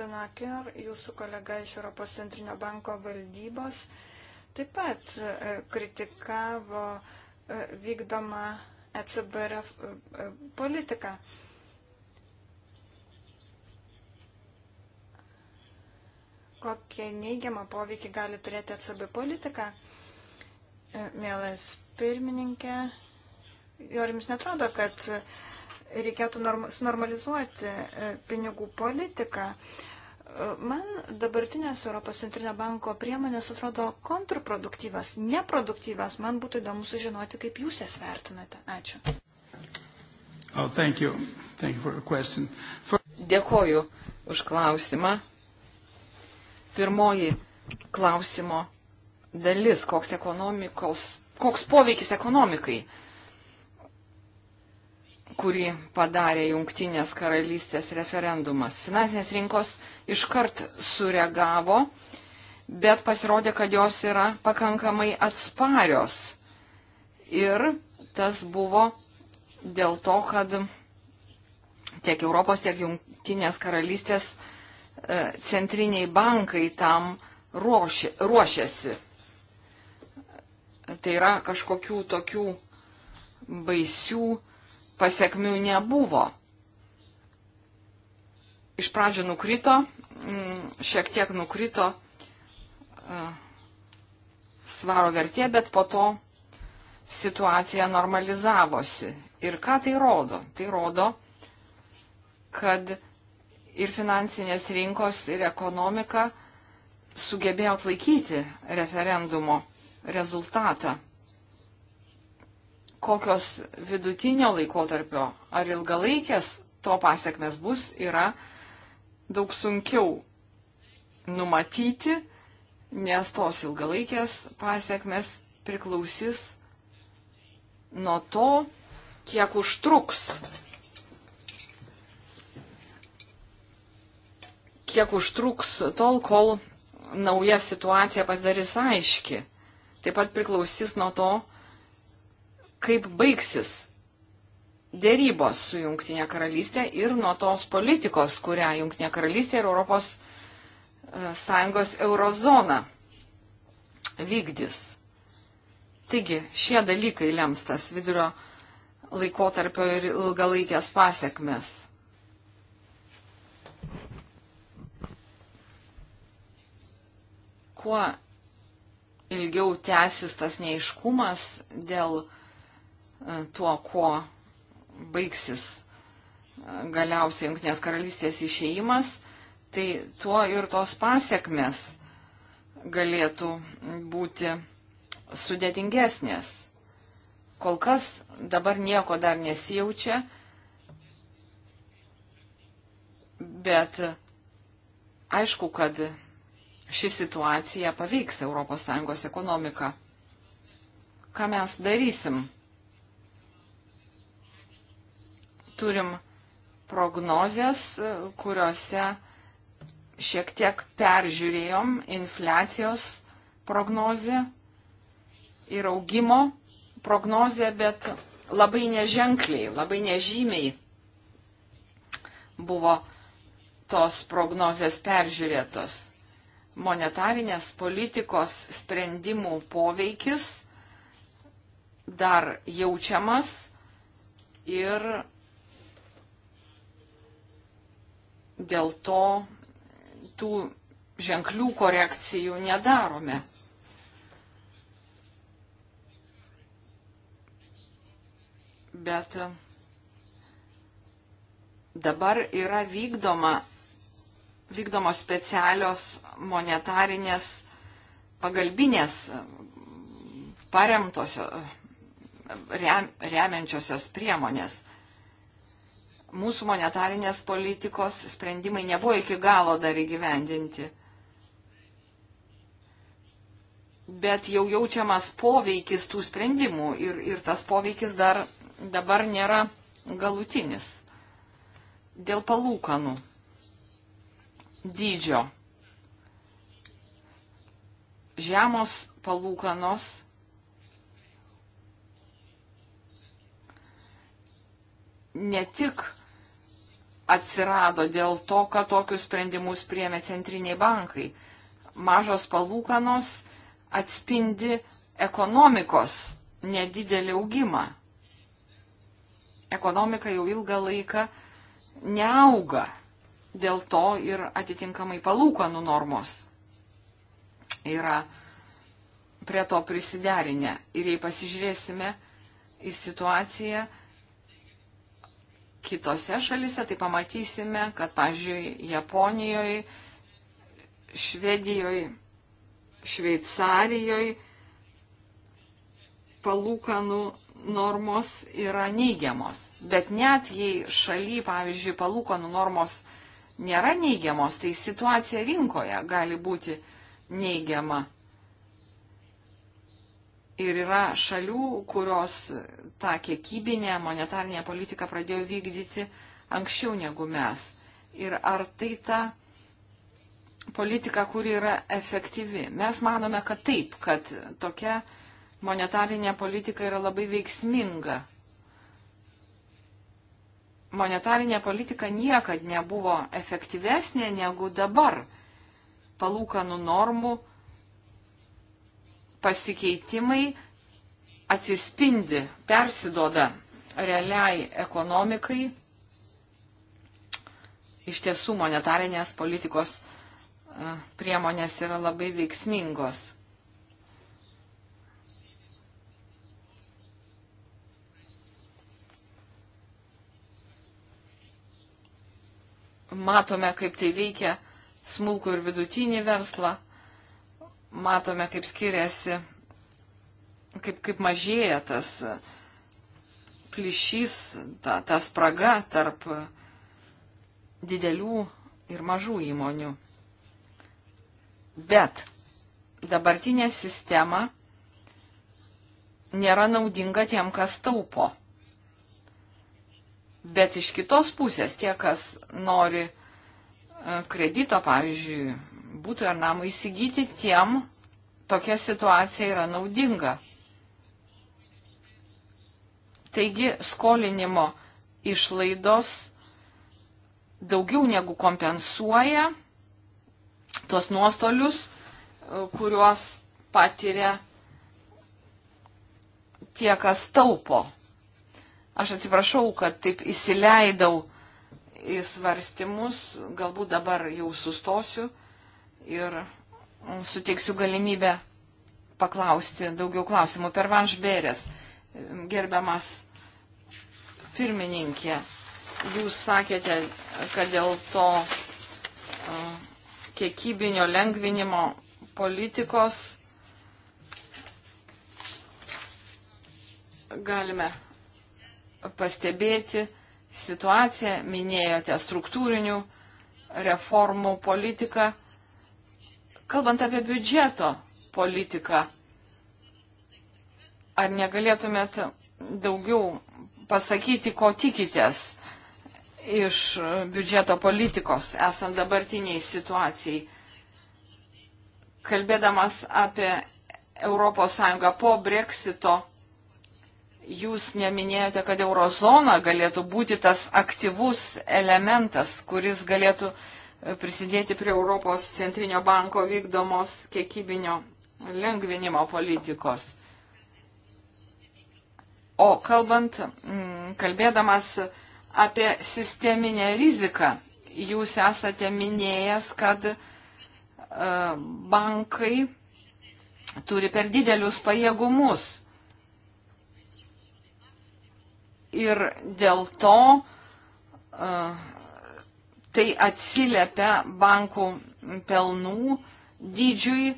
Benaker, jūsų kolega iš Europos centrinio banko valdybos, taip pat e, kritikavo vykdomą ECB politiką. kokią neigiamą poveikį gali turėti ECB politika. E, mielas pirmininkė, ar jums netrodo, kad reikėtų norm sunormalizuoti e, pinigų politiką? E, man dabartinės Europos centrinio banko priemonės atrodo kontraproduktyvas, neproduktyvas. Man būtų įdomu sužinoti, kaip jūs jas vertinate. Ačiū. Oh, thank you. Thank you for your question. For... Dėkoju už klausimą pirmoji klausimo dalis, koks, koks poveikis ekonomikai, kurį padarė Junktinės karalystės referendumas. Finansinės rinkos iškart sureagavo, bet pasirodė, kad jos yra pakankamai atsparios. Ir tas buvo dėl to, kad tiek Europos, tiek Junktinės karalystės uh, E, centriniai bankai tam ruošia, ruošiasi. Tai yra kažkokių tokių baisių pasiekmių nebuvo. Iš pradžių nukrito, mm, šiek tiek nukrito e, svaro vertė, bet po to situacija normalizavosi. Ir ką tai rodo? Tai rodo, kad ir finansinės rinkos, ir ekonomika sugebėjo atlaikyti referendumo rezultatą. Kokios vidutinio laikotarpio ar ilgalaikės to pasiekmes bus, yra daug sunkiau numatyti, nes tos ilgalaikės pasiekmes priklausys nuo to, kiek užtruks kiek užtruks tol, kol nauja situacija pasidarys aiški. Taip pat priklausys nuo to, kaip baigsis dėrybos su Junktinė karalystė ir nuo tos politikos, kurią Junktinė karalystė ir Europos e, Sąjungos eurozona vykdys. Taigi šie dalykai lems tas vidurio laikotarpio ir ilgalaikės pasiekmes. kuo ilgiau tęsis tas neiškumas dėl e, tuo, kuo baigsis e, galiausiai Junktinės karalystės išeimas, tai tuo ir tos pasiekmes galėtų būti sudėtingesnės. Kol kas dabar nieko dar nesijaučia, bet aišku, kad ši situacija paveiks ES ekonomiką. Ką mes darysim? Turim prognozės, kuriuose šiek tiek peržiūrėjom infliacijos prognozę ir augimo prognozę, bet labai neženkliai, labai nežymiai buvo tos prognozės peržiūrėtos monetarinės politikos sprendimų poveikis dar jaučiamas ir dėl to tų ženklių korekcijų nedarome. Bet dabar yra vykdoma, vykdomos specialios monetarinės pagalbinės paremtosios, rem, remiančiosios priemonės. Mūsų monetarinės politikos sprendimai nebuvo iki galo dar įgyvendinti. Bet jau jaučiamas poveikis tų sprendimų ir, ir tas poveikis dar dabar nėra galutinis. Dėl palūkanų dydžio žemos palūkanos ne tik atsirado dėl to, kad tokius sprendimus priemė centriniai bankai. Mažos palūkanos atspindi ekonomikos nedidelį augimą. Ekonomika jau ilgą laiką neauga, dėl to ir atitinkamai palūkanų normos yra prie to prisiderinę. Ir jei pasižiūrėsime į situaciją kitose šalise, tai pamatysime, kad, pavyzdžiui, Japonijoje, Švedijoje, Šveicarijoje palūkanų normos yra neigiamos. Bet net jei šaly, pavyzdžiui, palūkanų normos nėra neigiamos, tai situacija rinkoje gali būti neigiama neigiama. Ir yra šalių, kurios tą kiekybinę monetarinę politiką pradėjo vykdyti anksčiau negu mes. Ir ar tai ta politika, kuri yra efektyvi? Mes manome, kad taip, kad tokia monetarinė politika yra labai veiksminga. Monetarinė politika niekad nebuvo efektyvesnė negu dabar palūkanų normų pasikeitimai atsispindi, persidoda realiai ekonomikai iš tiesų monetarinės politikos e, priemonės yra labai veiksmingos. Matome, kaip tai veikia smulkų ir vidutinį verslą. Matome, kaip skiriasi, kaip, kaip mažėja tas plyšys, ta, ta spraga tarp didelių ir mažų įmonių. Bet dabartinė sistema nėra naudinga tiem, kas taupo. Bet iš kitos pusės tie, kas nori E, kredito, pavyzdžiui, būtų ar namų įsigyti, tiem tokia situacija yra naudinga. Taigi skolinimo išlaidos daugiau negu kompensuoja tuos nuostolius, e, kuriuos patiria tie, kas taupo. Aš atsiprašau, kad taip įsileidau į svarstymus, galbūt dabar jau sustosiu ir suteiksiu galimybę paklausti daugiau klausimų. Per Vanšberės, gerbiamas pirmininkė, jūs sakėte, kad dėl to kiekybinio lengvinimo politikos galime pastebėti, situaciją, minėjote struktūrinių reformų politiką. Kalbant apie biudžeto politiką, ar negalėtumėt daugiau pasakyti, ko tikitės iš biudžeto politikos, esant dabartiniai situacijai? Kalbėdamas apie ES po breksito Jūs neminėjote, kad eurozona galėtų būti tas aktyvus elementas, kuris galėtų e, prisidėti prie Europos centrinio banko vykdomos kiekybinio lengvinimo politikos. O kalbant, mm, kalbėdamas apie sisteminę riziką, jūs esate minėjęs, kad e, bankai turi per didelius pajėgumus ir dėl to uh, tai atsiliepia bankų pelnų dydžiui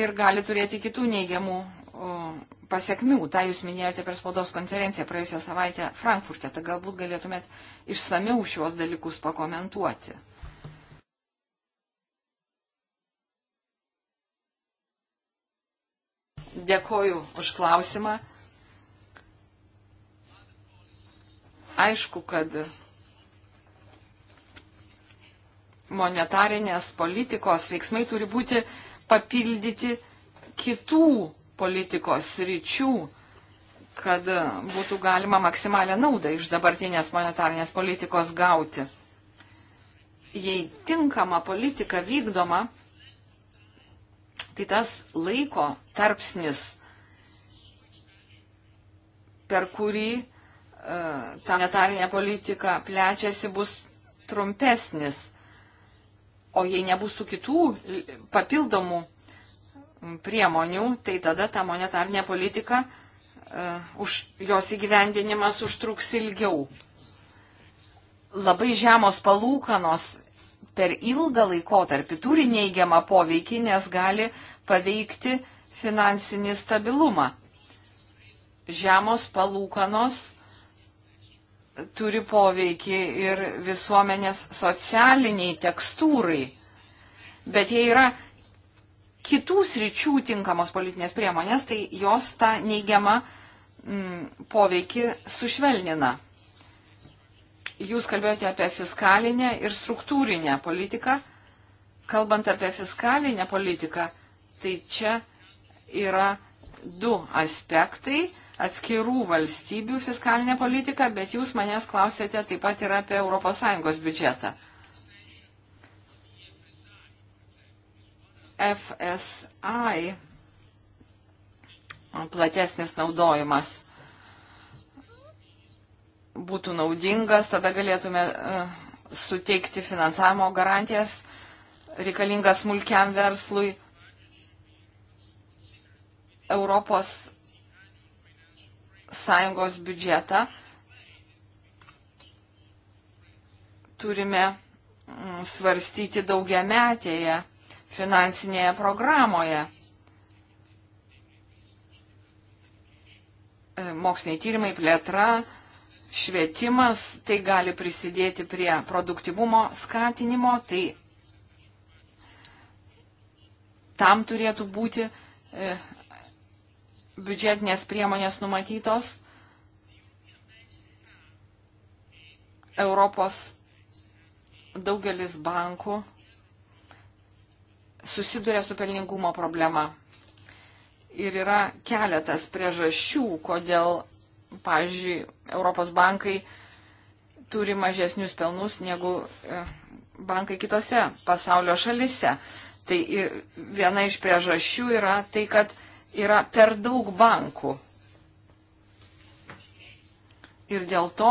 ir gali turėti kitų neigiamų uh, pasiekmių. Ta jūs minėjote per spaudos konferenciją praėjusią savaitę Frankfurte. Tai galbūt galėtumėt išsameu šiuos dalykus pakomentuoti. Dėkoju už klausimą. Aišku, kad monetarinės politikos veiksmai turi būti papildyti kitų politikos ryčių, kad būtų galima maksimalę naudą iš dabartinės monetarinės politikos gauti. Jei tinkama politika vykdoma, tai tas laiko tarpsnis, per kurį ta monetarinė politika plečiasi, bus trumpesnis. O jei nebus tų kitų papildomų priemonių, tai tada ta monetarinė politika, uh, už, jos įgyvendinimas užtruks ilgiau. Labai žemos palūkanos per ilgą laikotarpį turi neigiamą poveikį, nes gali paveikti finansinį stabilumą. Žemos palūkanos turi poveikį ir visuomenės socialiniai tekstūrai. Bet jei yra kitų sričių tinkamos politinės priemonės, tai jos tą neigiamą mm, poveikį sušvelnina. Jūs kalbėjote apie fiskalinę ir struktūrinę politiką. Kalbant apie fiskalinę politiką, tai čia yra du aspektai atskirų valstybių fiskalinę politiką, bet jūs manęs klausėte taip pat ir apie ES biudžetą. FSI platesnis naudojimas būtų naudingas, tada galėtume e, suteikti finansavimo garantijas reikalingas smulkiam verslui. Europos sąjungos biudžetą turime mm, svarstyti daugiametėje finansinėje programoje. E, moksliniai tyrimai, plėtra, švietimas, tai gali prisidėti prie produktivumo skatinimo, tai tam turėtų būti e, biudžetinės priemonės numatytos Europos daugelis bankų susiduria su pelningumo problema. Ir yra keletas priežasčių, kodėl, pavyzdžiui, Europos bankai turi mažesnius pelnus negu e, bankai kitose pasaulio šalise. Tai viena iš priežasčių yra tai, kad yra per daug bankų. Ir dėl to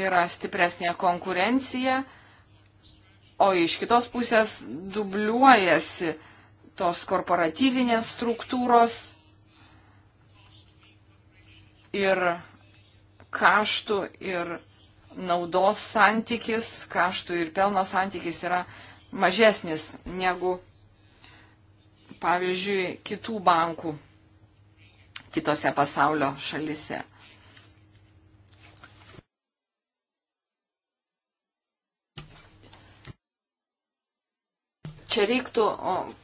yra stipresnė konkurencija, o iš kitos pusės dubliuojasi tos korporatyvinės struktūros ir kaštų ir naudos santykis, kaštų ir pelno santykis yra mažesnis negu pavyzdžiui, kitų bankų kitose pasaulio šalise. Čia reiktų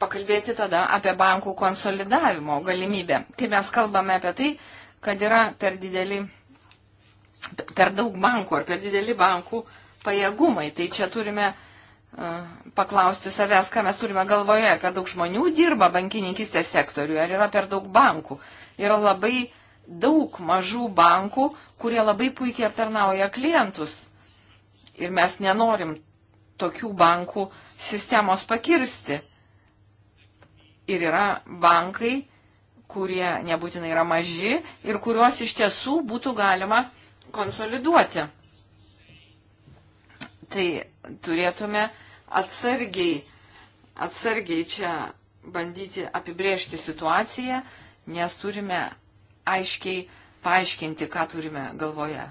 pakalbėti tada apie bankų konsolidavimo galimybę. Kai mes kalbame apie tai, kad yra per, dideli, per daug bankų ar per dideli bankų pajėgumai, tai čia turime uh, paklausti savęs, ką mes turime galvoje, kad daug žmonių dirba bankininkistės sektoriuje, ar yra per daug bankų. Yra labai daug mažų bankų, kurie labai puikiai aptarnauja klientus. Ir mes nenorim tokių bankų sistemos pakirsti. Ir yra bankai, kurie nebūtinai yra maži ir kuriuos iš tiesų būtų galima konsoliduoti. Tai turėtume uh, atsargiai, atsargiai čia bandyti apibriežti situaciją, nes turime aiškiai paaiškinti, ką turime galvoje.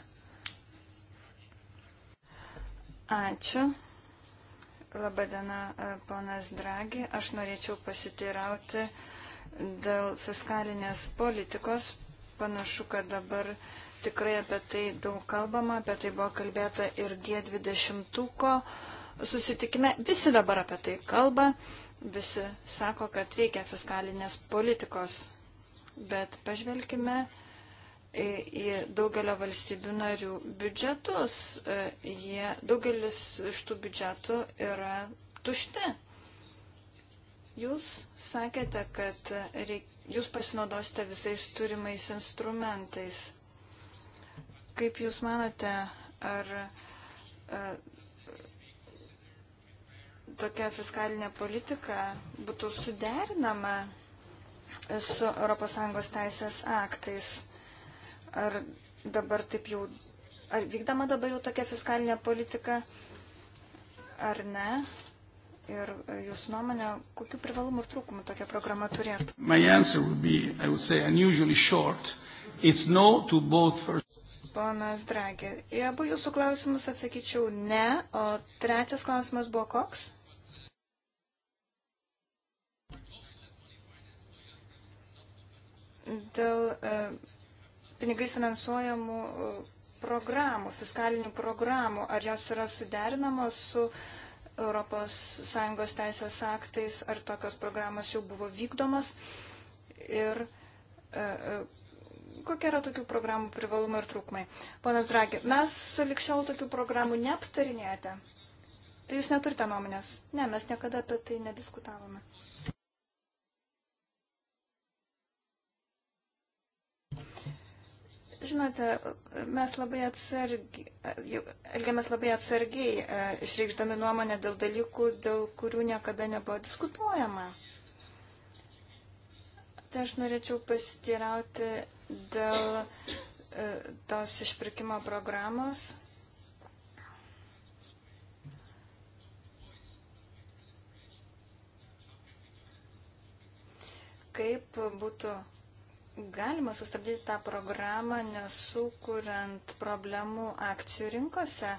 Ačiū. Labadiena, e, ponas Dragi. Aš norėčiau pasiteirauti dėl fiskalinės politikos. Panašu, kad dabar tikrai apie tai daug kalbama, apie tai buvo kalbėta ir G20 susitikime visi dabar apie tai kalba, visi sako, kad reikia fiskalinės politikos, bet pažvelkime į, į daugelio valstybių narių biudžetus. E, jie, daugelis iš tų biudžetų yra tušti. Jūs sakėte, kad reik, jūs pasinaudosite visais turimais instrumentais. Kaip jūs manote, ar e, tokia fiskalinė politika būtų suderinama su ES teisės aktais. Ar dabar taip jau, ar vykdama dabar jau tokia fiskalinė politika, ar ne? Ir jūsų nuomonė, kokiu privalumu ir trūkumu tokia programa turėtų? Be, no for... Ponas Dragė, į abu jūsų klausimus atsakyčiau ne, o trečias klausimas buvo koks? dėl e, pinigais finansuojamų e, programų, fiskalinių programų, ar jos yra suderinamos su ES teisės aktais, ar tokios programos jau buvo vykdomas ir e, kokie yra tokių programų privalumai ir trūkumai. Ponas Dragi, mes likščiau tokių programų neaptarinėjate. Tai jūs neturite nuomonės? Ne, mes niekada apie tai nediskutavome. Žinote, mes labai atsargiai, elgiamės labai atsargiai, e, išreikšdami nuomonę dėl dalykų, dėl kurių niekada nebuvo diskutuojama. Tai aš norėčiau pasitirauti dėl e, tos išpirkimo programos. Kaip būtų galima sustabdyti tą programą, nesukuriant problemų akcijų rinkose?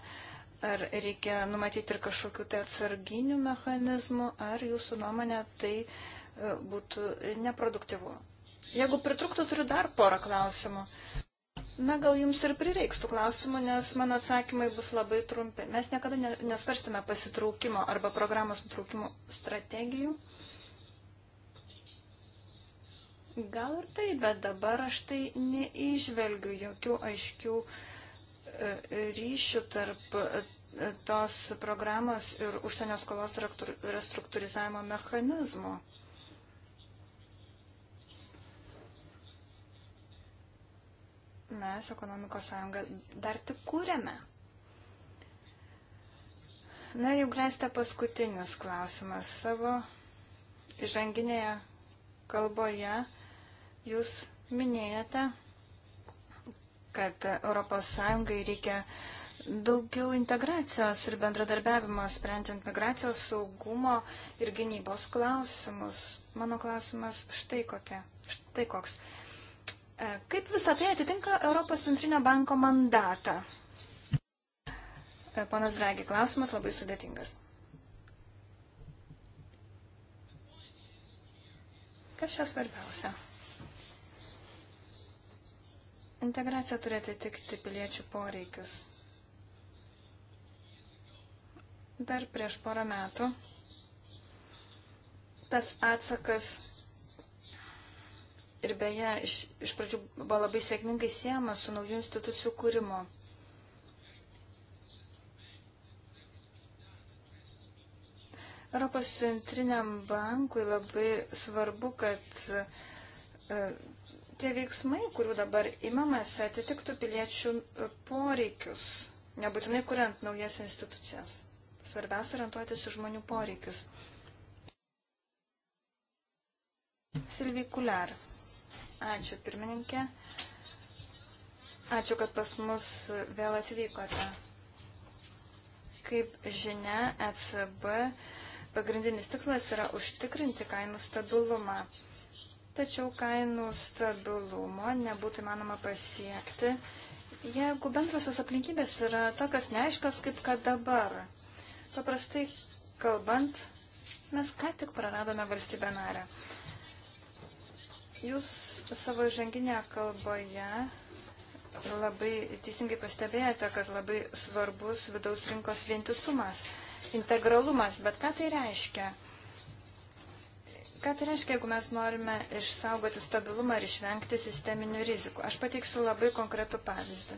Ar reikia numatyti ir kažkokių tai atsarginių mechanizmų, ar jūsų nuomonė tai e, būtų neproduktyvu? Jeigu pritruktų, turiu dar porą klausimų. Na, gal jums ir prireiks tų klausimų, nes mano atsakymai bus labai trumpi. Mes niekada nesvarstame pasitraukimo arba programos nutraukimo strategijų. Uh, Gal ir tai, bet dabar aš tai neižvelgiu jokių aiškių e, e, ryšių tarp e, tos programos ir užsienio skolos restruktūrizavimo mechanizmo. Mes ekonomikos sąjungą dar tik kūrėme. Na ir jau leista paskutinis klausimas. Savo įžanginėje kalboje Jūs minėjote, kad ES reikia daugiau integracijos ir bendradarbiavimo sprendžiant migracijos saugumo ir gynybos klausimus. Mano klausimas štai, kokia, štai koks. E, kaip visą tai atitinka Europos centrinio banko mandatą? E, ponas Dragi, klausimas labai sudėtingas. Kas čia svarbiausia? Integracija turi atitikti piliečių poreikius. Dar prieš porą metų tas atsakas ir beje iš, iš pradžių buvo labai sėkmingai siejamas su naujų institucijų kūrimo. Europos centriniam bankui labai svarbu, kad e, tie veiksmai, kurių dabar imamas, atitiktų piliečių e, poreikius, nebūtinai kuriant naujas institucijas. Svarbiausia orientuotis į žmonių poreikius. Silvi Kular. Ačiū, pirmininkė. Ačiū, kad pas mus vėl atvykote. Kaip žinia, ECB pagrindinis tiklas yra užtikrinti kainų stabilumą. Tačiau kainų stabilumo nebūtų įmanoma pasiekti, jeigu bendrosios aplinkybės yra tokios neaiškios kaip kad dabar. Paprastai kalbant, mes ką tik praradome valstybę narę. Jūs savo žanginėje kalboje labai teisingai pastebėjote, kad labai svarbus vidaus rinkos vientisumas, integralumas, bet ką tai reiškia? Ką tai reiškia, jeigu mes norime išsaugoti stabilumą ir išvengti sisteminių rizikų? Aš pateiksiu labai konkretų pavyzdį.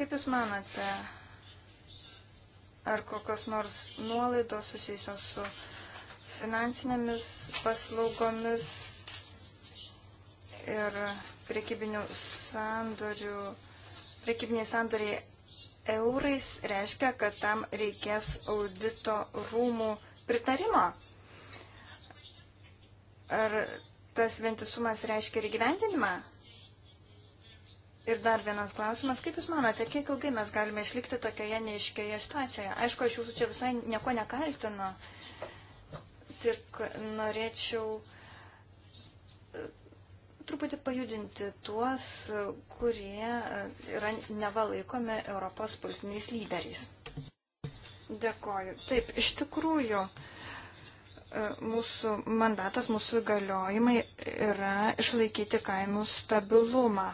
Kaip Jūs manote, ar kokios nors nuolaidos susijusios su finansinėmis paslaugomis ir prekybinių sandorių, prekybiniai sandoriai eurais reiškia, kad tam reikės audito rūmų pritarimo. Ar tas vientisumas reiškia ir gyvendinimą? Ir dar vienas klausimas, kaip Jūs manote, kiek ilgai mes galime išlikti tokioje neiškioje situacijoje? Aišku, aš Jūsų čia visai nieko nekaltinu, tik norėčiau e, truputį pajudinti tuos, kurie e, yra nevalaikomi Europos politiniais lyderiais. Dėkoju. Taip, iš tikrųjų, e, mūsų mandatas, mūsų įgaliojimai yra išlaikyti kainų stabilumą.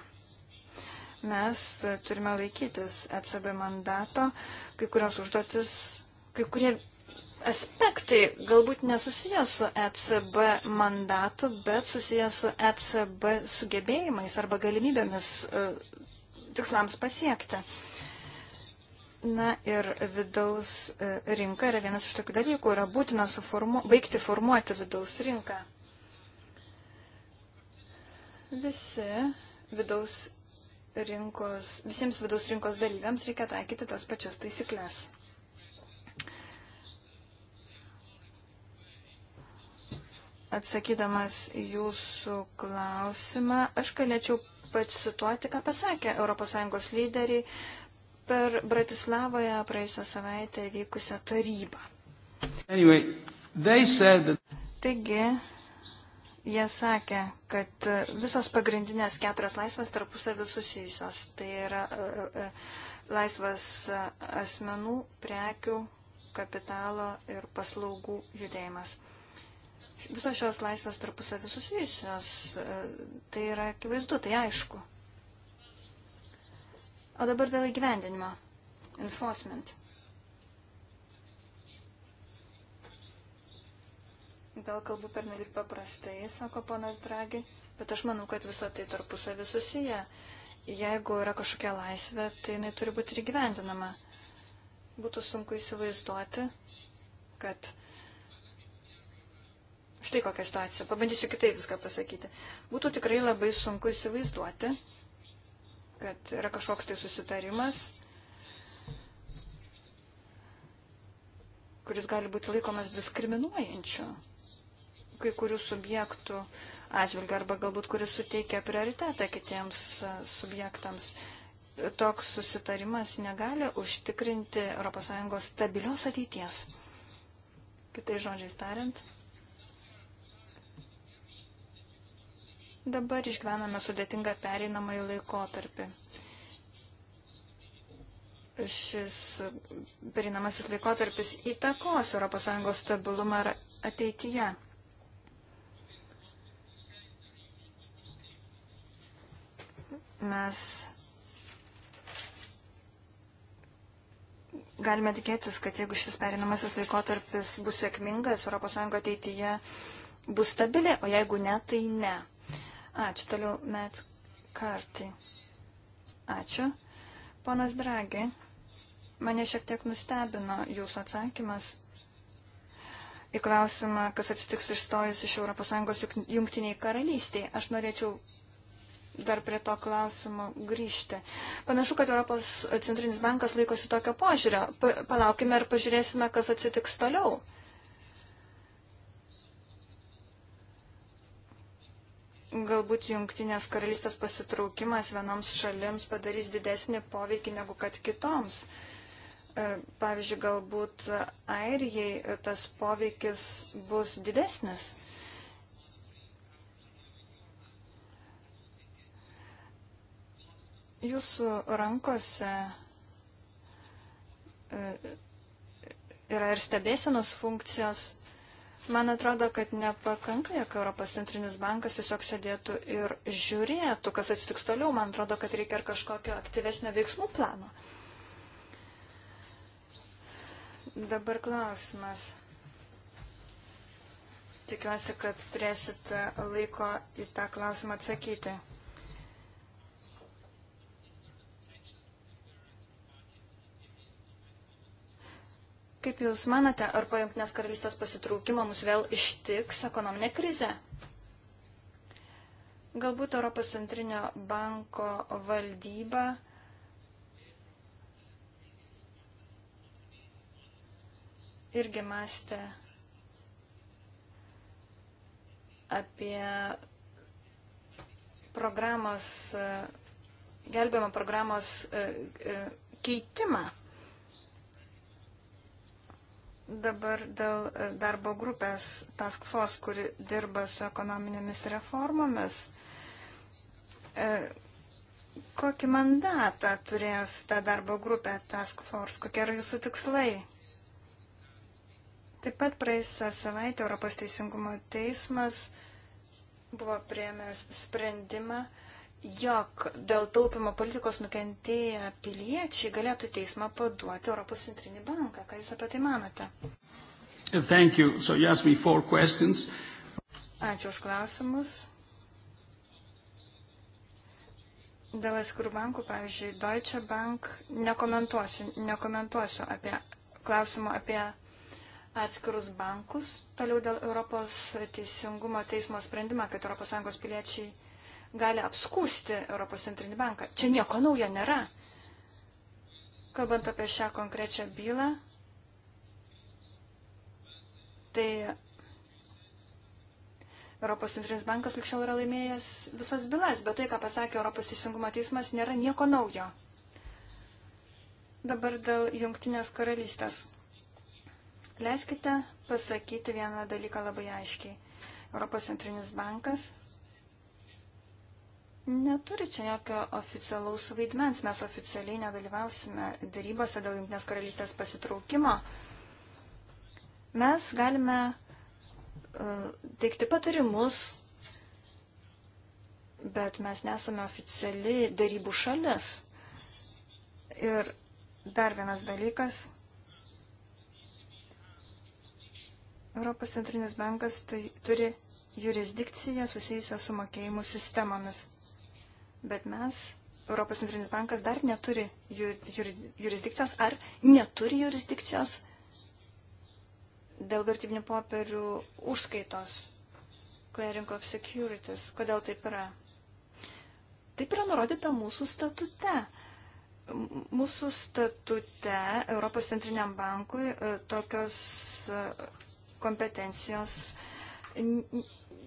Mes turime laikytis ECB mandato, kai kurios užduotis, kai kurie aspektai galbūt nesusijęs su ECB mandatu, bet susijęs su ECB sugebėjimais arba galimybėmis e, tikslams pasiekti. Uh, Na ir vidaus e, rinka yra vienas iš tokių dalykų, yra būtina suformu, baigti formuoti vidaus rinką. Visi vidaus rinkos, visiems vidaus rinkos dalyviams reikia taikyti tas pačias taisyklės. Atsakydamas jūsų klausimą, aš galėčiau pacituoti, ką pasakė ES lyderiai per Bratislavoje praėjusią savaitę vykusią tarybą. Anyway, that... Taigi, jie sakė, kad visos pagrindinės keturios laisvės tarpusavį susijusios. Tai yra e, e, e, laisvas asmenų, prekių, kapitalo ir paslaugų judėjimas. Visos šios laisvės tarpusavį susijusios, tai yra akivaizdu, tai aišku. O dabar dėl įgyvendinimo. Enforcement. Gal kalbu per nelik paprastai, sako ponas Dragi, bet aš manau, kad viso tai tarpusavį susiję. Jeigu yra kažkokia laisvė, tai jinai turi būti ir gyvendinama. Būtų sunku įsivaizduoti, kad štai kokia situacija, pabandysiu kitaip viską pasakyti. Būtų tikrai labai sunku įsivaizduoti, kad yra kažkoks tai susitarimas, kuris gali būti laikomas diskriminuojančiu kai kurių subjektų atžvilgių arba galbūt kuris suteikia prioritetą kitiems e, subjektams. Toks susitarimas negali užtikrinti ES stabilios ateities. Kitai žodžiai tariant, Dabar išgyvename sudėtingą pereinamąjį laikotarpį. Šis pereinamasis laikotarpis įtakos ES stabilumą ateityje. Mes galime tikėtis, kad jeigu šis perinamasis laikotarpis bus sėkmingas, ES ateityje bus stabili, o jeigu ne, tai ne. Ačiū. Toliau Met Kartai. Ačiū. Ponas Dragi, mane šiek tiek nustebino jūsų atsakymas į klausimą, kas atsitiks išstojus iš ES jungtiniai karalystiai. Aš norėčiau dar prie to klausimo grįžti. Panašu, kad Europos centrinis bankas laikosi tokio požiūrio. Palaukime ir pažiūrėsime, kas atsitiks toliau. galbūt jungtinės karalystės pasitraukimas vienoms šalims padarys didesnį poveikį negu kad kitoms. E, pavyzdžiui, galbūt Airijai tas poveikis bus didesnis. Jūsų rankose e, yra ir stebėsenos funkcijos Man atrodo, kad nepakanka, jog Europos centrinis bankas tiesiog sėdėtų ir žiūrėtų, kas atsitiks toliau. Man atrodo, kad reikia ir kažkokio aktyvesnio veiksmų plano. Dabar klausimas. Tikiuosi, kad turėsit laiko į tą klausimą atsakyti. Kaip Jūs manate, ar po Junktinės karalystės pasitraukimo mus vėl ištiks ekonominė krize? Galbūt Europos centrinio banko valdyba irgi mąstė apie programos, gelbėjimo programos e, e, keitimą. Dabar dėl e, darbo grupės Task Force, kuri dirba su ekonominėmis reformomis, e, kokį mandatą turės ta darbo grupė Task Force, kokie yra jūsų tikslai? Taip pat praeisą savaitę Europos Teisingumo teismas buvo priemęs sprendimą, uh, jog dėl taupimo politikos nukentėję piliečiai galėtų teismą paduoti Europos centrinį banką. Ką Jūs apie tai manote? Thank you. So you asked me four questions. Ačiū už klausimus. Dėl atskirų bankų, pavyzdžiui, Deutsche Bank, nekomentuosiu, nekomentuosiu apie klausimą apie atskirus bankus. Toliau dėl Europos teisingumo teismo sprendimą, kad ES piliečiai gali apskūsti Europos centrinį banką. Čia nieko naujo nėra. Kalbant apie šią konkrečią bylą, tai Europos centrinis bankas likščiau yra laimėjęs visas bylas, bet tai, ką pasakė Europos teisingumo teismas, nėra nieko naujo. Dabar dėl jungtinės karalystės. Leiskite pasakyti vieną dalyką labai aiškiai. Europos centrinis bankas neturi čia jokio oficialaus vaidmens. Mes oficialiai nedalyvausime darybose dėl Junktinės karalystės pasitraukimo. Mes galime e, teikti patarimus, bet mes nesame oficiali darybų šalis. Ir dar vienas dalykas. Europos centrinis bankas tai turi jurisdikciją susijusią su mokėjimų sistemomis bet mes, Europos centrinis bankas, dar neturi jurisdikcijos ar neturi jurisdikcijos dėl vertybinių popierių užskaitos clearing of securities. Kodėl taip yra? Taip yra nurodyta mūsų statute. Mūsų statute Europos centriniam bankui e, tokios e, kompetencijos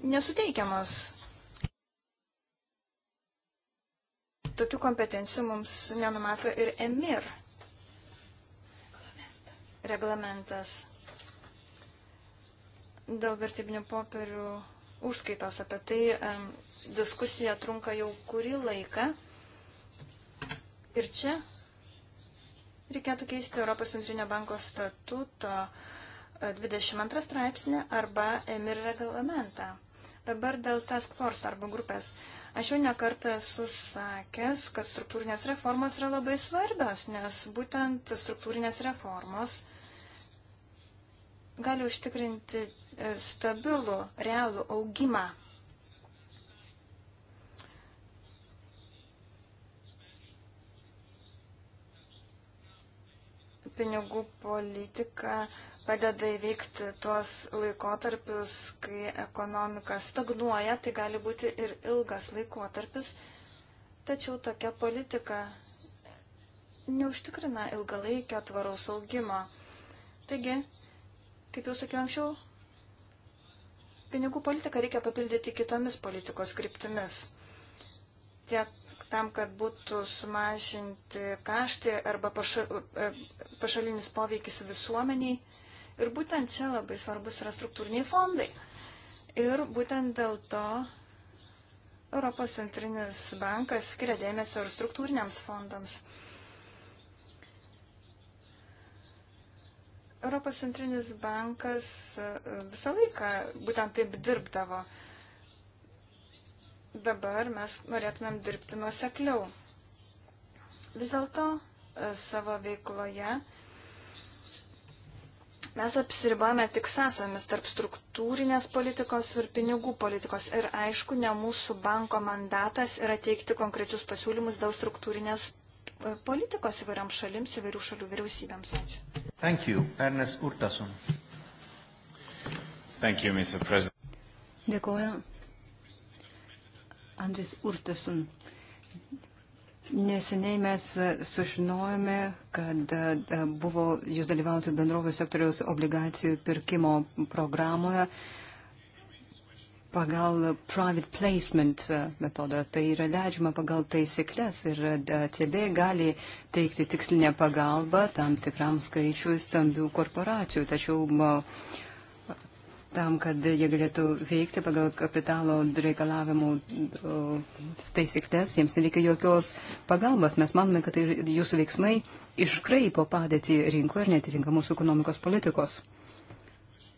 nesuteikiamas. tokių kompetencijų mums nenumato ir EMIR reglamentas dėl vertybinių popierių užskaitos. Apie tai um, diskusija trunka jau kurį laiką. Ir čia reikėtų keisti Europos centrinio banko statuto 22 e, straipsnį arba EMIR reglamentą. Dabar dėl task force darbo grupės. Uh, Aš jau nekartą esu sakęs, kad struktūrinės reformos yra labai svarbios, nes būtent struktūrinės reformos gali užtikrinti e, stabilų, realų augimą. Pinigų politika padeda įveikti tuos laikotarpius, kai ekonomika stagnuoja, tai gali būti ir ilgas laikotarpis, tačiau tokia politika neužtikrina ilgalaikio tvaraus augimo. Taigi, kaip jau sakiau anksčiau, pinigų politiką reikia papildyti kitomis politikos kryptimis. Tiek tam, kad būtų sumažinti kaštai arba paša, e, pašalinis poveikis visuomeniai, Ir būtent čia labai svarbus yra struktūriniai fondai. Ir būtent dėl to Europos centrinis bankas skiria dėmesio ir struktūriniams fondams. Europos centrinis bankas e, visą laiką būtent taip dirbdavo. Dabar mes norėtumėm dirbti nuosekliau. Vis dėlto e, savo veikloje Mes apsiribojame tik sąsomis tarp struktūrinės politikos ir pinigų politikos. Ir aišku, ne mūsų banko mandatas yra teikti konkrečius pasiūlymus dėl struktūrinės e, politikos įvairiam šalims, įvairių šalių vyriausybėms. Ačiū. Thank you, Ernest Urtasun. Thank you, Mr. President. Dėkuoju. Andris Urtasun. Neseniai mes sužinojome, kad e, buvo jūs dalyvauti bendrovio sektoriaus obligacijų pirkimo programoje pagal private placement metodą. Tai yra leidžiama pagal taisyklės ir e, CB gali teikti tikslinę pagalbą tam tikram skaičiui stambių korporacijų. Tačiau uh, tam, kad jie galėtų veikti pagal kapitalo reikalavimų taisyklės, jiems nereikia jokios pagalbos. Mes manome, kad tai jūsų veiksmai iškraipo padėtį rinkoje ir netitinka mūsų ekonomikos politikos.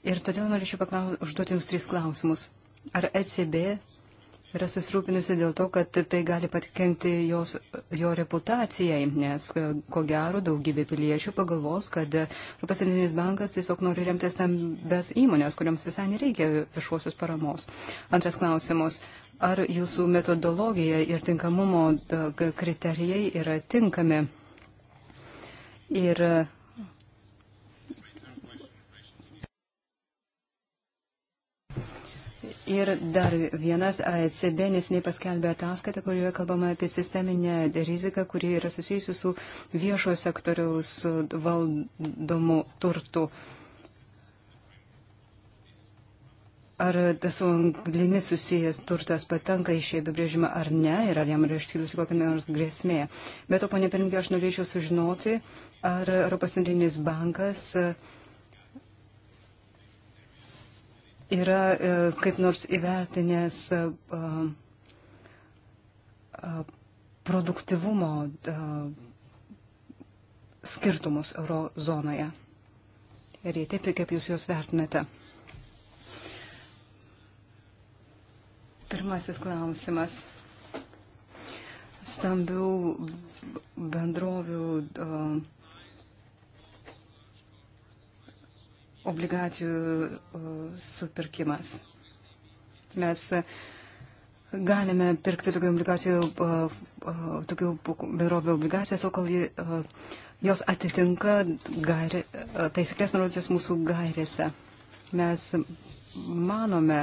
Ir todėl norėčiau paklau, užduoti Jums tris klausimus. Ar ECB yra susirūpinusi dėl to, kad tai gali patkengti jos, jo reputacijai, nes e, ko gero daugybė piliečių pagalvos, kad Europos Centrinis bankas tiesiog nori remtis stambes įmonės, kuriams visai nereikia viešuosios paramos. Antras klausimas. Ar jūsų metodologija ir tinkamumo e, kriterijai yra tinkami? Ir Ir dar vienas AECB nesiniai paskelbė ataskaitą, kurioje kalbama apie sisteminę riziką, kuri yra susijusi su viešo sektoriaus valdomu turtu. Ar tas su anglimi susijęs turtas patenka į šį apibrėžimą ar ne, ir ar jam yra iškilusi kokia nors grėsmė. Bet to, ponė pirmininkė, aš norėčiau sužinoti, ar Europos centrinis bankas uh, yra e, kaip nors įvertinęs e, e, produktivumo skirtumus eurozonoje. Ir jei taip, kaip jūs juos vertinate? Pirmasis klausimas. Stambių bendrovių uh, obligacijų supirkimas. Mes galime pirkti tokių obligacijų, tokių bendrovio obligacijas, o kol jos atitinka gairi, taisyklės nurodytas mūsų gairėse. Mes manome,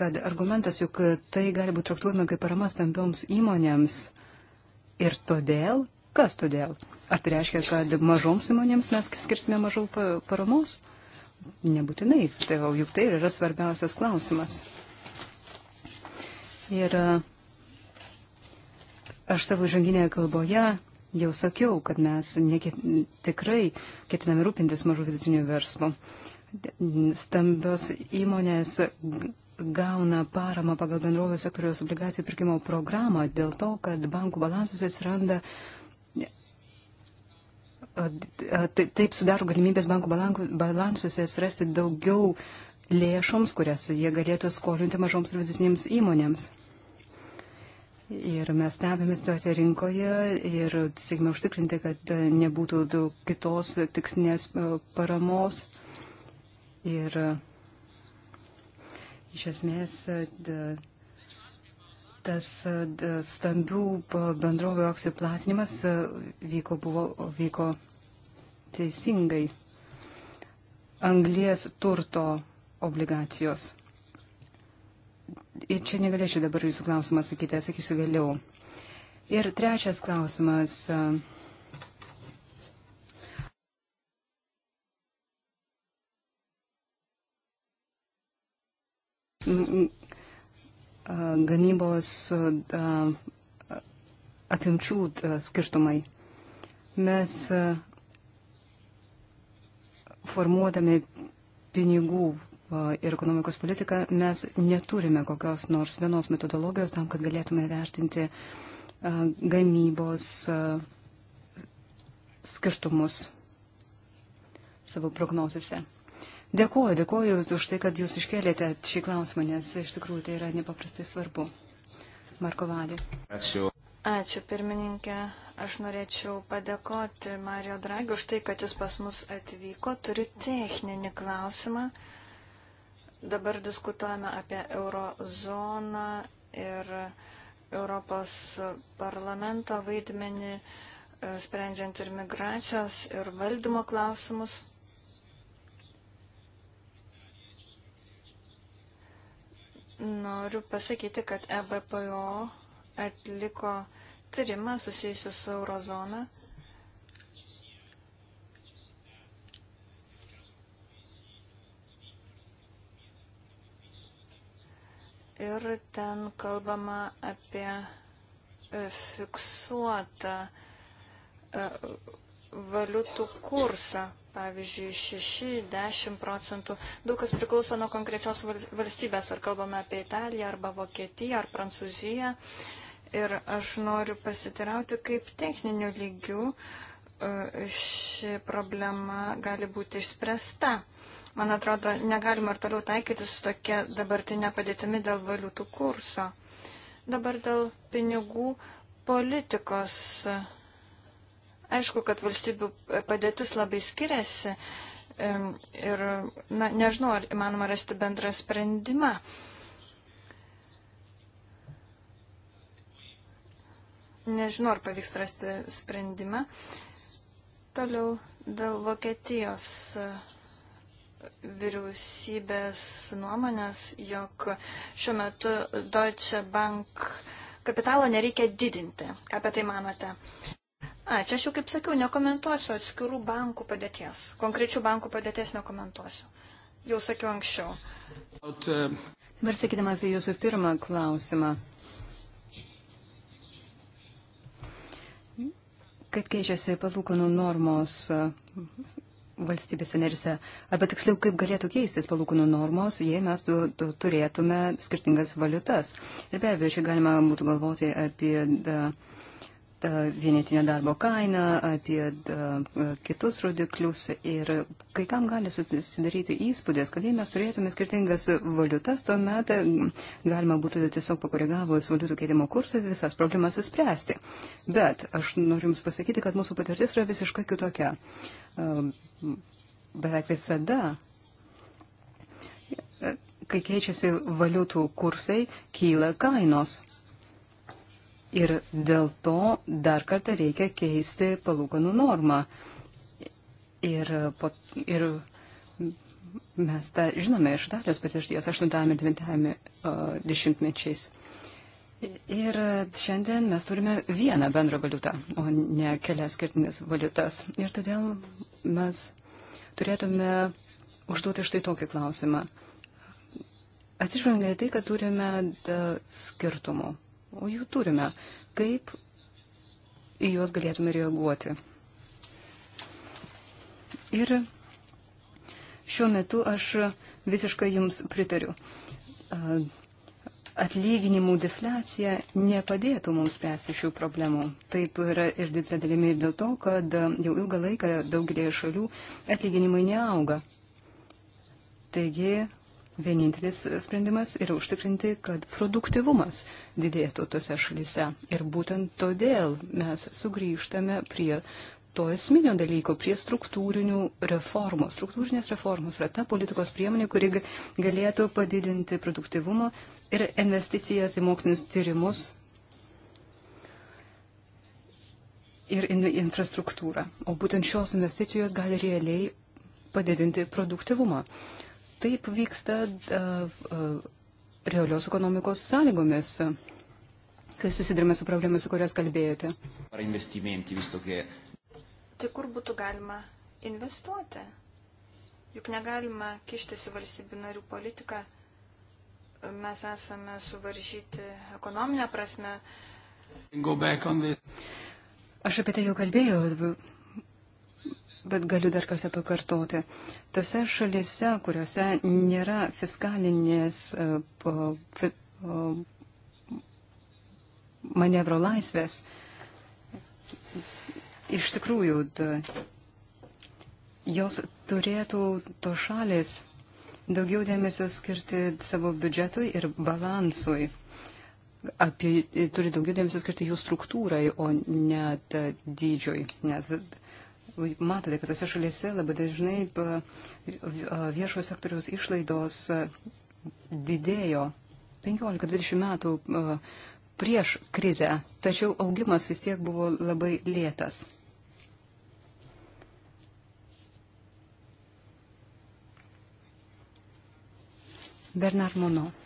kad argumentas, jog tai gali būti traktuojama kaip parama stambioms įmonėms ir todėl, kas todėl? Ar tai reiškia, kad mažoms įmonėms mes skirsime mažiau paramos? Nebūtinai, tai jau juk tai yra svarbiausias klausimas. Ir e, aš savo žanginėje kalboje jau sakiau, kad mes neket, tikrai ketiname rūpintis mažų vidutinių verslų. Stambios įmonės gauna paramą pagal bendrovės sektoriaus obligacijų pirkimo programą dėl to, kad bankų balansus atsiranda Tai, taip sudaro galimybės bankų balansuose atsirasti daugiau lėšoms, kurias jie galėtų skolinti mažoms ir vidutinėms įmonėms. Ir mes stebime situaciją rinkoje ir siekime užtikrinti, kad nebūtų kitos tikslinės paramos. Ir iš esmės tas stambių bendrovių akcijų platinimas vyko, buvo, vyko teisingai anglės turto obligacijos. Ir čia negalėčiau dabar jūsų klausimą sakyti, sakysiu vėliau. Ir trečias klausimas. Gamybos apimčių skirtumai. Mes formuodami pinigų ir ekonomikos politiką mes neturime kokios nors vienos metodologijos tam, kad galėtume vertinti gamybos skirtumus savo prognozėse. Dėkuoju, dėkuoju už tai, kad jūs iškėlėte šį klausimą, nes iš tikrųjų tai yra nepaprastai svarbu. Marko Valė. Ačiū. Ačiū, pirmininkė. Aš norėčiau padėkoti Mario Dragi už tai, kad jis pas mus atvyko. Turiu techninį klausimą. Dabar diskutuojame apie eurozoną ir Europos parlamento vaidmenį, e, sprendžiant ir migracijos, ir valdymo klausimus. Noriu pasakyti, kad EBPO atliko tyrimą susijusiu su eurozona. Ir ten kalbama apie e, fiksuotą e, valiutų kursą, pavyzdžiui, 6-10 procentų. Daug kas priklauso nuo konkrečios valstybės, ar kalbame apie Italiją, arba Vokietiją, ar Prancūziją. Uh, Ir aš noriu pasitirauti, kaip techninių lygių e, ši problema gali būti išspręsta. Man atrodo, negalima ir toliau taikyti su tokia dabartinė padėtimi dėl valiutų kurso. Dabar dėl pinigų politikos. Aišku, kad valstybių padėtis labai skiriasi ir na, nežinau, ar įmanoma rasti bendrą sprendimą. Uh, Nežinau, ar pavyks rasti sprendimą. Toliau dėl Vokietijos e, vyriausybės nuomonės, jog šiuo metu Deutsche Bank kapitalo nereikia didinti. Ką apie tai manote? A, čia aš jau kaip sakiau, nekomentuosiu atskirų bankų padėties. Konkrečių bankų padėties nekomentuosiu. Jau sakiau anksčiau. Uh, Dabar sakydamas į jūsų pirmą klausimą. kad keičiasi palūkanų normos e, valstybėse narise, arba tiksliau, kaip galėtų keistis palūkanų normos, jei mes tu, tu, turėtume skirtingas valiutas. Ir be abejo, čia galima būtų galvoti apie da, uh, E, vienetinio darbo kainą, apie e, e, kitus rodiklius ir kai kam gali susidaryti įspūdės, kad jei mes turėtume skirtingas valiutas, tuomet galima būtų tiesiog pakoregavus valiutų keitimo kursą visas problemas įspręsti. Bet aš noriu Jums pasakyti, kad mūsų patirtis yra visiškai kitokia. Beveik visada kai keičiasi valiutų kursai, kyla kainos. Ir dėl to dar kartą reikia keisti palūkanų normą. Ir, po, ir mes tą žinome iš Italijos patirties 8-ame ir 9-ame dešimtmečiais. Ir šiandien mes turime vieną bendrą valiutą, o ne kelias skirtinės valiutas. Ir todėl mes turėtume užduoti štai tokį klausimą. Atsižvelgiant į tai, kad turime skirtumų o jų turime. Kaip į juos galėtume reaguoti? Ir šiuo metu aš visiškai jums pritariu. Atlyginimų deflecija nepadėtų mums spręsti šių problemų. Taip yra ir didelė dalimi ir dėl to, kad jau ilgą laiką daugelėje šalių atlyginimai neauga. Taigi vienintelis sprendimas yra užtikrinti, kad produktivumas didėtų tose šalyse. Ir būtent todėl mes sugrįžtame prie to esminio dalyko, prie struktūrinių reformų. Struktūrinės reformos yra ta politikos priemonė, kuri galėtų padidinti produktivumą ir investicijas į mokslinius tyrimus ir in infrastruktūrą. O būtent šios investicijos gali realiai padidinti produktivumą. Uh, taip vyksta e, e, realios ekonomikos sąlygomis, kai susidurime su problemais, su kurias kalbėjote. Ar investimenti vis tokie? Tai kur būtų galima investuoti? Juk negalima kištis į valstybių narių politiką. Mes esame suvaržyti ekonominę prasme. Aš apie tai jau kalbėjau bet galiu dar kartą pakartoti. Tose šalise, kuriuose nėra fiskalinės e, manevro laisvės, iš tikrųjų jos turėtų to šalis daugiau dėmesio skirti savo biudžetui ir balansui. Apie, turi daugiau dėmesio skirti jų struktūrai, o ne dydžiui, nes matote, kad tose šalise labai dažnai viešo sektoriaus išlaidos didėjo 15-20 metų prieš krizę, tačiau augimas vis tiek buvo labai lėtas. Bernard Monod.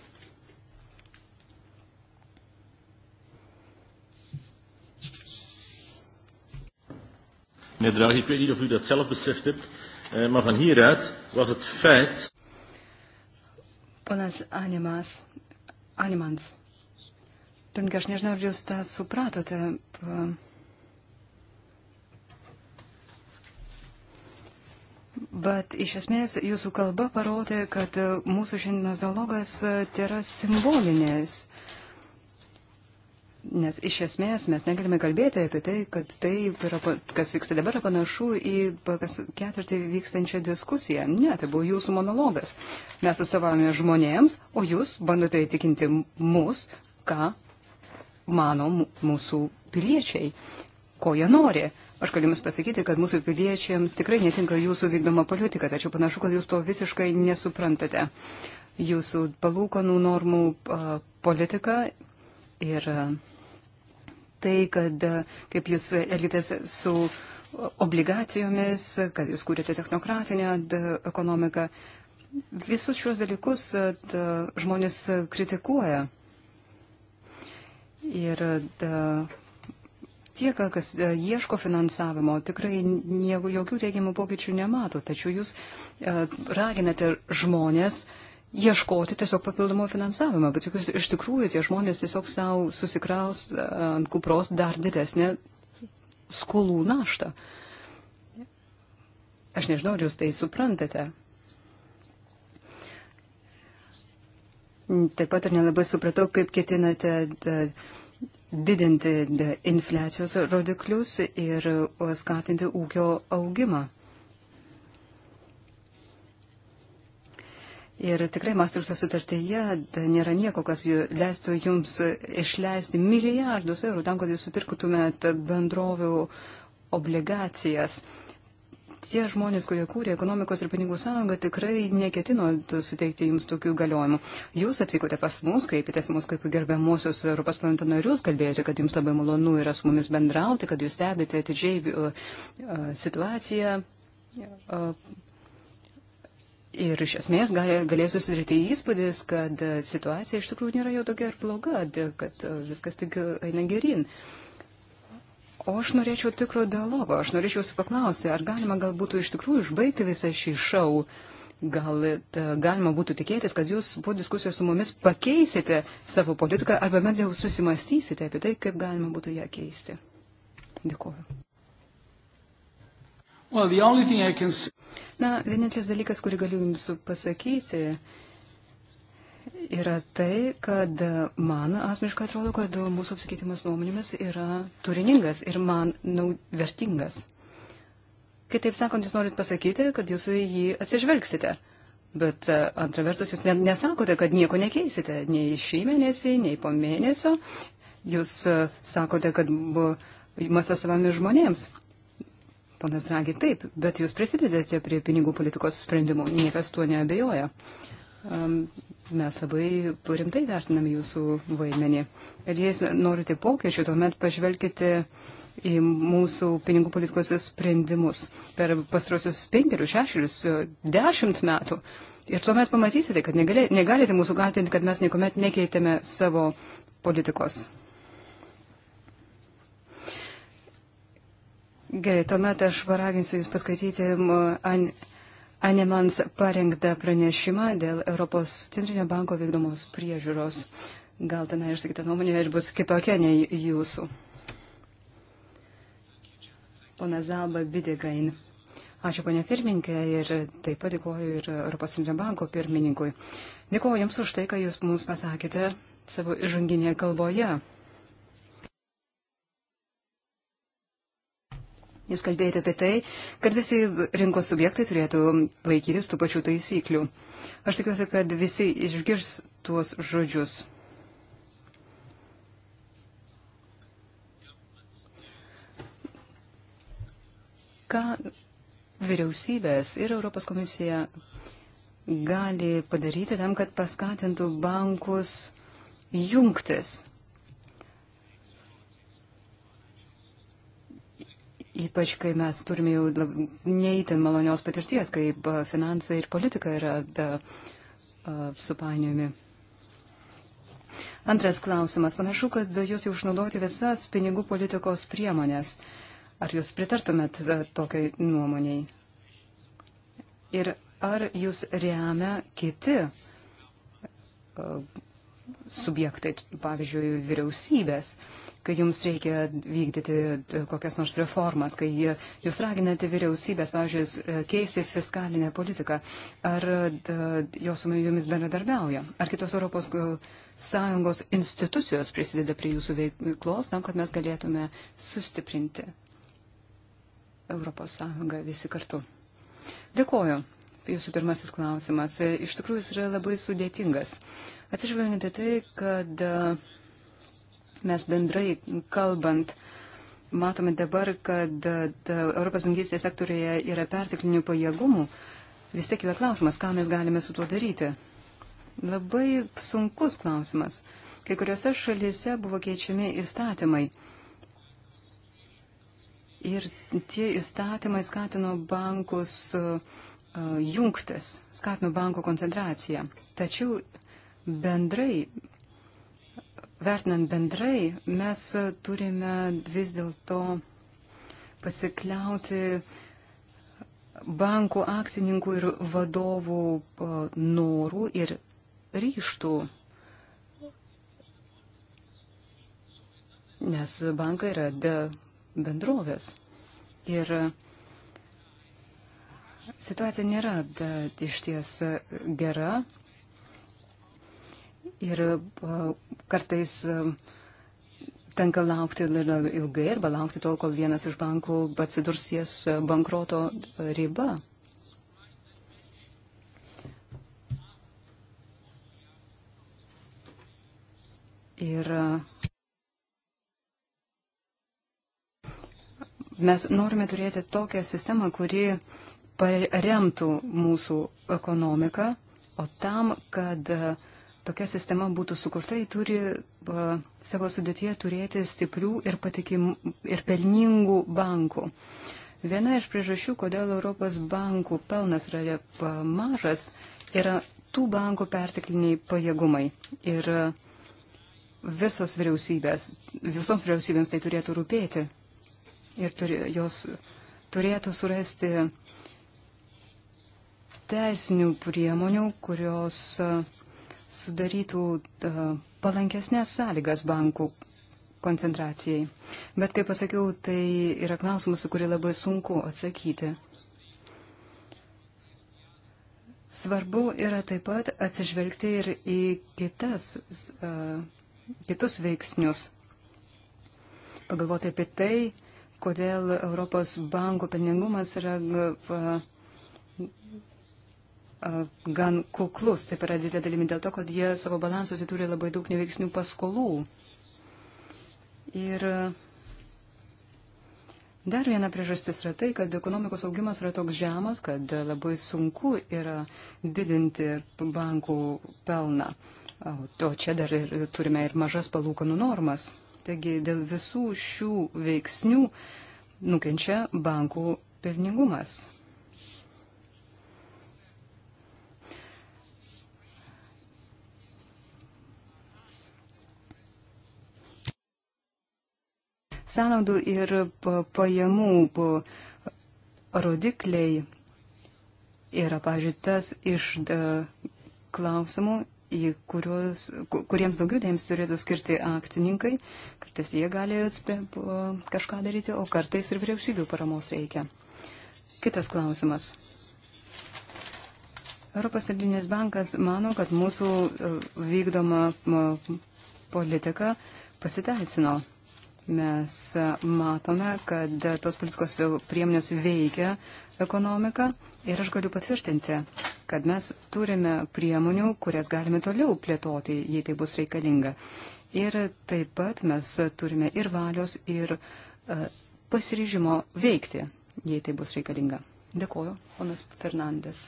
Meneer Draghi, ik weet niet of u dat zelf beseft hebt, eh, maar van hieruit was het feit. Ponas Animas, Animans, pirmkai aš nežinau, ar jūs tą supratote. Bet iš esmės jūsų kalba parodė, kad eh, mūsų šiandienos dialogas eh, tai yra simbolinis. Uh, Nes iš esmės mes negalime kalbėti apie tai, kad tai, yra, kas vyksta dabar, yra panašu į kas ketvirtį vykstančią diskusiją. Ne, tai buvo jūsų monologas. Mes atstovavome žmonėms, o jūs bandote įtikinti mus, ką mano mūsų piliečiai, ko jie nori. Aš galiu jums pasakyti, kad mūsų piliečiams tikrai netinka jūsų vykdoma politika, tačiau panašu, kad jūs to visiškai nesuprantate. Jūsų palūkanų normų politika ir. Uh, tai, kad kaip jūs elgitės su obligacijomis, kad jūs kūrėte technokratinę ekonomiką. Visus šios dalykus da, žmonės kritikuoja. Ir da, tie, kas da, e, ieško finansavimo, tikrai nieko, jokių teigiamų pokyčių nemato. Tačiau jūs a, e, raginate žmonės a, ieškoti tiesiog papildomo finansavimo, bet juk iš tikrųjų tie žmonės tiesiog savo susikraus e, ant kupros dar didesnę skolų naštą. Aš nežinau, ar jūs tai suprantate. Taip pat ir nelabai supratau, kaip ketinate. Da, e, didinti e, infliacijos rodiklius ir skatinti ūkio augimą. Ir tikrai Mastriuso sutartyje nėra nieko, kas leistų jums išleisti milijardus eurų tam, kad jūs supirktumėt bendrovių obligacijas. Tie žmonės, kurie kūrė ekonomikos ir pinigų sąjungą, tikrai neketino suteikti jums tokių galiojimų. Jūs atvykote pas mus, kreipėtės mus kaip gerbiamusius Europos parlamento narius, kalbėjote, kad jums labai malonu yra su mumis bendrauti, kad jūs stebite atidžiai uh, uh, situaciją. Uh, Ir iš esmės galės susidaryti įspūdis, kad e, situacija iš tikrųjų nėra jau tokia ir bloga, kad e, viskas tik eina gerin. O aš norėčiau tikro dialogo, aš norėčiau jūsų paklausti, ar galima galbūt iš tikrųjų išbaigti visą šį šau, gal e, galima būtų tikėtis, kad jūs po diskusijos su mumis pakeisite savo politiką arba bent jau susimastysite apie tai, kaip galima būtų ją keisti. Dėkuoju. Well, can... Na, vienintelis dalykas, kurį galiu Jums pasakyti, yra tai, kad man asmeniškai atrodo, kad mūsų apsikeitimas nuomonėmis yra turiningas ir man nau, vertingas. Kitaip sakant, Jūs norit pasakyti, kad Jūs į jį atsižvelgsite. Bet e, antra vertus, jūs nesakote, kad nieko nekeisite, nei šį mėnesį, nei po mėnesio. Jūs e, sakote, kad buvo masa savami žmonėms. Ponas Dragi, taip, bet jūs prisidedate prie pinigų politikos sprendimų, niekas tuo neabejoja. Mes labai rimtai vertiname jūsų vaidmenį. Ir jei norite pokyčių, tuomet pažvelkite į mūsų pinigų politikos sprendimus per pastarosius penkerius, šešerius, dešimt metų. Ir tuomet pamatysite, kad negalė, negalite mūsų kaltinti, kad mes niekuomet nekeitėme savo politikos. Gerai, tuomet aš paraginsiu Jūs paskaityti an, Anemans parengtą pranešimą dėl Europos Centrinio banko vykdomos priežiūros. Gal tenai išsakyta nuomonė ir bus kitokia nei Jūsų. Ponas Zalba Bidegain. Ačiū, ponė pirmininkė, ir taip pat dėkoju ir Europos Centrinio banko pirmininkui. Dėkoju Jums už tai, ką Jūs mums pasakėte savo žanginėje kalboje. Jūs kalbėjote apie tai, kad visi rinkos subjektai turėtų laikytis tų pačių taisyklių. Aš tikiuosi, kad visi išgirs tuos žodžius. Ką vyriausybės ir Europos komisija gali padaryti tam, kad paskatintų bankus jungtis Ypač, kai mes turime jau neįtin malonios patirties, kai finansai ir politika yra da, supainiojami. Antras klausimas. Panašu, kad jūs jau išnaudoti visas pinigų politikos priemonės. Ar jūs pritartumėt tokiai nuomoniai? Ir ar jūs remia kiti subjektai, pavyzdžiui, vyriausybės, kai jums reikia vykdyti kokias nors reformas, kai jūs raginate vyriausybės, pavyzdžiui, e, keisti fiskalinę politiką, ar jos su jumis bendradarbiauja, ar kitos Europos Sąjungos institucijos prisideda prie jūsų veiklos tam, kad mes galėtume sustiprinti Europos Sąjungą visi kartu. Dėkoju. Jūsų pirmasis klausimas. E, iš tikrųjų, jis yra labai sudėtingas. Uh, Atsižvelgiant į tai, kad e, mes bendrai kalbant, matome dabar, kad e, Europos bankystės sektorėje yra perteklinių pajėgumų, vis tiek kyla klausimas, ką mes galime su tuo daryti. Labai sunkus klausimas. Kai kuriuose šalyse buvo keičiami įstatymai. Ir tie įstatymai skatino bankus uh, jungtis, skatino bankų koncentraciją. Tačiau bendrai, vertinant bendrai, mes turime vis dėlto pasikliauti bankų akcininkų ir vadovų norų ir ryštų. Nes bankai yra bendrovės. Ir situacija nėra da, iš ties gera. Ir kartais tenka laukti ilgai arba laukti tol, kol vienas iš bankų atsidurs ties bankroto riba. Ir mes norime turėti tokią sistemą, kuri paremtų mūsų ekonomiką, o tam, kad uh, tokia sistema būtų sukurta, ji turi e, savo sudėtyje turėti stiprių ir, patikim, ir pelningų bankų. Viena iš priežasčių, kodėl Europos bankų pelnas yra e, mažas, yra tų bankų pertekliniai pajėgumai. Ir visos vyriausybės, visoms vyriausybėms tai turėtų rūpėti. Ir turi, jos turėtų surasti teisinių priemonių, kurios uh, sudarytų e, palankesnės sąlygas bankų koncentracijai. Bet, kaip pasakiau, tai yra klausimas, į kurį labai sunku atsakyti. Svarbu yra taip pat atsižvelgti ir į kitas, uh, kitus veiksnius. Pagalvoti apie tai, kodėl Europos bankų pelningumas yra uh, gan kuklus. Taip yra didelė dalimi dėl to, kad jie savo balansuose turi labai daug neveiksnių paskolų. Ir e, dar viena priežastis yra tai, kad ekonomikos augimas yra toks žemas, kad labai sunku yra didinti bankų pelną. O čia dar ir, turime ir mažas palūkanų normas. Taigi dėl visų šių veiksnių nukenčia bankų pelningumas. sąnaudų ir pajamų rodikliai yra, pavyzdžiui, tas iš klausimų, kurios, kuriems daugiau dėmesio turėtų skirti akcininkai. Kartais jie gali atspė, kažką daryti, o kartais ir vyriausybių paramos reikia. Kitas klausimas. Europos Centrinis bankas mano, kad mūsų e, vykdoma politika pasiteisino. Mes matome, kad tos politikos priemonės veikia ekonomiką ir aš galiu patvirtinti, kad mes turime priemonių, kurias galime toliau plėtoti, jei tai bus reikalinga. Ir taip pat mes turime ir valios, ir uh, pasiryžimo veikti, jei tai bus reikalinga. Dėkoju, ponas Fernandes.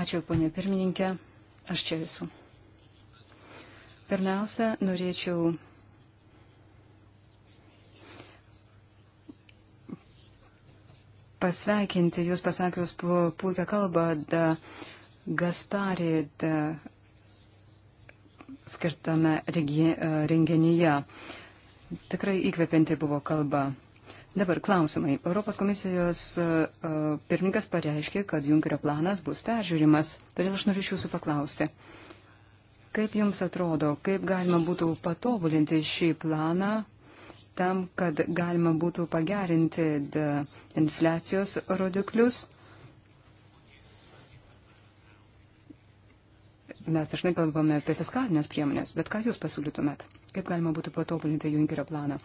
Ačiū, ponė pirmininkė, aš čia esu. Pirmiausia, norėčiau pasveikinti Jūs pasakius puikią kalbą da, Gasparį da, skirtame regi, e, renginyje. Tikrai įkvepianti buvo kalba. Dabar klausimai. Europos komisijos uh, pirmininkas pareiškė, kad Junkerio planas bus peržiūrimas. Todėl aš norėčiau jūsų paklausti. Uh, Kaip Jums atrodo, kaip galima būtų patobulinti šį planą tam, kad galima būtų pagerinti infliacijos rodiklius? Mes dažnai kalbame apie fiskalinės priemonės, bet ką Jūs pasiūlytumėt? Kaip galima būtų patobulinti Junkerio planą?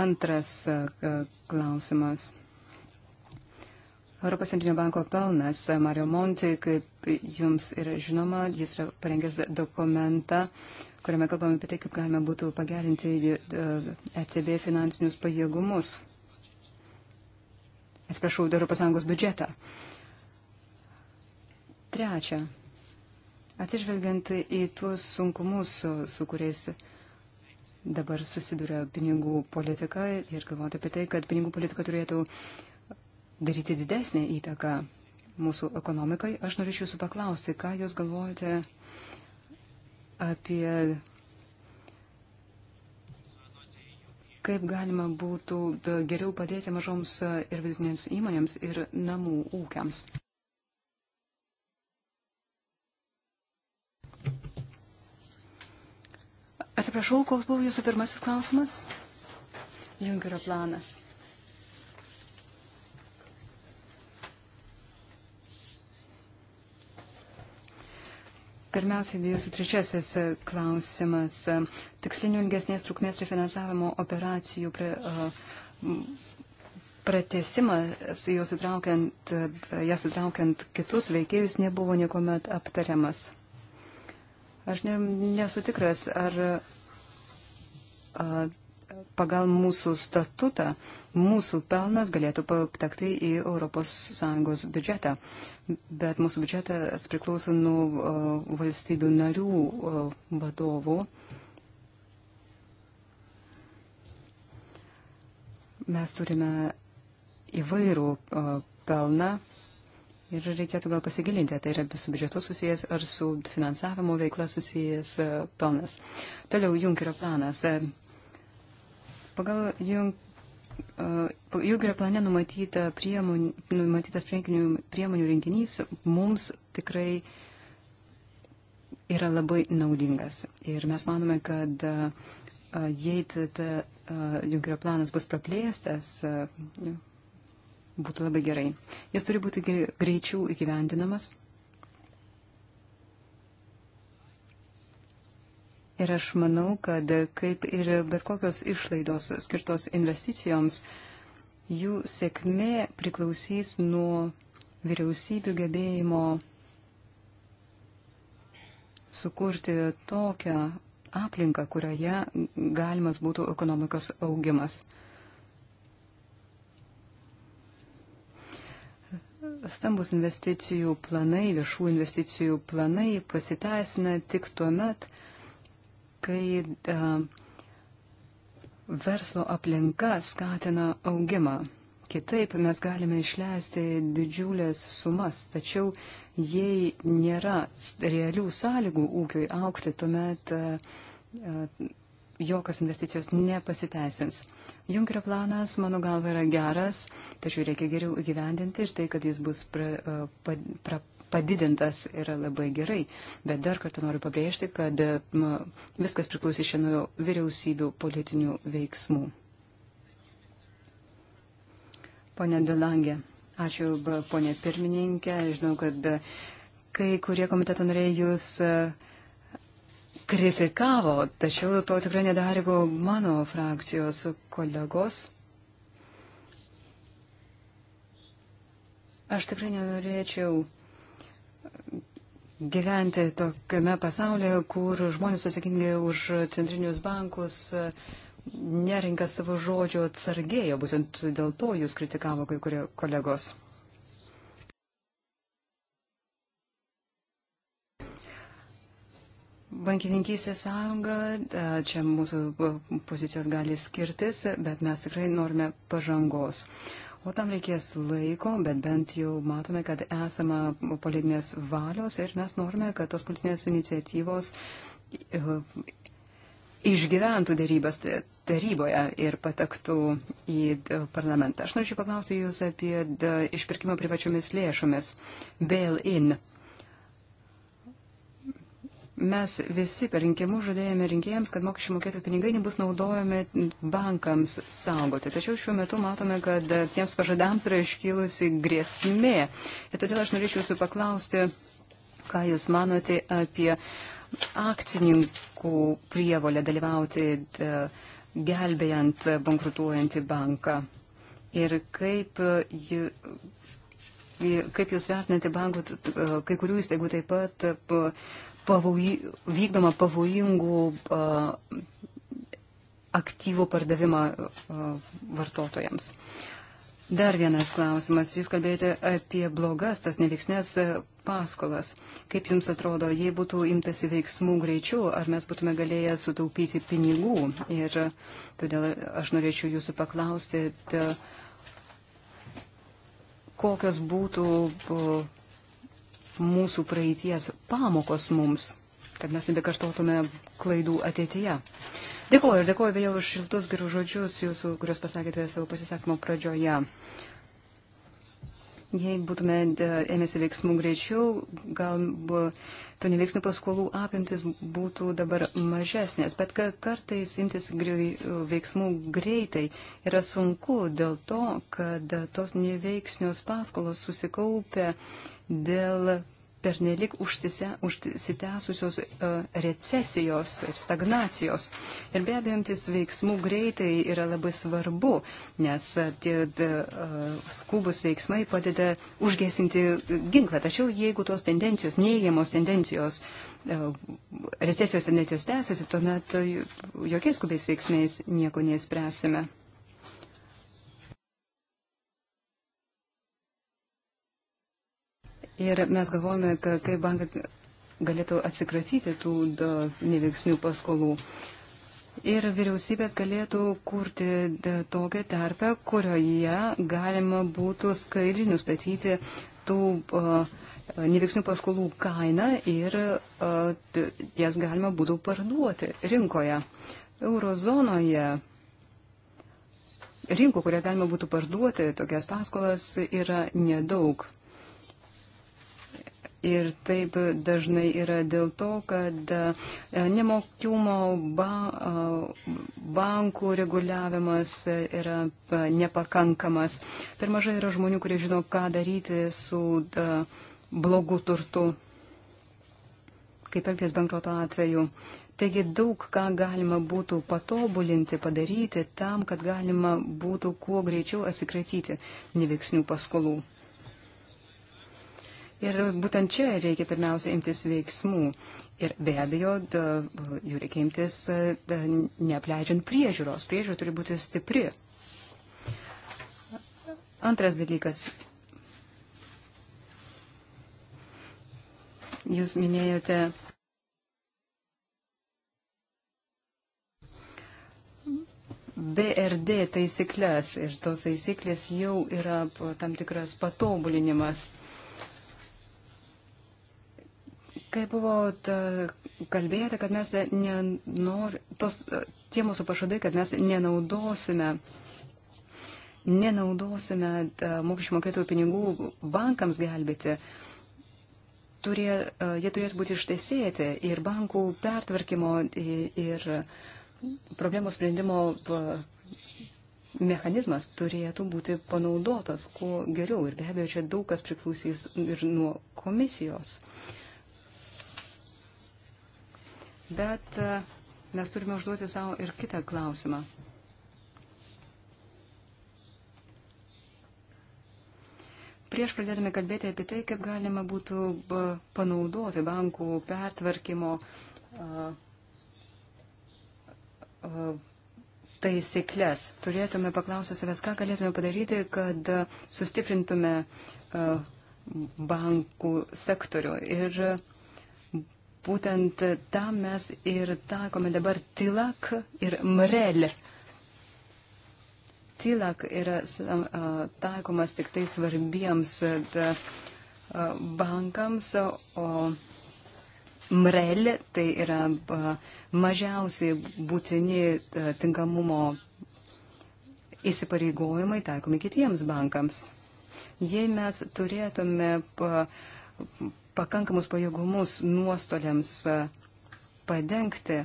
Antras e, klausimas. Uh, Europos centrinio banko pelnas. Mario Monti, kaip jums yra žinoma, jis yra parengęs dokumentą, kuriame kalbame apie tai, kaip galime būtų pagerinti ECB e finansinius pajėgumus. Atsiprašau, Europos Sąjungos biudžetą. Trečia. Atsižvelgiant į tuos sunkumus, su, su kuriais dabar susiduria pinigų politika ir galvoti apie tai, kad pinigų politika turėtų uh, daryti didesnį įtaką mūsų ekonomikai. Aš norėčiau jūsų paklausti, ką jūs galvojate apie kaip galima būtų geriau padėti mažoms ir vidutinėms įmonėms ir namų ūkiams. Atsiprašau, koks buvo jūsų pirmasis klausimas? Junkerio planas. Pirmiausia, tai jūsų trečiasis e, klausimas. E, tikslinių ilgesnės trukmės refinansavimo operacijų pre, e, pratesimas, jas įtraukiant, jas įtraukiant kitus veikėjus, nebuvo niekuomet aptariamas. Aš ne, nesu tikras, ar a, pagal mūsų statutą mūsų pelnas galėtų patekti į ES biudžetą. Bet mūsų biudžetas priklauso nuo valstybių narių vadovų. Mes turime įvairų pelną ir reikėtų gal pasigilinti, tai yra su biudžetu susijęs ar su finansavimo veikla susijęs pelnas. Toliau Junkerio planas. Pagal jung, Junkerio plane numatyta priemonių, numatytas priemonių, priemonių rinkinys mums tikrai yra labai naudingas. Ir mes manome, kad jei tada Junkerio planas bus praplėstas, būtų labai gerai. Jis turi būti greičiau įgyvendinamas. Ir aš manau, kad kaip ir bet kokios išlaidos skirtos investicijoms, jų sėkmė priklausys nuo vyriausybių gebėjimo sukurti tokią aplinką, kurioje galimas būtų ekonomikos augimas. Stambus investicijų planai, viešų investicijų planai pasiteisina tik tuo met, kai e, verslo aplinka skatina augimą. Kitaip mes galime išleisti didžiulės sumas, tačiau jei nėra realių sąlygų ūkiui aukti, tuomet e, e, jokios investicijos nepasiteisins. Junkerio planas, mano galva, yra geras, tačiau reikia geriau įgyvendinti ir tai, kad jis bus pra, pra, pra, padidintas yra labai gerai. Bet dar kartą noriu pabrėžti, kad viskas priklausys šiandien vyriausybių politinių veiksmų. Pone Delangė, ačiū, ponė pirmininkė. Žinau, kad kai kurie komiteto nariai jūs e, kritikavo, tačiau to tikrai nedarė mano frakcijos kolegos. Aš tikrai nenorėčiau gyventi tokiame pasaulyje, kur žmonės atsakingi už centrinius bankus nerinka savo žodžio atsargėjo, būtent dėl to jūs kritikavo kai kurie kolegos. Bankininkystės sąjunga, čia mūsų pozicijos gali skirtis, bet mes tikrai norime pažangos. O tam reikės laiko, bet bent jau matome, kad esama politinės valios ir mes norime, kad tos politinės iniciatyvos e, išgyventų darybas taryboje ir patektų į e, parlamentą. Aš norėčiau paklausti Jūs apie išpirkimą privačiomis lėšomis. Bail-in. Mes visi per rinkimus žadėjome rinkėjams, kad mokesčių mokėtų pinigai nebus naudojami bankams saugoti. Tačiau šiuo metu matome, kad tiems pažadams yra iškilusi grėsmė. Ir todėl aš norėčiau jūsų paklausti, ką jūs manote apie akcininkų prievolę dalyvauti gelbėjant bankrutuojantį banką. Ir kaip, kaip jūs vertinate bankų, kai kurių įstaigų taip pat pavoj, vykdomą pavojingų aktyvų pardavimą vartotojams. Dar vienas klausimas. Jūs kalbėjote apie blogas, tas neveiksnės paskolas. Kaip Jums atrodo, jei būtų imtasi veiksmų greičiau, ar mes būtume galėję sutaupyti pinigų? Ir todėl aš norėčiau Jūsų paklausti, kokios būtų mūsų praeities pamokos mums, kad mes nebekartotume klaidų ateityje. Dėkuoju ir dėkuoju vėjau už šiltus gerus žodžius jūsų, kuriuos pasakėte savo pasisakymo pradžioje. Jei būtume e, ėmėsi veiksmų greičiau, gal tų neveiksnių paskolų apimtis būtų dabar mažesnės, bet kartais imtis grei, veiksmų greitai yra sunku dėl to, kad tos neveiksnios paskolos susikaupia dėl pernelik užsitęsusios e, recesijos ir stagnacijos. Ir be abejo, imtis veiksmų greitai yra labai svarbu, nes e, tie e, skubus veiksmai padeda užgesinti ginklą. Tačiau jeigu tos tendencijos, neigiamos tendencijos, recesijos tendencijos tęsiasi, tuomet jokiais skubiais veiksmais nieko neįspręsime. Ir mes galvojame, kaip bankai galėtų atsikratyti tų neveiksnių paskolų. Ir vyriausybės galėtų kurti tokią tarpę, kurioje galima būtų skaidriai nustatyti tų uh, neveiksnių paskolų kainą ir uh, jas galima būtų parduoti rinkoje. Eurozonoje rinkų, kurią galima būtų parduoti tokias paskolas, yra nedaug. Ir taip dažnai yra dėl to, kad e, nemokiumo ba, e, bankų reguliavimas yra e, nepakankamas. Per mažai yra žmonių, kurie žino, ką daryti su blogu turtu, kaip elgtis bankruoto atveju. Taigi daug ką galima būtų patobulinti, padaryti tam, kad galima būtų kuo greičiau atsikratyti neveiksnių paskolų. Ir būtent čia reikia pirmiausia imtis veiksmų. Ir be abejo, da, jų reikia imtis e, da, neapleidžiant priežiūros. Priežiūra turi būti stipri. Antras dalykas. Jūs minėjote. BRD taisyklės ir tos taisyklės jau yra tam tikras patobulinimas. Kai buvo kalbėta, kad mes nenor, tos, e, tie mūsų pažadai, kad mes nenaudosime, nenaudosime e, mokesčių mokėtojų pinigų bankams gelbėti, turė, e, jie turės būti ištesėti ir bankų pertvarkymo ir problemos sprendimo mechanizmas turėtų būti panaudotas kuo geriau. Ir be abejo, čia daug kas priklausys ir nuo komisijos. Uh, Bet e, mes turime užduoti savo ir kitą klausimą. Prieš pradėdami kalbėti apie tai, kaip galima būtų e, panaudoti bankų pertvarkymo e, taisyklės, turėtume paklausę savęs, ką galėtume padaryti, kad sustiprintume bankų sektorių. Ir būtent tam mes ir takome dabar tilak ir mrel. Tilak yra taikomas tik tai svarbiems bankams, o mrel tai yra mažiausiai būtini tinkamumo įsipareigojimai taikomi kitiems bankams. Jei mes turėtume pakankamus pajėgumus nuostoliams e, padengti,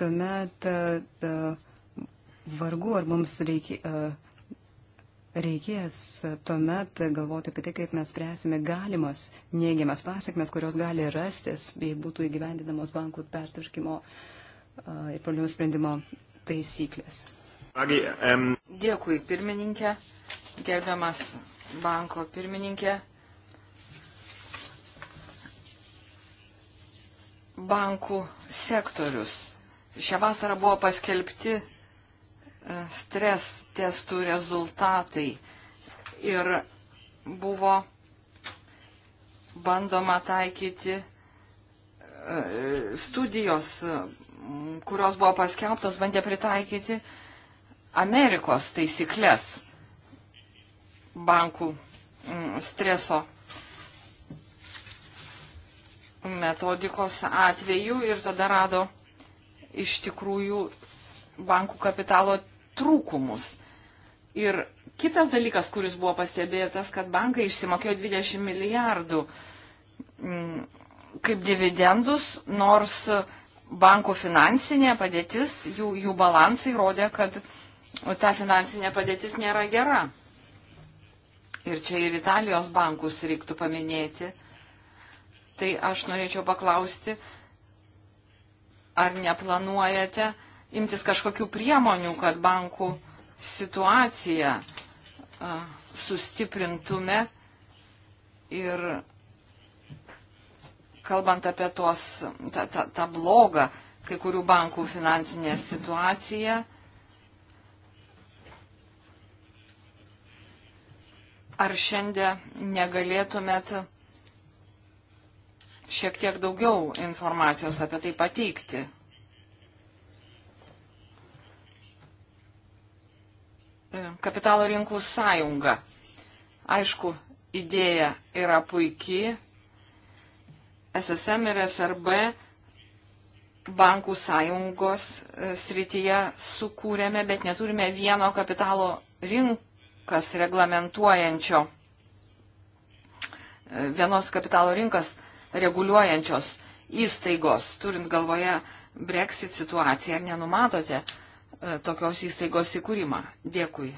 tuomet e, e, vargu ar mums reikia, reikės tuomet galvoti apie tai, kaip mes spręsime galimas neigiamas pasiekmes, kurios gali rastis, jei būtų įgyvendinamos bankų pertvarkymo ir problemų sprendimo taisyklės. Dėkui, pirmininkė, gerbiamas banko pirmininkė. bankų sektorius. Šią vasarą buvo paskelbti e, stres testų rezultatai ir buvo bandoma taikyti e, studijos, kurios buvo paskelbtos, bandė pritaikyti Amerikos taisyklės bankų mm, streso metodikos atveju ir tada rado iš tikrųjų bankų kapitalo trūkumus. Ir kitas dalykas, kuris buvo pastebėtas, kad bankai išsimokėjo 20 milijardų mm, kaip dividendus, nors bankų finansinė padėtis, jų, jų balansai rodė, kad ta finansinė padėtis nėra gera. Ir čia ir Italijos bankus reiktų paminėti tai aš norėčiau paklausti, ar neplanuojate imtis kažkokių priemonių, kad bankų situaciją sustiprintume ir kalbant apie tos, tą, tą, tą blogą kai kurių bankų finansinę situaciją, ar šiandien negalėtumėt šiek tiek daugiau informacijos apie tai pateikti. E, kapitalo rinkų sąjunga. Aišku, idėja yra puikiai. SSM ir SRB bankų sąjungos e, srityje sukūrėme, bet neturime vieno kapitalo rinkas reglamentuojančio, e, vienos kapitalo rinkas reglamentuojančio reguliuojančios įstaigos, turint galvoje Brexit situaciją, ar nenumatote e, tokios įstaigos įkūrimą? Dėkui.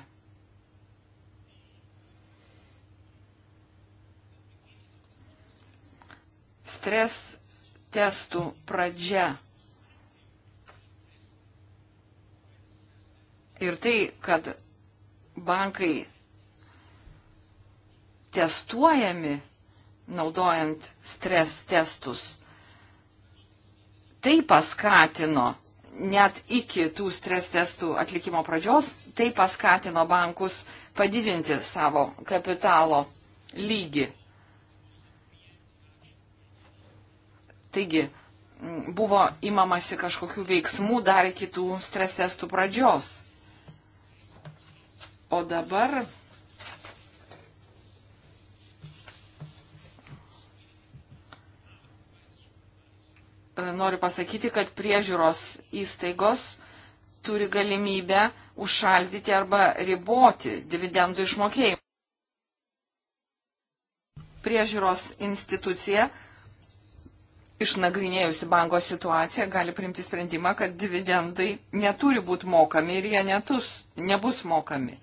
Stres testų pradžia. Ir tai, kad bankai testuojami naudojant stres testus. Tai paskatino, net iki tų stres testų atlikimo pradžios, tai paskatino bankus padidinti savo kapitalo lygį. Taigi, buvo imamasi kažkokių veiksmų dar iki tų stres testų pradžios. O dabar E, noriu pasakyti, kad priežiūros įstaigos turi galimybę užšaldyti arba riboti dividendų išmokėjimą. Priežiūros institucija, išnagrinėjusi banko situaciją, gali priimti sprendimą, kad dividendai neturi būti mokami ir jie netus, nebus mokami.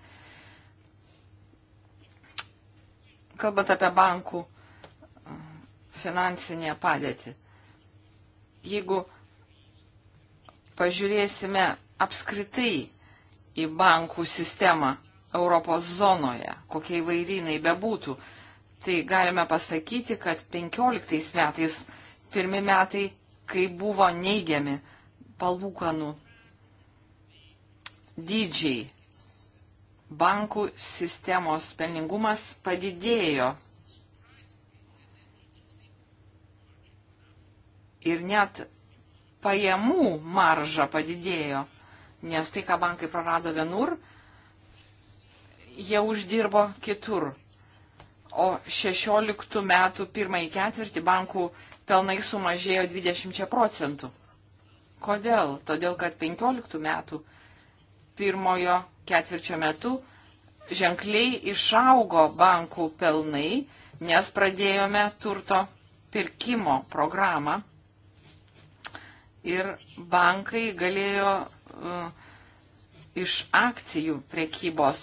Kalbant apie bankų e, finansinę padėtį Jeigu pažiūrėsime apskritai į bankų sistemą Europos zonoje, kokie įvairinai bebūtų, tai galime pasakyti, kad 15 metais pirmi metai, kai buvo neigiami palūkanų dydžiai, bankų sistemos pelningumas padidėjo ir net pajamų marža padidėjo, nes tai, ką bankai prarado vienur, jie uždirbo kitur. O 16 metų pirmąjį ketvirtį bankų pelnai sumažėjo 20 procentų. Kodėl? Todėl, kad 15 metų pirmojo ketvirčio metu ženkliai išaugo bankų pelnai, nes pradėjome turto pirkimo programą ir bankai galėjo e, iš akcijų prekybos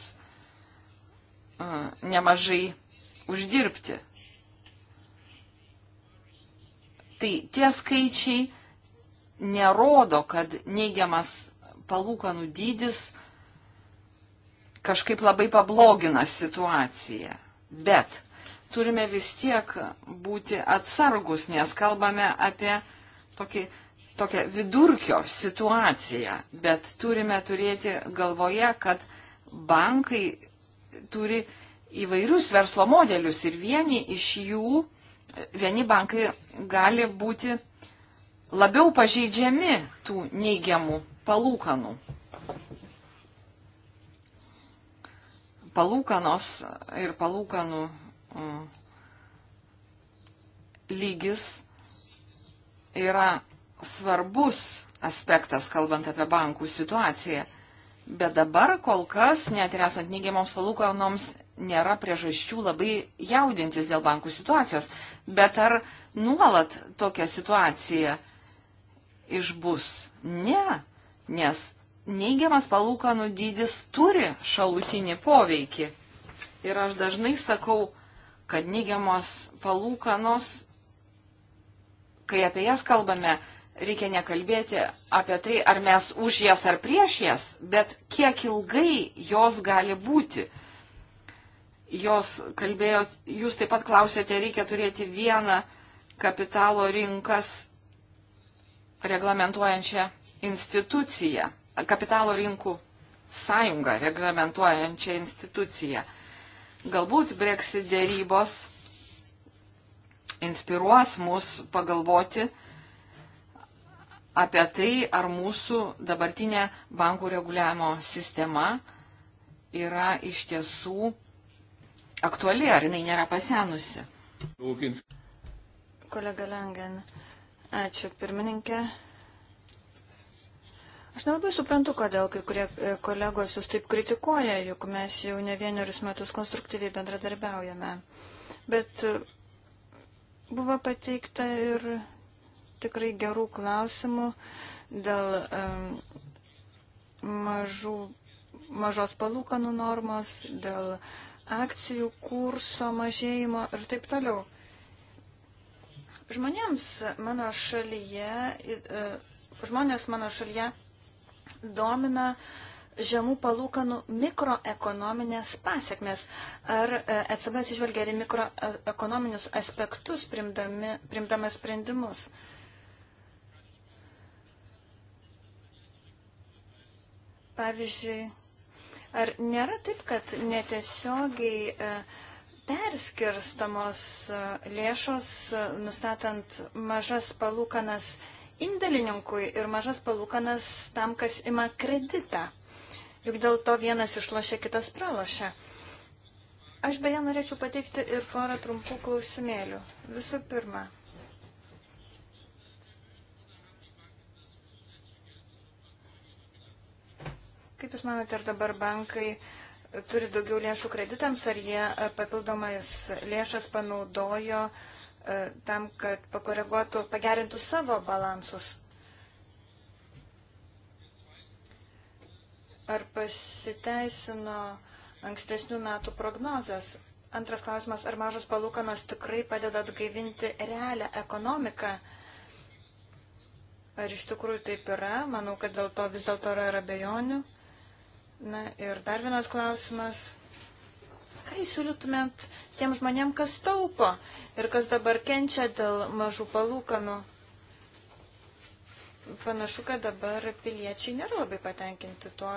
e, nemažai uždirbti. Tai tie skaičiai nerodo, kad neigiamas palūkanų dydis kažkaip labai pablogina situaciją. Bet turime vis tiek būti atsargus, nes kalbame apie tokį tokią vidurkio situaciją, bet turime turėti galvoje, kad bankai turi įvairius verslo modelius ir vieni iš jų, vieni bankai gali būti labiau pažeidžiami tų neigiamų palūkanų. Palūkanos ir palūkanų mm, lygis yra svarbus aspektas, kalbant apie bankų situaciją. Bet dabar kol kas, net ir esant neigiamoms palūkanoms, nėra priežasčių labai jaudintis dėl bankų situacijos. Bet ar nuolat tokia situacija išbus? Ne, nes neigiamas palūkanų dydis turi šalutinį poveikį. Ir aš dažnai sakau, kad neigiamos palūkanos, kai apie jas kalbame, reikia nekalbėti apie tai, ar mes už jas ar prieš jas, bet kiek ilgai jos gali būti. Jos kalbėjo, jūs taip pat klausėte, reikia turėti vieną kapitalo rinkas reglamentuojančią instituciją, kapitalo rinkų sąjungą reglamentuojančią instituciją. Galbūt Brexit dėrybos inspiruos mus pagalvoti, apie tai, ar mūsų dabartinė bankų reguliavimo sistema yra iš tiesų aktuali, ar jinai nėra pasenusi. Kolega Langen, ačiū pirmininkė. Aš nelabai suprantu, kodėl kai kurie e, kolegos jūs taip kritikuoja, juk mes jau ne vienerius metus konstruktyviai bendradarbiaujame. Bet e, buvo pateikta ir tikrai gerų klausimų dėl mažų, mažos palūkanų normos, dėl akcijų kurso mažėjimo ir taip toliau. Žmonėms mano šalyje, e, žmonės mano šalyje domina žemų palūkanų mikroekonominės pasiekmes. Ar e, ECB atsižvelgia ir mikroekonominius aspektus primdami, primdama sprendimus? Pavyzdžiui, ar nėra taip, kad netiesiogiai e, perskirstamos e, lėšos, e, nustatant mažas palūkanas indėlininkui ir mažas palūkanas tam, kas ima kreditą? Juk dėl to vienas išlošia, kitas pralošia. Aš beje norėčiau pateikti ir porą trumpų klausimėlių. Visų pirma, Kaip Jūs manote, ar dabar bankai turi daugiau lėšų kreditams, ar jie e, papildomas lėšas panaudojo e, tam, kad pakoreguotų, pagerintų savo balansus? Ar pasiteisino ankstesnių metų prognozes? Antras klausimas, ar mažos palūkanos tikrai padeda atgaivinti realią ekonomiką? Ar iš tikrųjų taip yra? Manau, kad dėl to vis dėlto yra abejonių. Na ir dar vienas klausimas. Ką jūs siūlytumėt tiem žmonėm, kas taupo ir kas dabar kenčia dėl mažų palūkanų? Panašu, kad dabar piliečiai nėra labai patenkinti tuo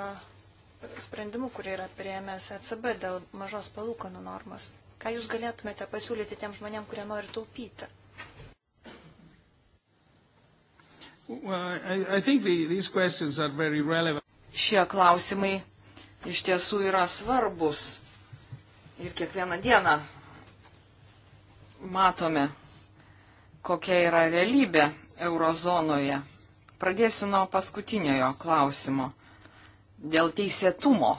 sprendimu, kurį yra prieėmęs ECB dėl mažos palūkanų normos. Ką jūs galėtumėte pasiūlyti tiem žmonėm, kurie nori taupyti? Well, I, I think the, these questions are very relevant šie klausimai iš tiesų yra svarbus. Ir kiekvieną dieną matome, kokia yra realybė eurozonoje. Pradėsiu nuo paskutiniojo klausimo dėl teisėtumo.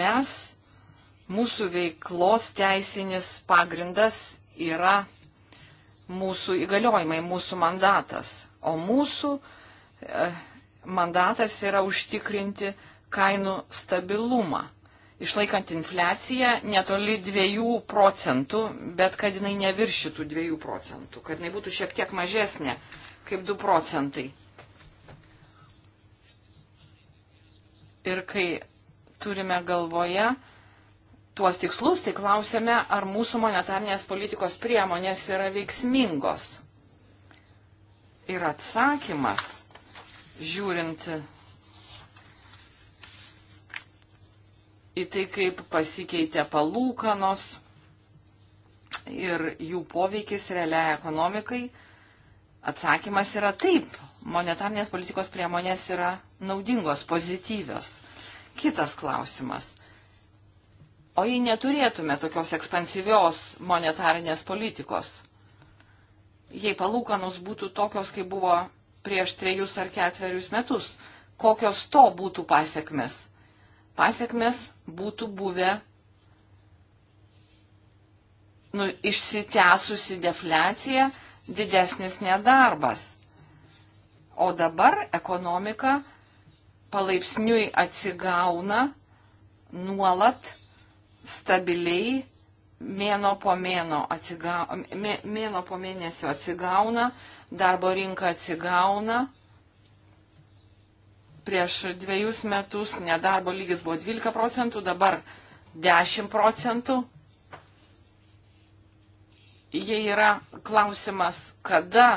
Mes, mūsų veiklos teisinis pagrindas yra mūsų įgaliojimai, mūsų mandatas. O mūsų e, mandatas yra užtikrinti kainų stabilumą, išlaikant infliaciją netoli 2 procentų, bet kad jinai neviršytų 2 procentų, kad jinai būtų šiek tiek mažesnė kaip 2 procentai. Ir kai turime galvoje tuos tikslus, tai klausėme, ar mūsų monetarnės politikos priemonės yra veiksmingos ir atsakymas, žiūrint į tai, kaip pasikeitė palūkanos ir jų poveikis realiai ekonomikai, atsakymas yra taip. Monetarnės politikos priemonės yra naudingos, pozityvios. Kitas klausimas. O jei neturėtume tokios ekspansyvios monetarinės politikos, jei palūkanos būtų tokios, kaip buvo prieš trejus ar ketverius metus, kokios to būtų pasiekmes? Pasiekmes būtų buvę nu, išsitęsusi deflecija, didesnis nedarbas. O dabar ekonomika palaipsniui atsigauna nuolat stabiliai mėno po, mėno atsiga, mė, mėno po mėnesio atsigauna, darbo rinka atsigauna. Prieš dviejus metus nedarbo lygis buvo 12 procentų, dabar 10 procentų. Jei yra klausimas, kada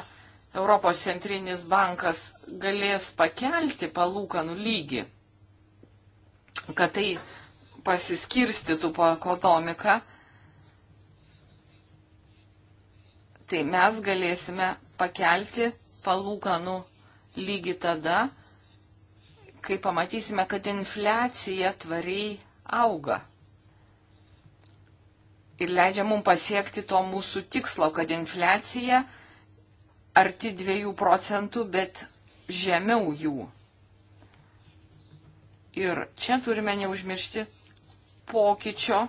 Europos centrinis bankas galės pakelti palūkanų lygį, kad tai pasiskirstytų po ekonomiką, tai mes galėsime pakelti palūkanų lygį tada, kai pamatysime, kad infliacija tvariai auga. Ir leidžia mums pasiekti to mūsų tikslo, kad infliacija arti 2 procentų, bet žemiau jų. Ir čia turime neužmiršti pokyčio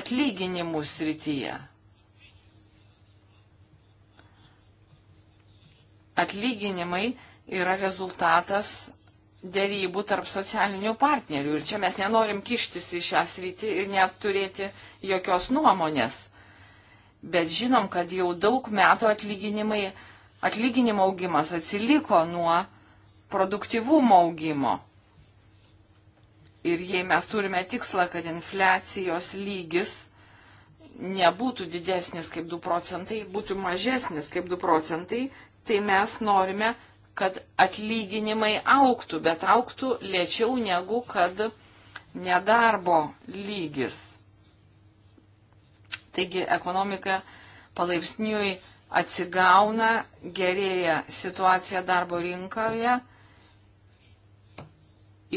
atlyginimų srityje. atlyginimai yra rezultatas dėrybų tarp socialinių partnerių. Ir čia mes nenorim kištis į šią sritį ir net turėti jokios nuomonės. Bet žinom, kad jau daug metų atlyginimai, atlyginimo augimas atsiliko nuo produktivumo augimo. Ir jei mes turime tikslą, kad infliacijos lygis nebūtų didesnis kaip 2 procentai, būtų mažesnis kaip 2 procentai, tai mes norime, kad atlyginimai auktų, bet auktų lėčiau negu kad nedarbo lygis. Taigi ekonomika palaipsniui atsigauna, gerėja situacija darbo rinkoje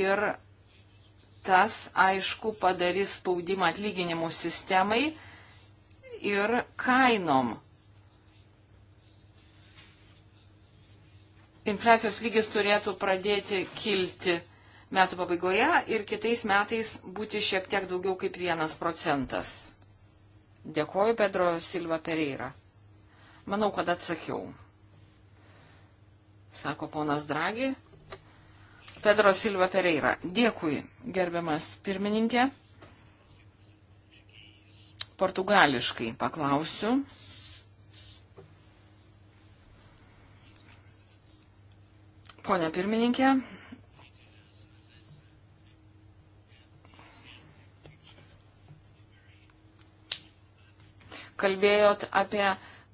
ir tas, aišku, padarys spaudimą atlyginimų sistemai ir kainom. infliacijos lygis turėtų pradėti kilti metų pabaigoje ir kitais metais būti šiek tiek daugiau kaip vienas procentas. Dėkoju, Pedro Silva Pereira. Manau, kad atsakiau. Sako ponas Dragi. Pedro Silva Pereira. Dėkui, gerbiamas pirmininkė. Portugališkai paklausiu. Pone pirmininkė, kalbėjot apie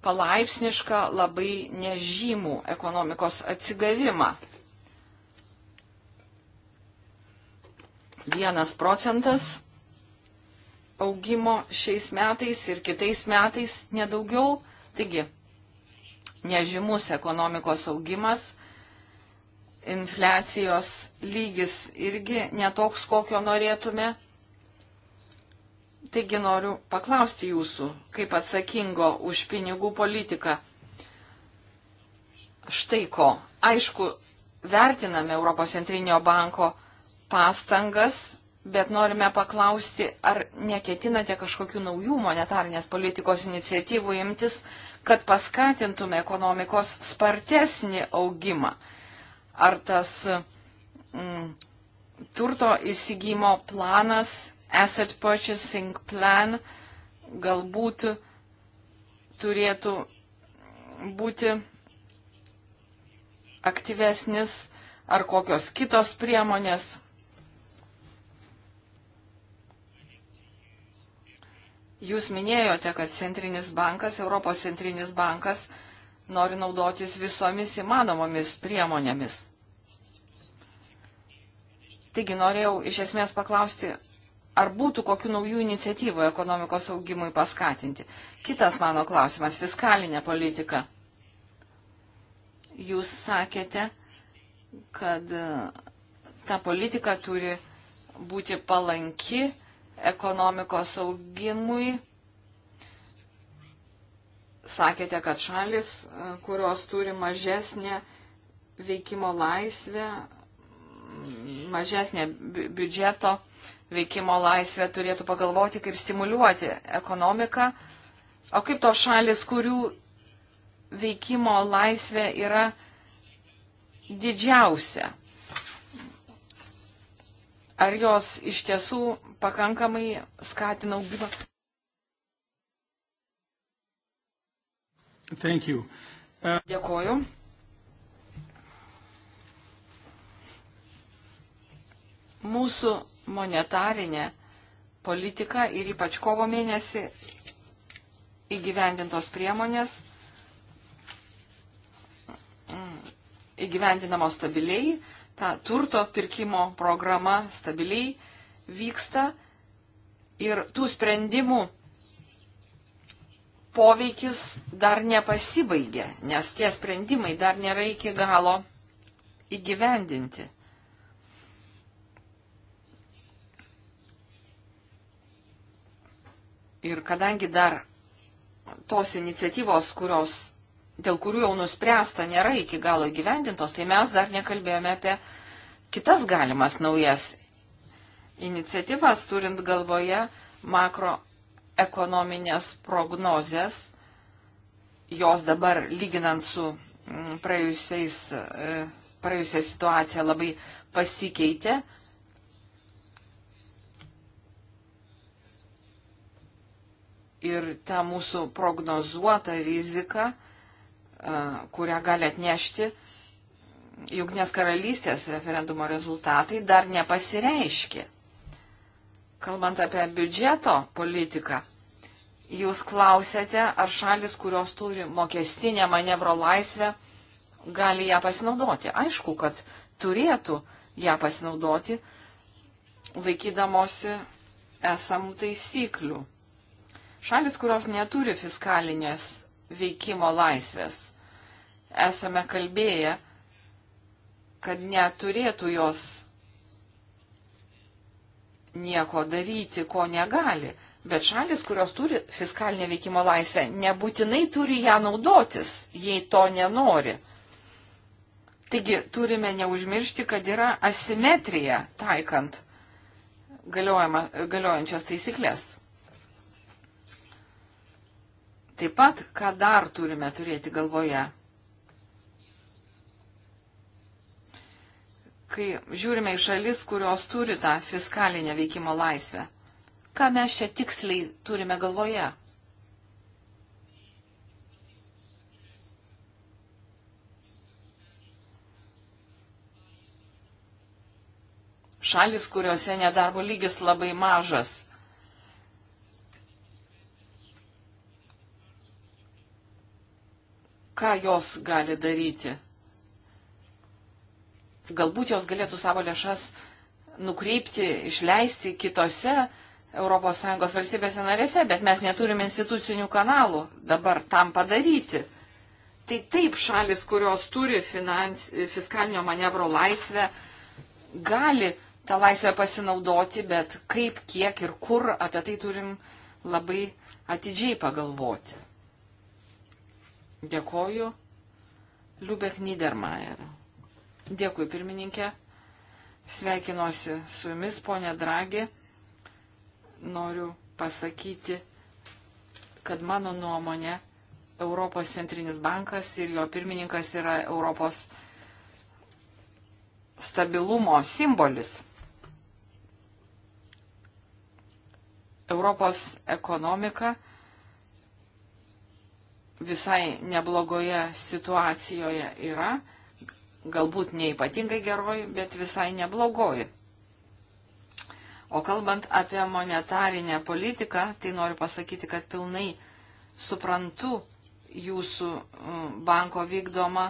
palaipsnišką labai nežymų ekonomikos atsigavimą. Vienas procentas augimo šiais metais ir kitais metais nedaugiau. Taigi, nežymus ekonomikos augimas infliacijos lygis irgi netoks, kokio norėtume. Taigi noriu paklausti jūsų, kaip atsakingo už pinigų politiką. Štai ko. Aišku, vertiname Europos centrinio banko pastangas, bet norime paklausti, ar neketinate kažkokių naujų monetarnės politikos iniciatyvų imtis, kad paskatintume ekonomikos spartesnį augimą ar tas mm, turto įsigymo planas, asset purchasing plan, galbūt turėtų būti aktyvesnis ar kokios kitos priemonės. Jūs minėjote, kad Centrinis bankas, Europos Centrinis bankas, nori naudotis visomis įmanomomis priemonėmis. Taigi norėjau iš esmės paklausti, ar būtų kokių naujų iniciatyvų ekonomikos augimui paskatinti. Kitas mano klausimas - fiskalinė politika. Jūs sakėte, kad e, ta politika turi būti palanki ekonomikos augimui sakėte, kad šalis, e, kurios turi mažesnę veikimo laisvę, mažesnė biudžeto veikimo laisvė turėtų pagalvoti, kaip stimuliuoti ekonomiką, o kaip tos šalis, kurių veikimo laisvė yra didžiausia. Ar jos iš tiesų pakankamai skatina augimą? Uh... Dėkoju. Mūsų monetarinė politika ir ypač kovo mėnesį įgyvendintos priemonės mm, įgyvendinamos stabiliai, ta turto pirkimo programa stabiliai vyksta ir tų sprendimų poveikis dar nepasibaigė, nes tie sprendimai dar nėra iki galo įgyvendinti. Ir kadangi dar tos iniciatyvos, kurios, dėl kurių jau nuspręsta, nėra iki galo įgyvendintos, tai mes dar nekalbėjome apie kitas galimas naujas iniciatyvas, turint galvoje makro ekonominės prognozės, jos dabar lyginant su mm, praėjusiais, e, praėjusią situaciją labai pasikeitė. Ir ta mūsų prognozuota rizika, e, kurią gali atnešti Junknės karalystės referendumo rezultatai, dar nepasireiškė. Kalbant apie biudžeto politiką, jūs klausėte, ar šalis, kurios turi mokestinę manevro laisvę, gali ją pasinaudoti. Aišku, kad turėtų ją pasinaudoti, laikydamosi esamų taisyklių. Šalis, kurios neturi fiskalinės veikimo laisvės, esame kalbėję, kad neturėtų jos nieko daryti, ko negali. Bet šalis, kurios turi fiskalinę veikimo laisvę, nebūtinai turi ją naudotis, jei to nenori. Taigi turime neužmiršti, kad yra asimetrija taikant galiojančias taisyklės. Taip pat, ką dar turime turėti galvoje? kai žiūrime į šalis, kurios turi tą fiskalinę veikimo laisvę, ką mes čia tiksliai turime galvoje? Šalis, kuriuose nedarbo lygis labai mažas, ką jos gali daryti galbūt jos galėtų savo lėšas nukreipti, išleisti kitose ES valstybėse narėse, bet mes neturim institucinių kanalų dabar tam padaryti. Tai taip šalis, kurios turi finans, fiskalinio manevro laisvę, gali tą laisvę pasinaudoti, bet kaip, kiek ir kur apie tai turim labai atidžiai pagalvoti. Dėkoju. Liubek Niedermayer. Dėkui, pirmininkė. Sveikinuosi su jumis, ponė Dragi. Noriu pasakyti, kad mano nuomonė Europos centrinis bankas ir jo pirmininkas yra Europos stabilumo simbolis. Europos ekonomika visai neblogoje situacijoje yra Galbūt neipatingai geroji, bet visai neblogoji. O kalbant apie monetarinę politiką, tai noriu pasakyti, kad pilnai suprantu jūsų mm, banko vykdomą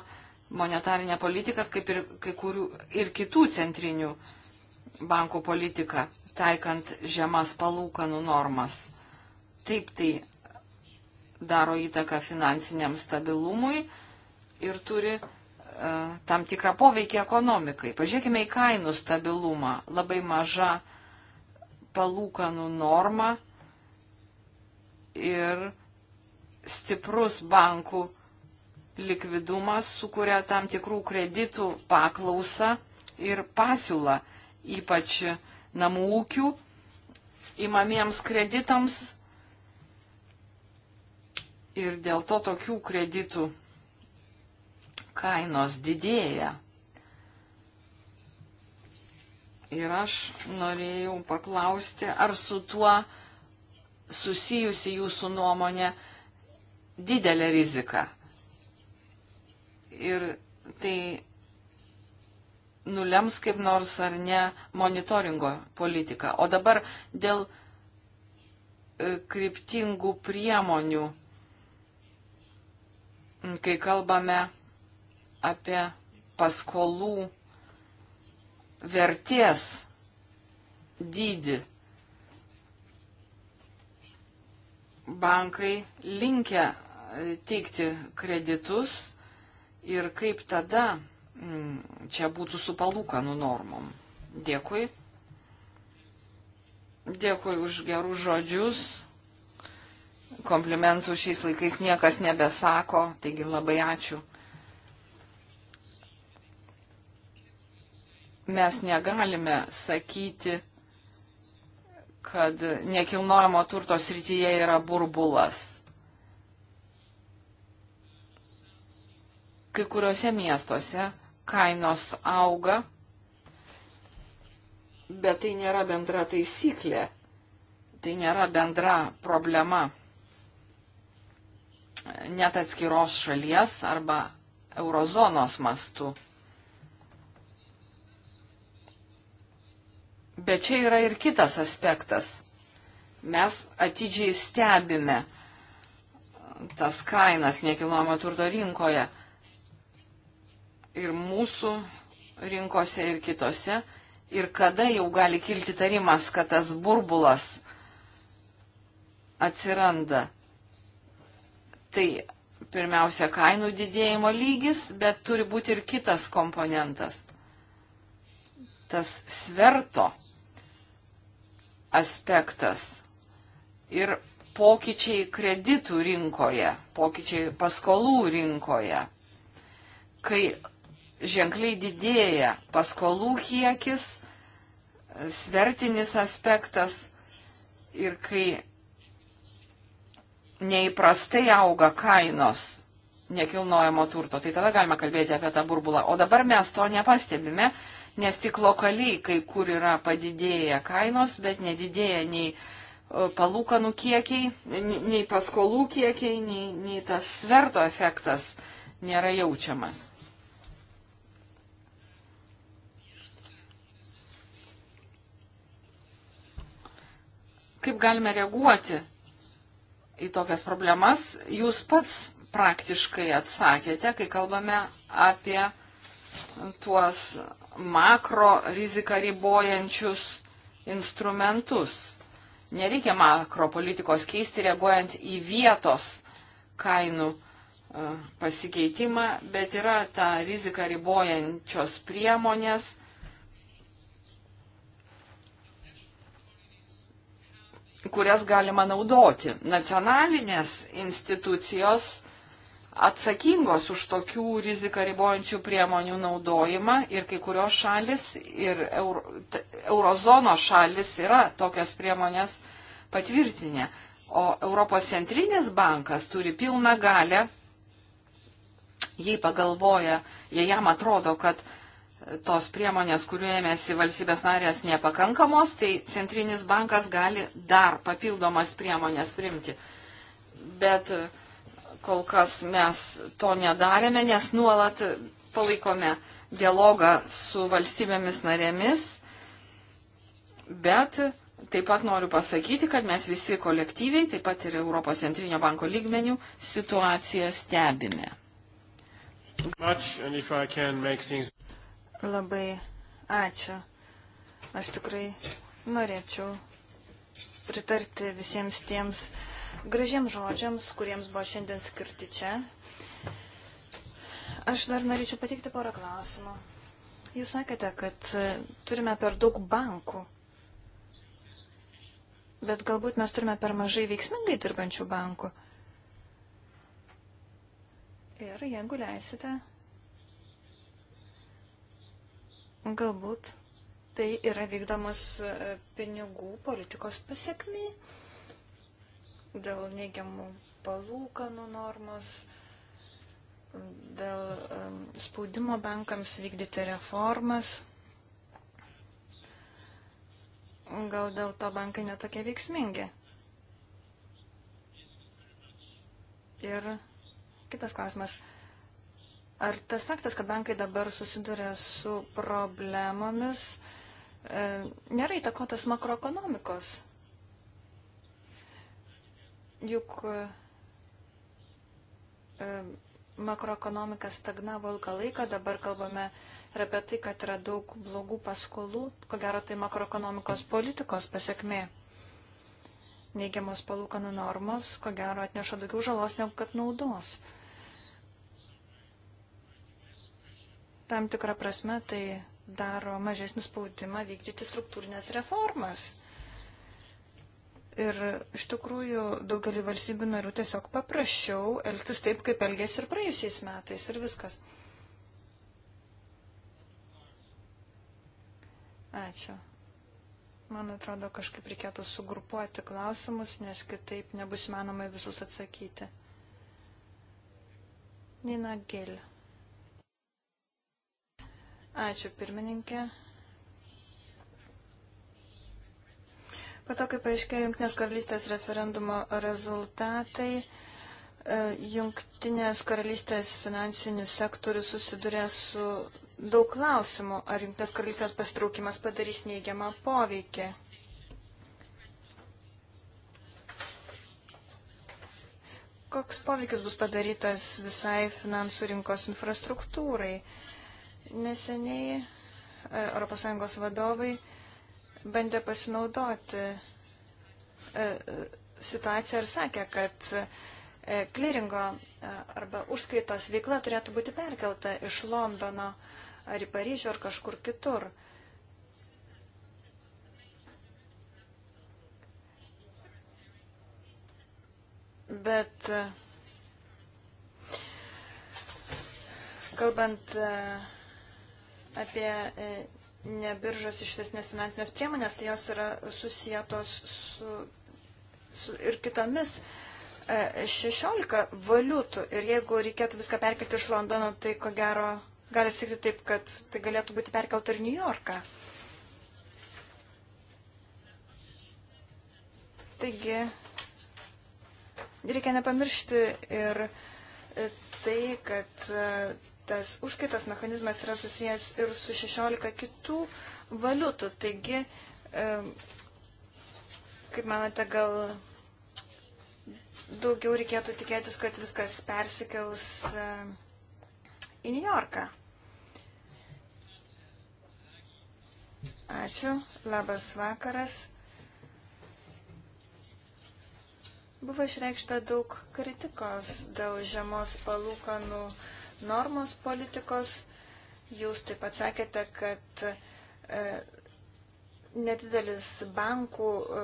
monetarinę politiką, kaip ir kai kurių ir kitų centrinių bankų politiką, taikant žemas palūkanų normas. Taip tai daro įtaką finansiniam stabilumui ir turi E, tam tikrą poveikį ekonomikai. Pažiūrėkime į kainų stabilumą. Labai maža palūkanų norma ir stiprus bankų likvidumas sukuria tam tikrų kreditų paklausą ir pasiūlą, ypač namų ūkių imamiems kreditams. Ir dėl to tokių kreditų kainos didėja. Ir aš norėjau paklausti, ar su tuo susijusi jūsų nuomonė didelė rizika. Ir tai nulems kaip nors ar ne monitoringo politika. O dabar dėl e, kryptingų priemonių, kai kalbame apie paskolų vertės dydį. Bankai linkia e, teikti kreditus ir kaip tada mm, čia būtų su palūkanų normom. Dėkui. Dėkui už gerus žodžius. Komplimentų šiais laikais niekas nebesako, taigi labai ačiū. mes negalime sakyti, kad nekilnojamo turto srityje yra burbulas. Kai kuriuose miestuose kainos auga, bet tai nėra bendra taisyklė, tai nėra bendra problema net atskiros šalies arba eurozonos mastu. Bet čia yra ir kitas aspektas. Mes atidžiai stebime tas kainas nekilnojamo turto rinkoje. Ir mūsų rinkose, ir kitose. Ir kada jau gali kilti tarimas, kad tas burbulas atsiranda. Tai pirmiausia kainų didėjimo lygis, bet turi būti ir kitas komponentas. Tas sverto aspektas ir pokyčiai kreditų rinkoje, pokyčiai paskolų rinkoje, kai ženkliai didėja paskolų kiekis, svertinis aspektas ir kai neįprastai auga kainos nekilnojamo turto, tai tada galima kalbėti apie tą burbulą. O dabar mes to nepastebime, nes tik lokaliai kai kur yra padidėję kainos, bet nedidėja nei e, palūkanų kiekiai, nei paskolų kiekiai, nei, nei tas sverto efektas nėra jaučiamas. Kaip galime reaguoti į tokias problemas? Jūs pats praktiškai atsakėte, kai kalbame apie tuos makro riziką ribojančius instrumentus. Nereikia makro politikos keisti reaguojant į vietos kainų e, pasikeitimą, bet yra ta rizika ribojančios priemonės. kurias galima naudoti. Nacionalinės institucijos atsakingos už tokių riziką ribojančių priemonių naudojimą ir kai kurios šalis ir euro, eurozono šalis yra tokias priemonės patvirtinę. O Europos centrinis bankas turi pilną galę, jei pagalvoja, jei jam atrodo, kad tos priemonės, kuriuo ėmėsi valstybės narės nepakankamos, tai centrinis bankas gali dar papildomas priemonės primti. Bet uh, Kol kas mes to nedarėme, nes nuolat palaikome dialogą su valstybėmis narėmis, bet taip pat noriu pasakyti, kad mes visi kolektyviai, taip pat ir Europos centrinio banko lygmenių, situaciją stebime. Labai ačiū. Aš tikrai norėčiau pritarti visiems tiems uh, gražiems žodžiams, kuriems buvo šiandien skirti čia. Aš dar norėčiau pateikti porą klausimų. Jūs sakėte, kad e, turime per daug bankų, bet galbūt mes turime per mažai veiksmingai dirbančių bankų. Ir jeigu leisite, galbūt tai yra vykdomos e, pinigų politikos pasiekmi dėl neigiamų palūkanų normos, dėl spaudimo bankams vykdyti reformas. Gal dėl to bankai netokie veiksmingi. Ir kitas klausimas. Ar tas faktas, kad bankai dabar susiduria su problemomis, e, nėra įtakotas makroekonomikos? Juk e, makroekonomika stagnavo ilgą laiką, dabar kalbame ir apie tai, kad yra daug blogų paskolų, ko gero tai makroekonomikos politikos pasiekmė. Neigiamos palūkanų normos, ko gero atneša daugiau žalos negu kad naudos. Tam tikrą prasme tai daro mažesnį spaudimą vykdyti struktūrinės reformas. Ir iš tikrųjų daugelį valstybių narių tiesiog paprasčiau elgtis taip, kaip elgėsi ir praėjusiais metais ir viskas. Ačiū. Man atrodo, kažkaip reikėtų sugrupuoti klausimus, nes kitaip nebus manoma visus atsakyti. Nina Gil. Ačiū pirmininkė. Po to, kai paaiškėjo Junktinės karalystės referendumo rezultatai, e, Junktinės karalystės finansinis sektorius susidurė su daug klausimų, ar Junktinės karalystės pastraukimas padarys neigiamą poveikį. Koks poveikis bus padarytas visai finansų rinkos infrastruktūrai? Neseniai ES vadovai bandė pasinaudoti e, situaciją ir sakė, kad e, kliringo e, arba užskaitos veikla turėtų būti perkelta iš Londono ar į Paryžių ar kažkur kitur. Bet kalbant apie ne biržos išvesnės finansinės priemonės, tai jos yra susijėtos su, su ir kitomis 16 e, valiutų. Ir jeigu reikėtų viską perkelti iš Londono, tai ko gero gali sakyti taip, kad tai galėtų būti perkelta ir New Yorką. Taigi, reikia nepamiršti ir e, tai, kad e, tas užskaitos mechanizmas yra susijęs ir su 16 kitų valiutų. Taigi, kaip manote, gal daugiau reikėtų tikėtis, kad viskas persikels į New Yorką. Ačiū, labas vakaras. Buvo išreikšta daug kritikos dėl žemos palūkanų. Nu, normos politikos. Jūs taip pat sakėte, kad e, nedidelis bankų e,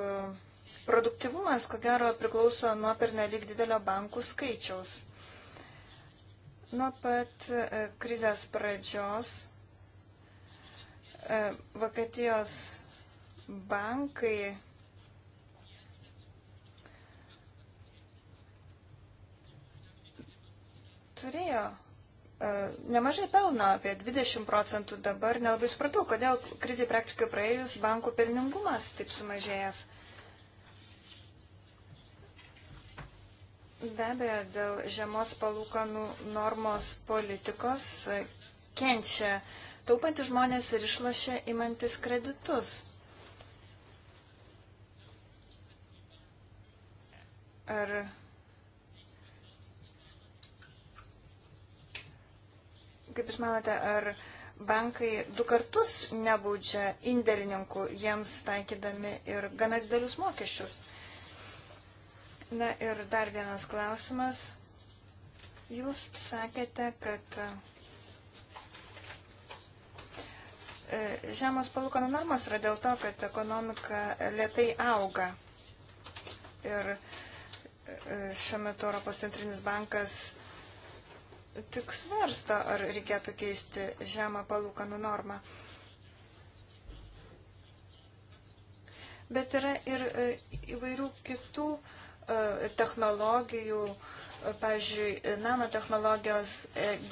produktivumas, ko gero, priklauso nuo pernelyg didelio bankų skaičiaus. Nuo pat e, krizės pradžios e, Vokietijos bankai turėjo E, nemažai pelno, apie 20 procentų dabar, nelabai supratau, kodėl krizai praktiškai praėjus bankų pelningumas taip sumažėjęs. Be abejo, dėl žemos palūkanų normos politikos e, kenčia taupantys žmonės ir išlošia imantis kreditus. Ar Kaip Jūs manote, ar bankai du kartus nebaudžia indėlininkų, jiems taikydami ir gana didelius mokesčius? Na ir dar vienas klausimas. Jūs sakėte, kad e, žemos palūkanų normos yra dėl to, kad ekonomika lietai auga. Ir e, šiuo metu Europos centrinis bankas tik svarsto, ar reikėtų keisti žemą palūkanų normą. Bet yra ir e, įvairių kitų e, technologijų, e, pavyzdžiui, nanotehnologijos,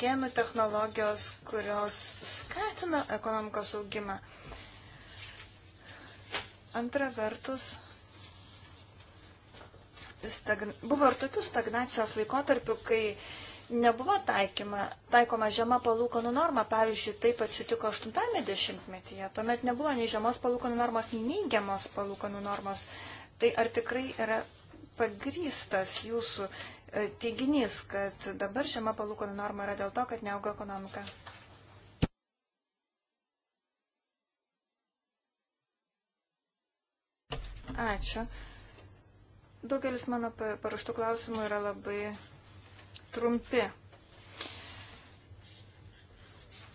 genų technologijos, kurios skatina ekonomikos augimą. Antra vertus, stagn... buvo ir tokių stagnacijos laikotarpių, kai nebuvo taikima, taikoma žema palūkanų norma. Pavyzdžiui, taip atsitiko 80-ame dešimtmetyje. Tuomet nebuvo nei žemos palūkanų normos, nei neigiamos palūkanų normos. Tai ar tikrai yra pagrystas jūsų e, teiginys, kad dabar žema palūkanų norma yra dėl to, kad neauga ekonomika? Ačiū. Daugelis mano paruoštų klausimų yra labai trumpi.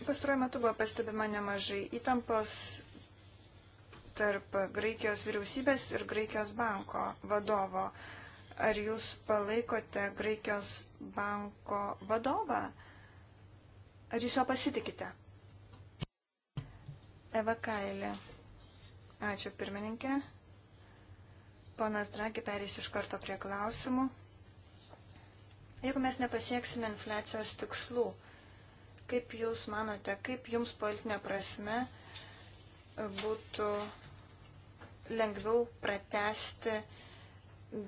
Pastaruoju metu buvo pastebima nemažai įtampos tarp Graikijos vyriausybės ir Graikijos banko vadovo. Ar jūs palaikote Graikijos banko vadovą? Ar jūs jo pasitikite? Eva Kailė. Ačiū pirmininkė. Ponas Dragi perės iš karto prie klausimų. Jeigu mes nepasieksime infliacijos tikslų, kaip Jūs manote, kaip Jums politinė prasme e, būtų lengviau pratesti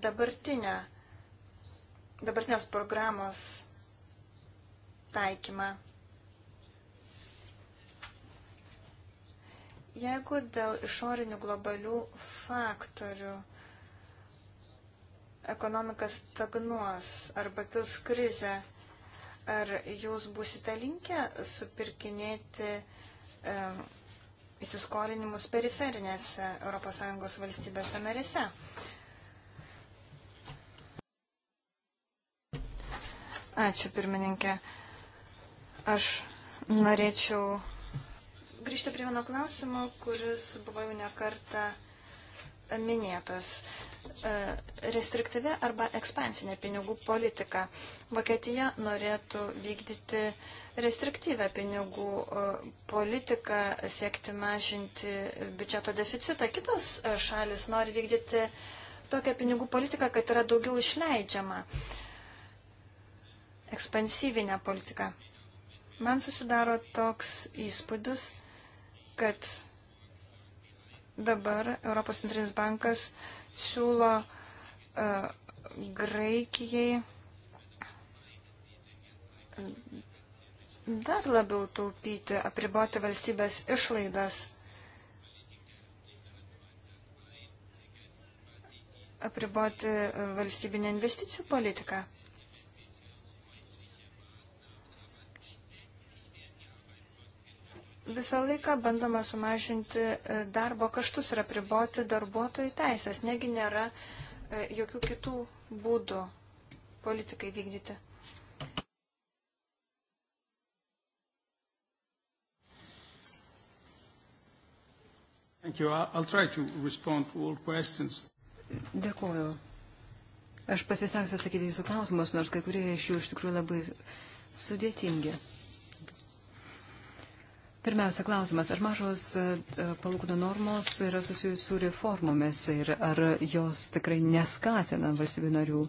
dabartinę, dabartinės programos taikymą? Jeigu dėl išorinių globalių faktorių ekonomika stagnuos arba kils krizė, ar jūs būsite linkę supirkinėti e, įsiskolinimus periferinėse ES valstybėse narėse? Ačiū, pirmininkė. Aš norėčiau grįžti prie vieno klausimo, kuris buvo jau nekarta minėtas. E, restriktyvi arba ekspansinė pinigų politika. Vokietija norėtų vykdyti restriktyvę pinigų e, politiką, siekti mažinti biudžeto deficitą. Kitos e, šalis nori vykdyti tokią pinigų politiką, kad yra daugiau išleidžiama. Ekspansyvinę politiką. Man susidaro toks įspūdis, kad dabar Europos centrinis bankas uh, siūlo uh, Graikijai dar labiau taupyti, apriboti valstybės išlaidas, apriboti valstybinę investicijų politiką. visą laiką bandoma sumažinti e, darbo kaštus ir apriboti darbuotojų teisės, negi nėra e, jokių kitų būdų politikai vykdyti. Thank you. I'll try to respond to all questions. Dėkuoju. Aš pasisengsiu atsakyti jūsų klausimus, nors kai kurie iš jų iš tikrųjų labai sudėtingi. Pirmiausia klausimas, ar mažos e, e, palūkanų normos yra susijusios su reformomis ir ar jos tikrai neskatina valstybių narių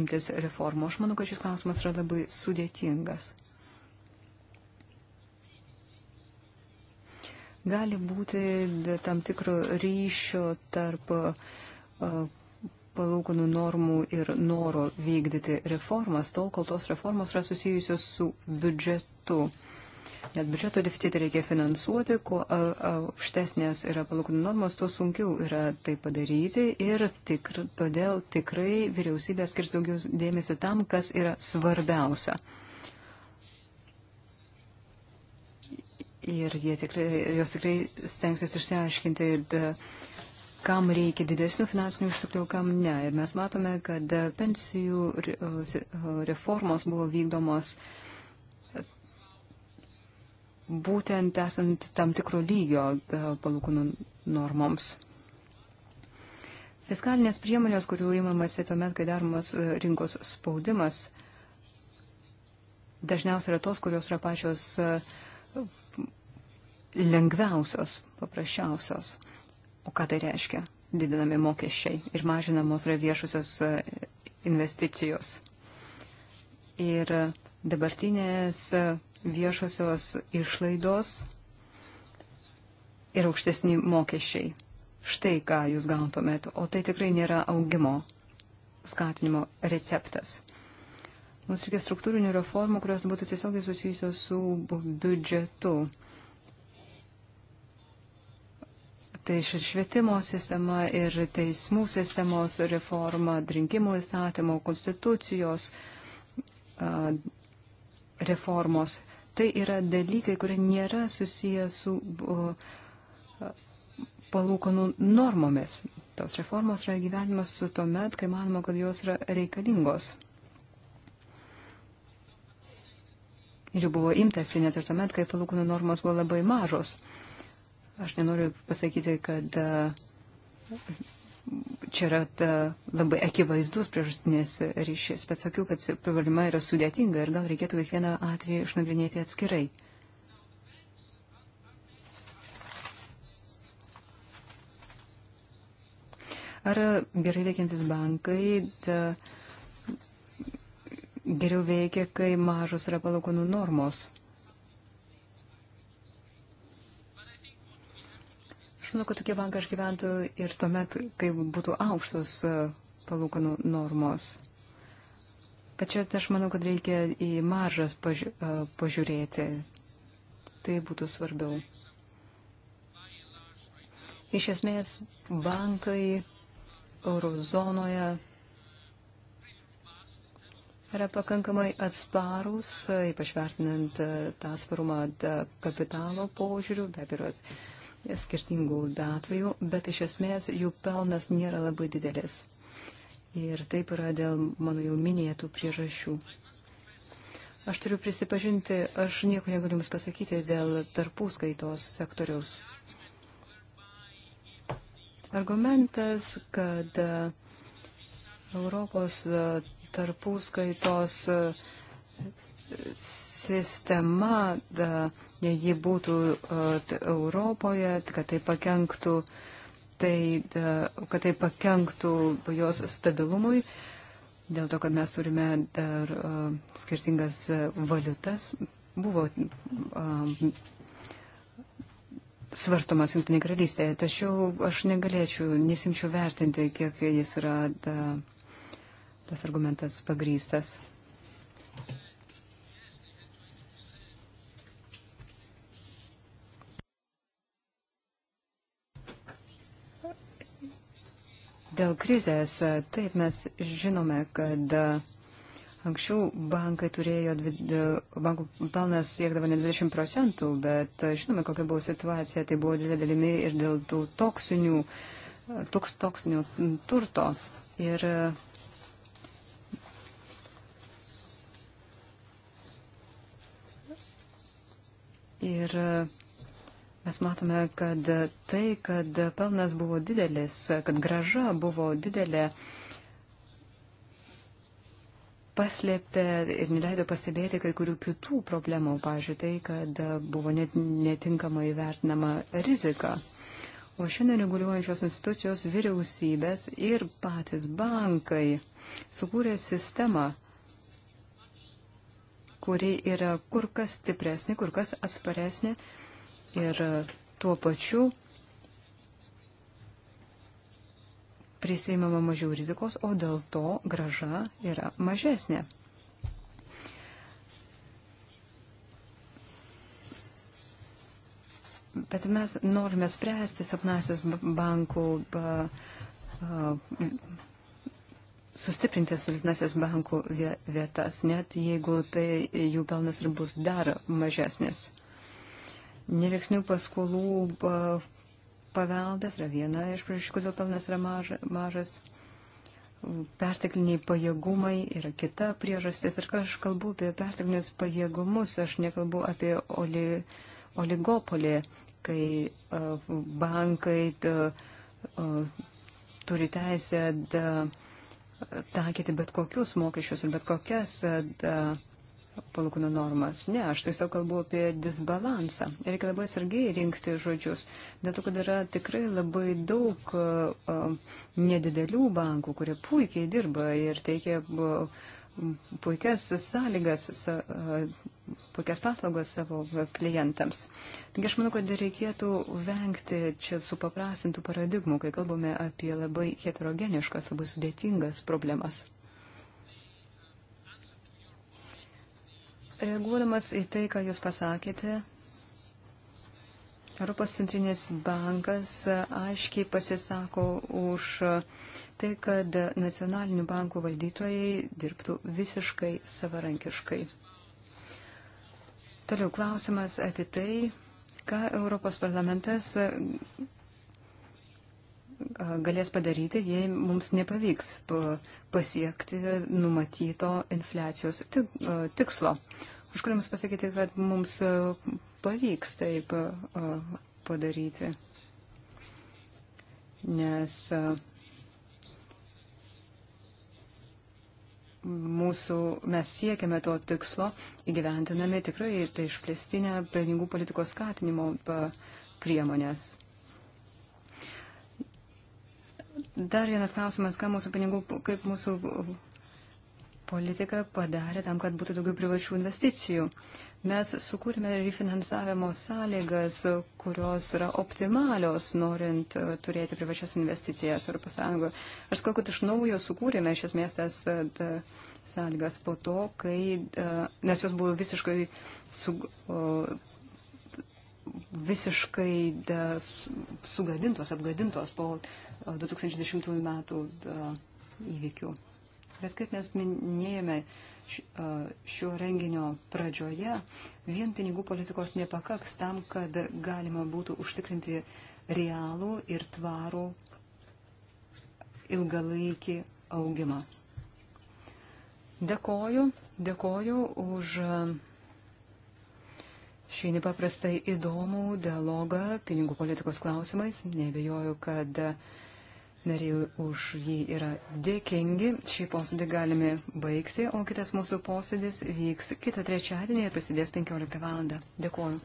imtis reformų? Aš manau, kad šis klausimas yra labai sudėtingas. Gali būti tam tikro ryšio tarp e, palūkanų normų ir noro vykdyti reformas, tol kol tos reformos yra susijusios su biudžetu. Net biudžeto deficitą reikia finansuoti, kuo aukštesnės yra palūkanų normos, tuo sunkiau yra tai padaryti ir tikr, todėl tikrai vyriausybė skirs daugiau dėmesio tam, kas yra svarbiausia. Ir tikrai, jos tikrai stengsis išsiaiškinti. Da, kam reikia didesnių finansinių išteklių, kam ne. Ir mes matome, kad pensijų reformos buvo vykdomos uh, būtent esant tam tikro lygio e, palūkanų normoms. Fiskalinės priemonės, kurių įmamasi tuomet, kai daromas e, rinkos spaudimas, dažniausiai yra tos, kurios yra pačios e, lengviausios, paprasčiausios. O ką tai reiškia? Didinami mokesčiai ir mažinamos yra viešusios investicijos. Ir dabartinės viešosios išlaidos ir aukštesni mokesčiai. Štai ką jūs gautumėt, o tai tikrai nėra augimo skatinimo receptas. Mums reikia struktūrinių reformų, kurios būtų tiesiogiai susijusios su biudžetu. Tai ir švietimo sistema, ir teismų sistemos reforma, rinkimų įstatymo, konstitucijos reformos tai yra dalykai, kurie nėra susiję su palūkanų normomis. Tos reformos yra gyvenimas su tuo met, kai manoma, kad jos yra reikalingos. Ir jų buvo imtasi net ir tuo met, kai palūkanų normos buvo labai mažos. Aš nenoriu pasakyti, kad čia yra ta, labai akivaizdus priežastinės ryšys, bet sakiau, kad problema yra sudėtinga ir gal reikėtų kiekvieną atvejį išnagrinėti atskirai. Ar gerai veikiantis bankai ta, geriau veikia, kai mažos yra palūkanų normos? Aš manau, kad tokie bankai išgyventų ir tuomet, kai būtų aukštos e, palūkanų normos. Bet čia aš manau, kad reikia į maržas paži e, pažiūrėti. Tai būtų svarbiau. Iš esmės, bankai eurozonoje yra pakankamai atsparūs, e, ypač vertinant tą atsparumą kapitalo požiūrių, be abejo, skirtingų atvejų, bet iš esmės jų pelnas nėra labai didelis. Ir taip yra dėl mano jau minėtų priežasčių. Aš turiu prisipažinti, aš nieko negaliu Jums pasakyti dėl tarpuskaitos sektoriaus. Argumentas, kad e, Europos e, tarpuskaitos e, sistema da, uh, jei ji būtų e, Europoje, kad tai pakenktų, tai, e, kad tai pakenktų jos stabilumui, dėl to, kad mes turime dar e, skirtingas valiutas. Buvo svarstomas Junktinė karalystė, tačiau aš negalėčiau, nesimčiau vertinti, kiek jis yra da, tas argumentas pagrystas. Dėl krizės, taip mes žinome, kad anksčiau bankai turėjo, bankų pelnas siekdavo ne 20 procentų, bet žinome, kokia buvo situacija, tai buvo didelė dalimi ir dėl tų toksinių, toks toksinių turto. Ir Ir uh, Mes matome, kad tai, kad pelnas buvo didelis, kad graža buvo didelė, paslėpė ir neleido pastebėti kai kurių kitų problemų, pavyzdžiui, tai, kad buvo net, netinkamai vertinama rizika. O šiandien reguliuojančios institucijos, vyriausybės ir patys bankai sukūrė sistemą, kuri yra kur kas stipresnė, kur kas atsparesnė ir e, tuo pačiu prisėmama mažiau rizikos, o dėl to graža yra mažesnė. Bet mes norime spręsti sapnasis bankų, ba, a, sustiprinti silpnasis bankų vietas, net jeigu tai jų pelnas ir bus dar mažesnis neveiksnių paskolų paveldas yra viena iš priežasčių, kodėl pelnas yra mažas. Pertekliniai pajėgumai yra kita priežastis. Ir kai aš kalbu apie perteklinius pajėgumus, aš nekalbu apie oli, oligopolį, kai uh, bankai uh, turi teisę da, taikyti bet kokius mokesčius ir bet kokias da, palūkanų normas. Ne, aš tiesiog kalbu apie disbalansą. Reikia labai sargiai rinkti žodžius, dėl to, kad yra tikrai labai daug uh, nedidelių bankų, kurie puikiai dirba ir teikia uh, puikias sąlygas, uh, puikias paslaugas savo klientams. Taigi aš manau, kad reikėtų vengti čia supaprastintų paradigmų, kai kalbame apie labai heterogeniškas, labai sudėtingas problemas. Reaguodamas į tai, ką Jūs pasakėte, Europos centrinės bankas aiškiai pasisako už tai, kad nacionalinių bankų valdytojai dirbtų visiškai savarankiškai. Toliau klausimas apie tai, ką Europos parlamentas galės padaryti, jei mums nepavyks pasiekti numatyto infliacijos tikslo. Aš galiu Jums pasakyti, kad mums pavyks taip padaryti, nes mūsų, mes siekiame to tikslo, įgyventiname tikrai tai išplėstinę pinigų politikos skatinimo priemonės. Dar vienas klausimas, ką mūsų pinigų, kaip mūsų politika padarė tam, kad būtų daugiau privačių investicijų. Mes sukūrėme refinansavimo sąlygas, kurios yra optimalios, norint uh, turėti privačias investicijas Europos Sąjungoje. Aš sakau, kad iš naujo sukūrėme šias miestas uh, sąlygas po to, kai, uh, nes jos buvo visiškai, su, visiškai sugadintos, apgadintos po 2010 metų įvykių. Bet kaip mes minėjome šio renginio pradžioje, vien pinigų politikos nepakaks tam, kad galima būtų užtikrinti realų ir tvarų ilgalaikį augimą. Dėkoju, dėkoju už šį nepaprastai įdomų dialogą pinigų politikos klausimais. Nebejoju, kad uh, nariai už jį yra dėkingi. Šį posėdį galime baigti, o kitas mūsų posėdis vyks kitą trečiadienį ir prasidės 15 val. Dėkuoju.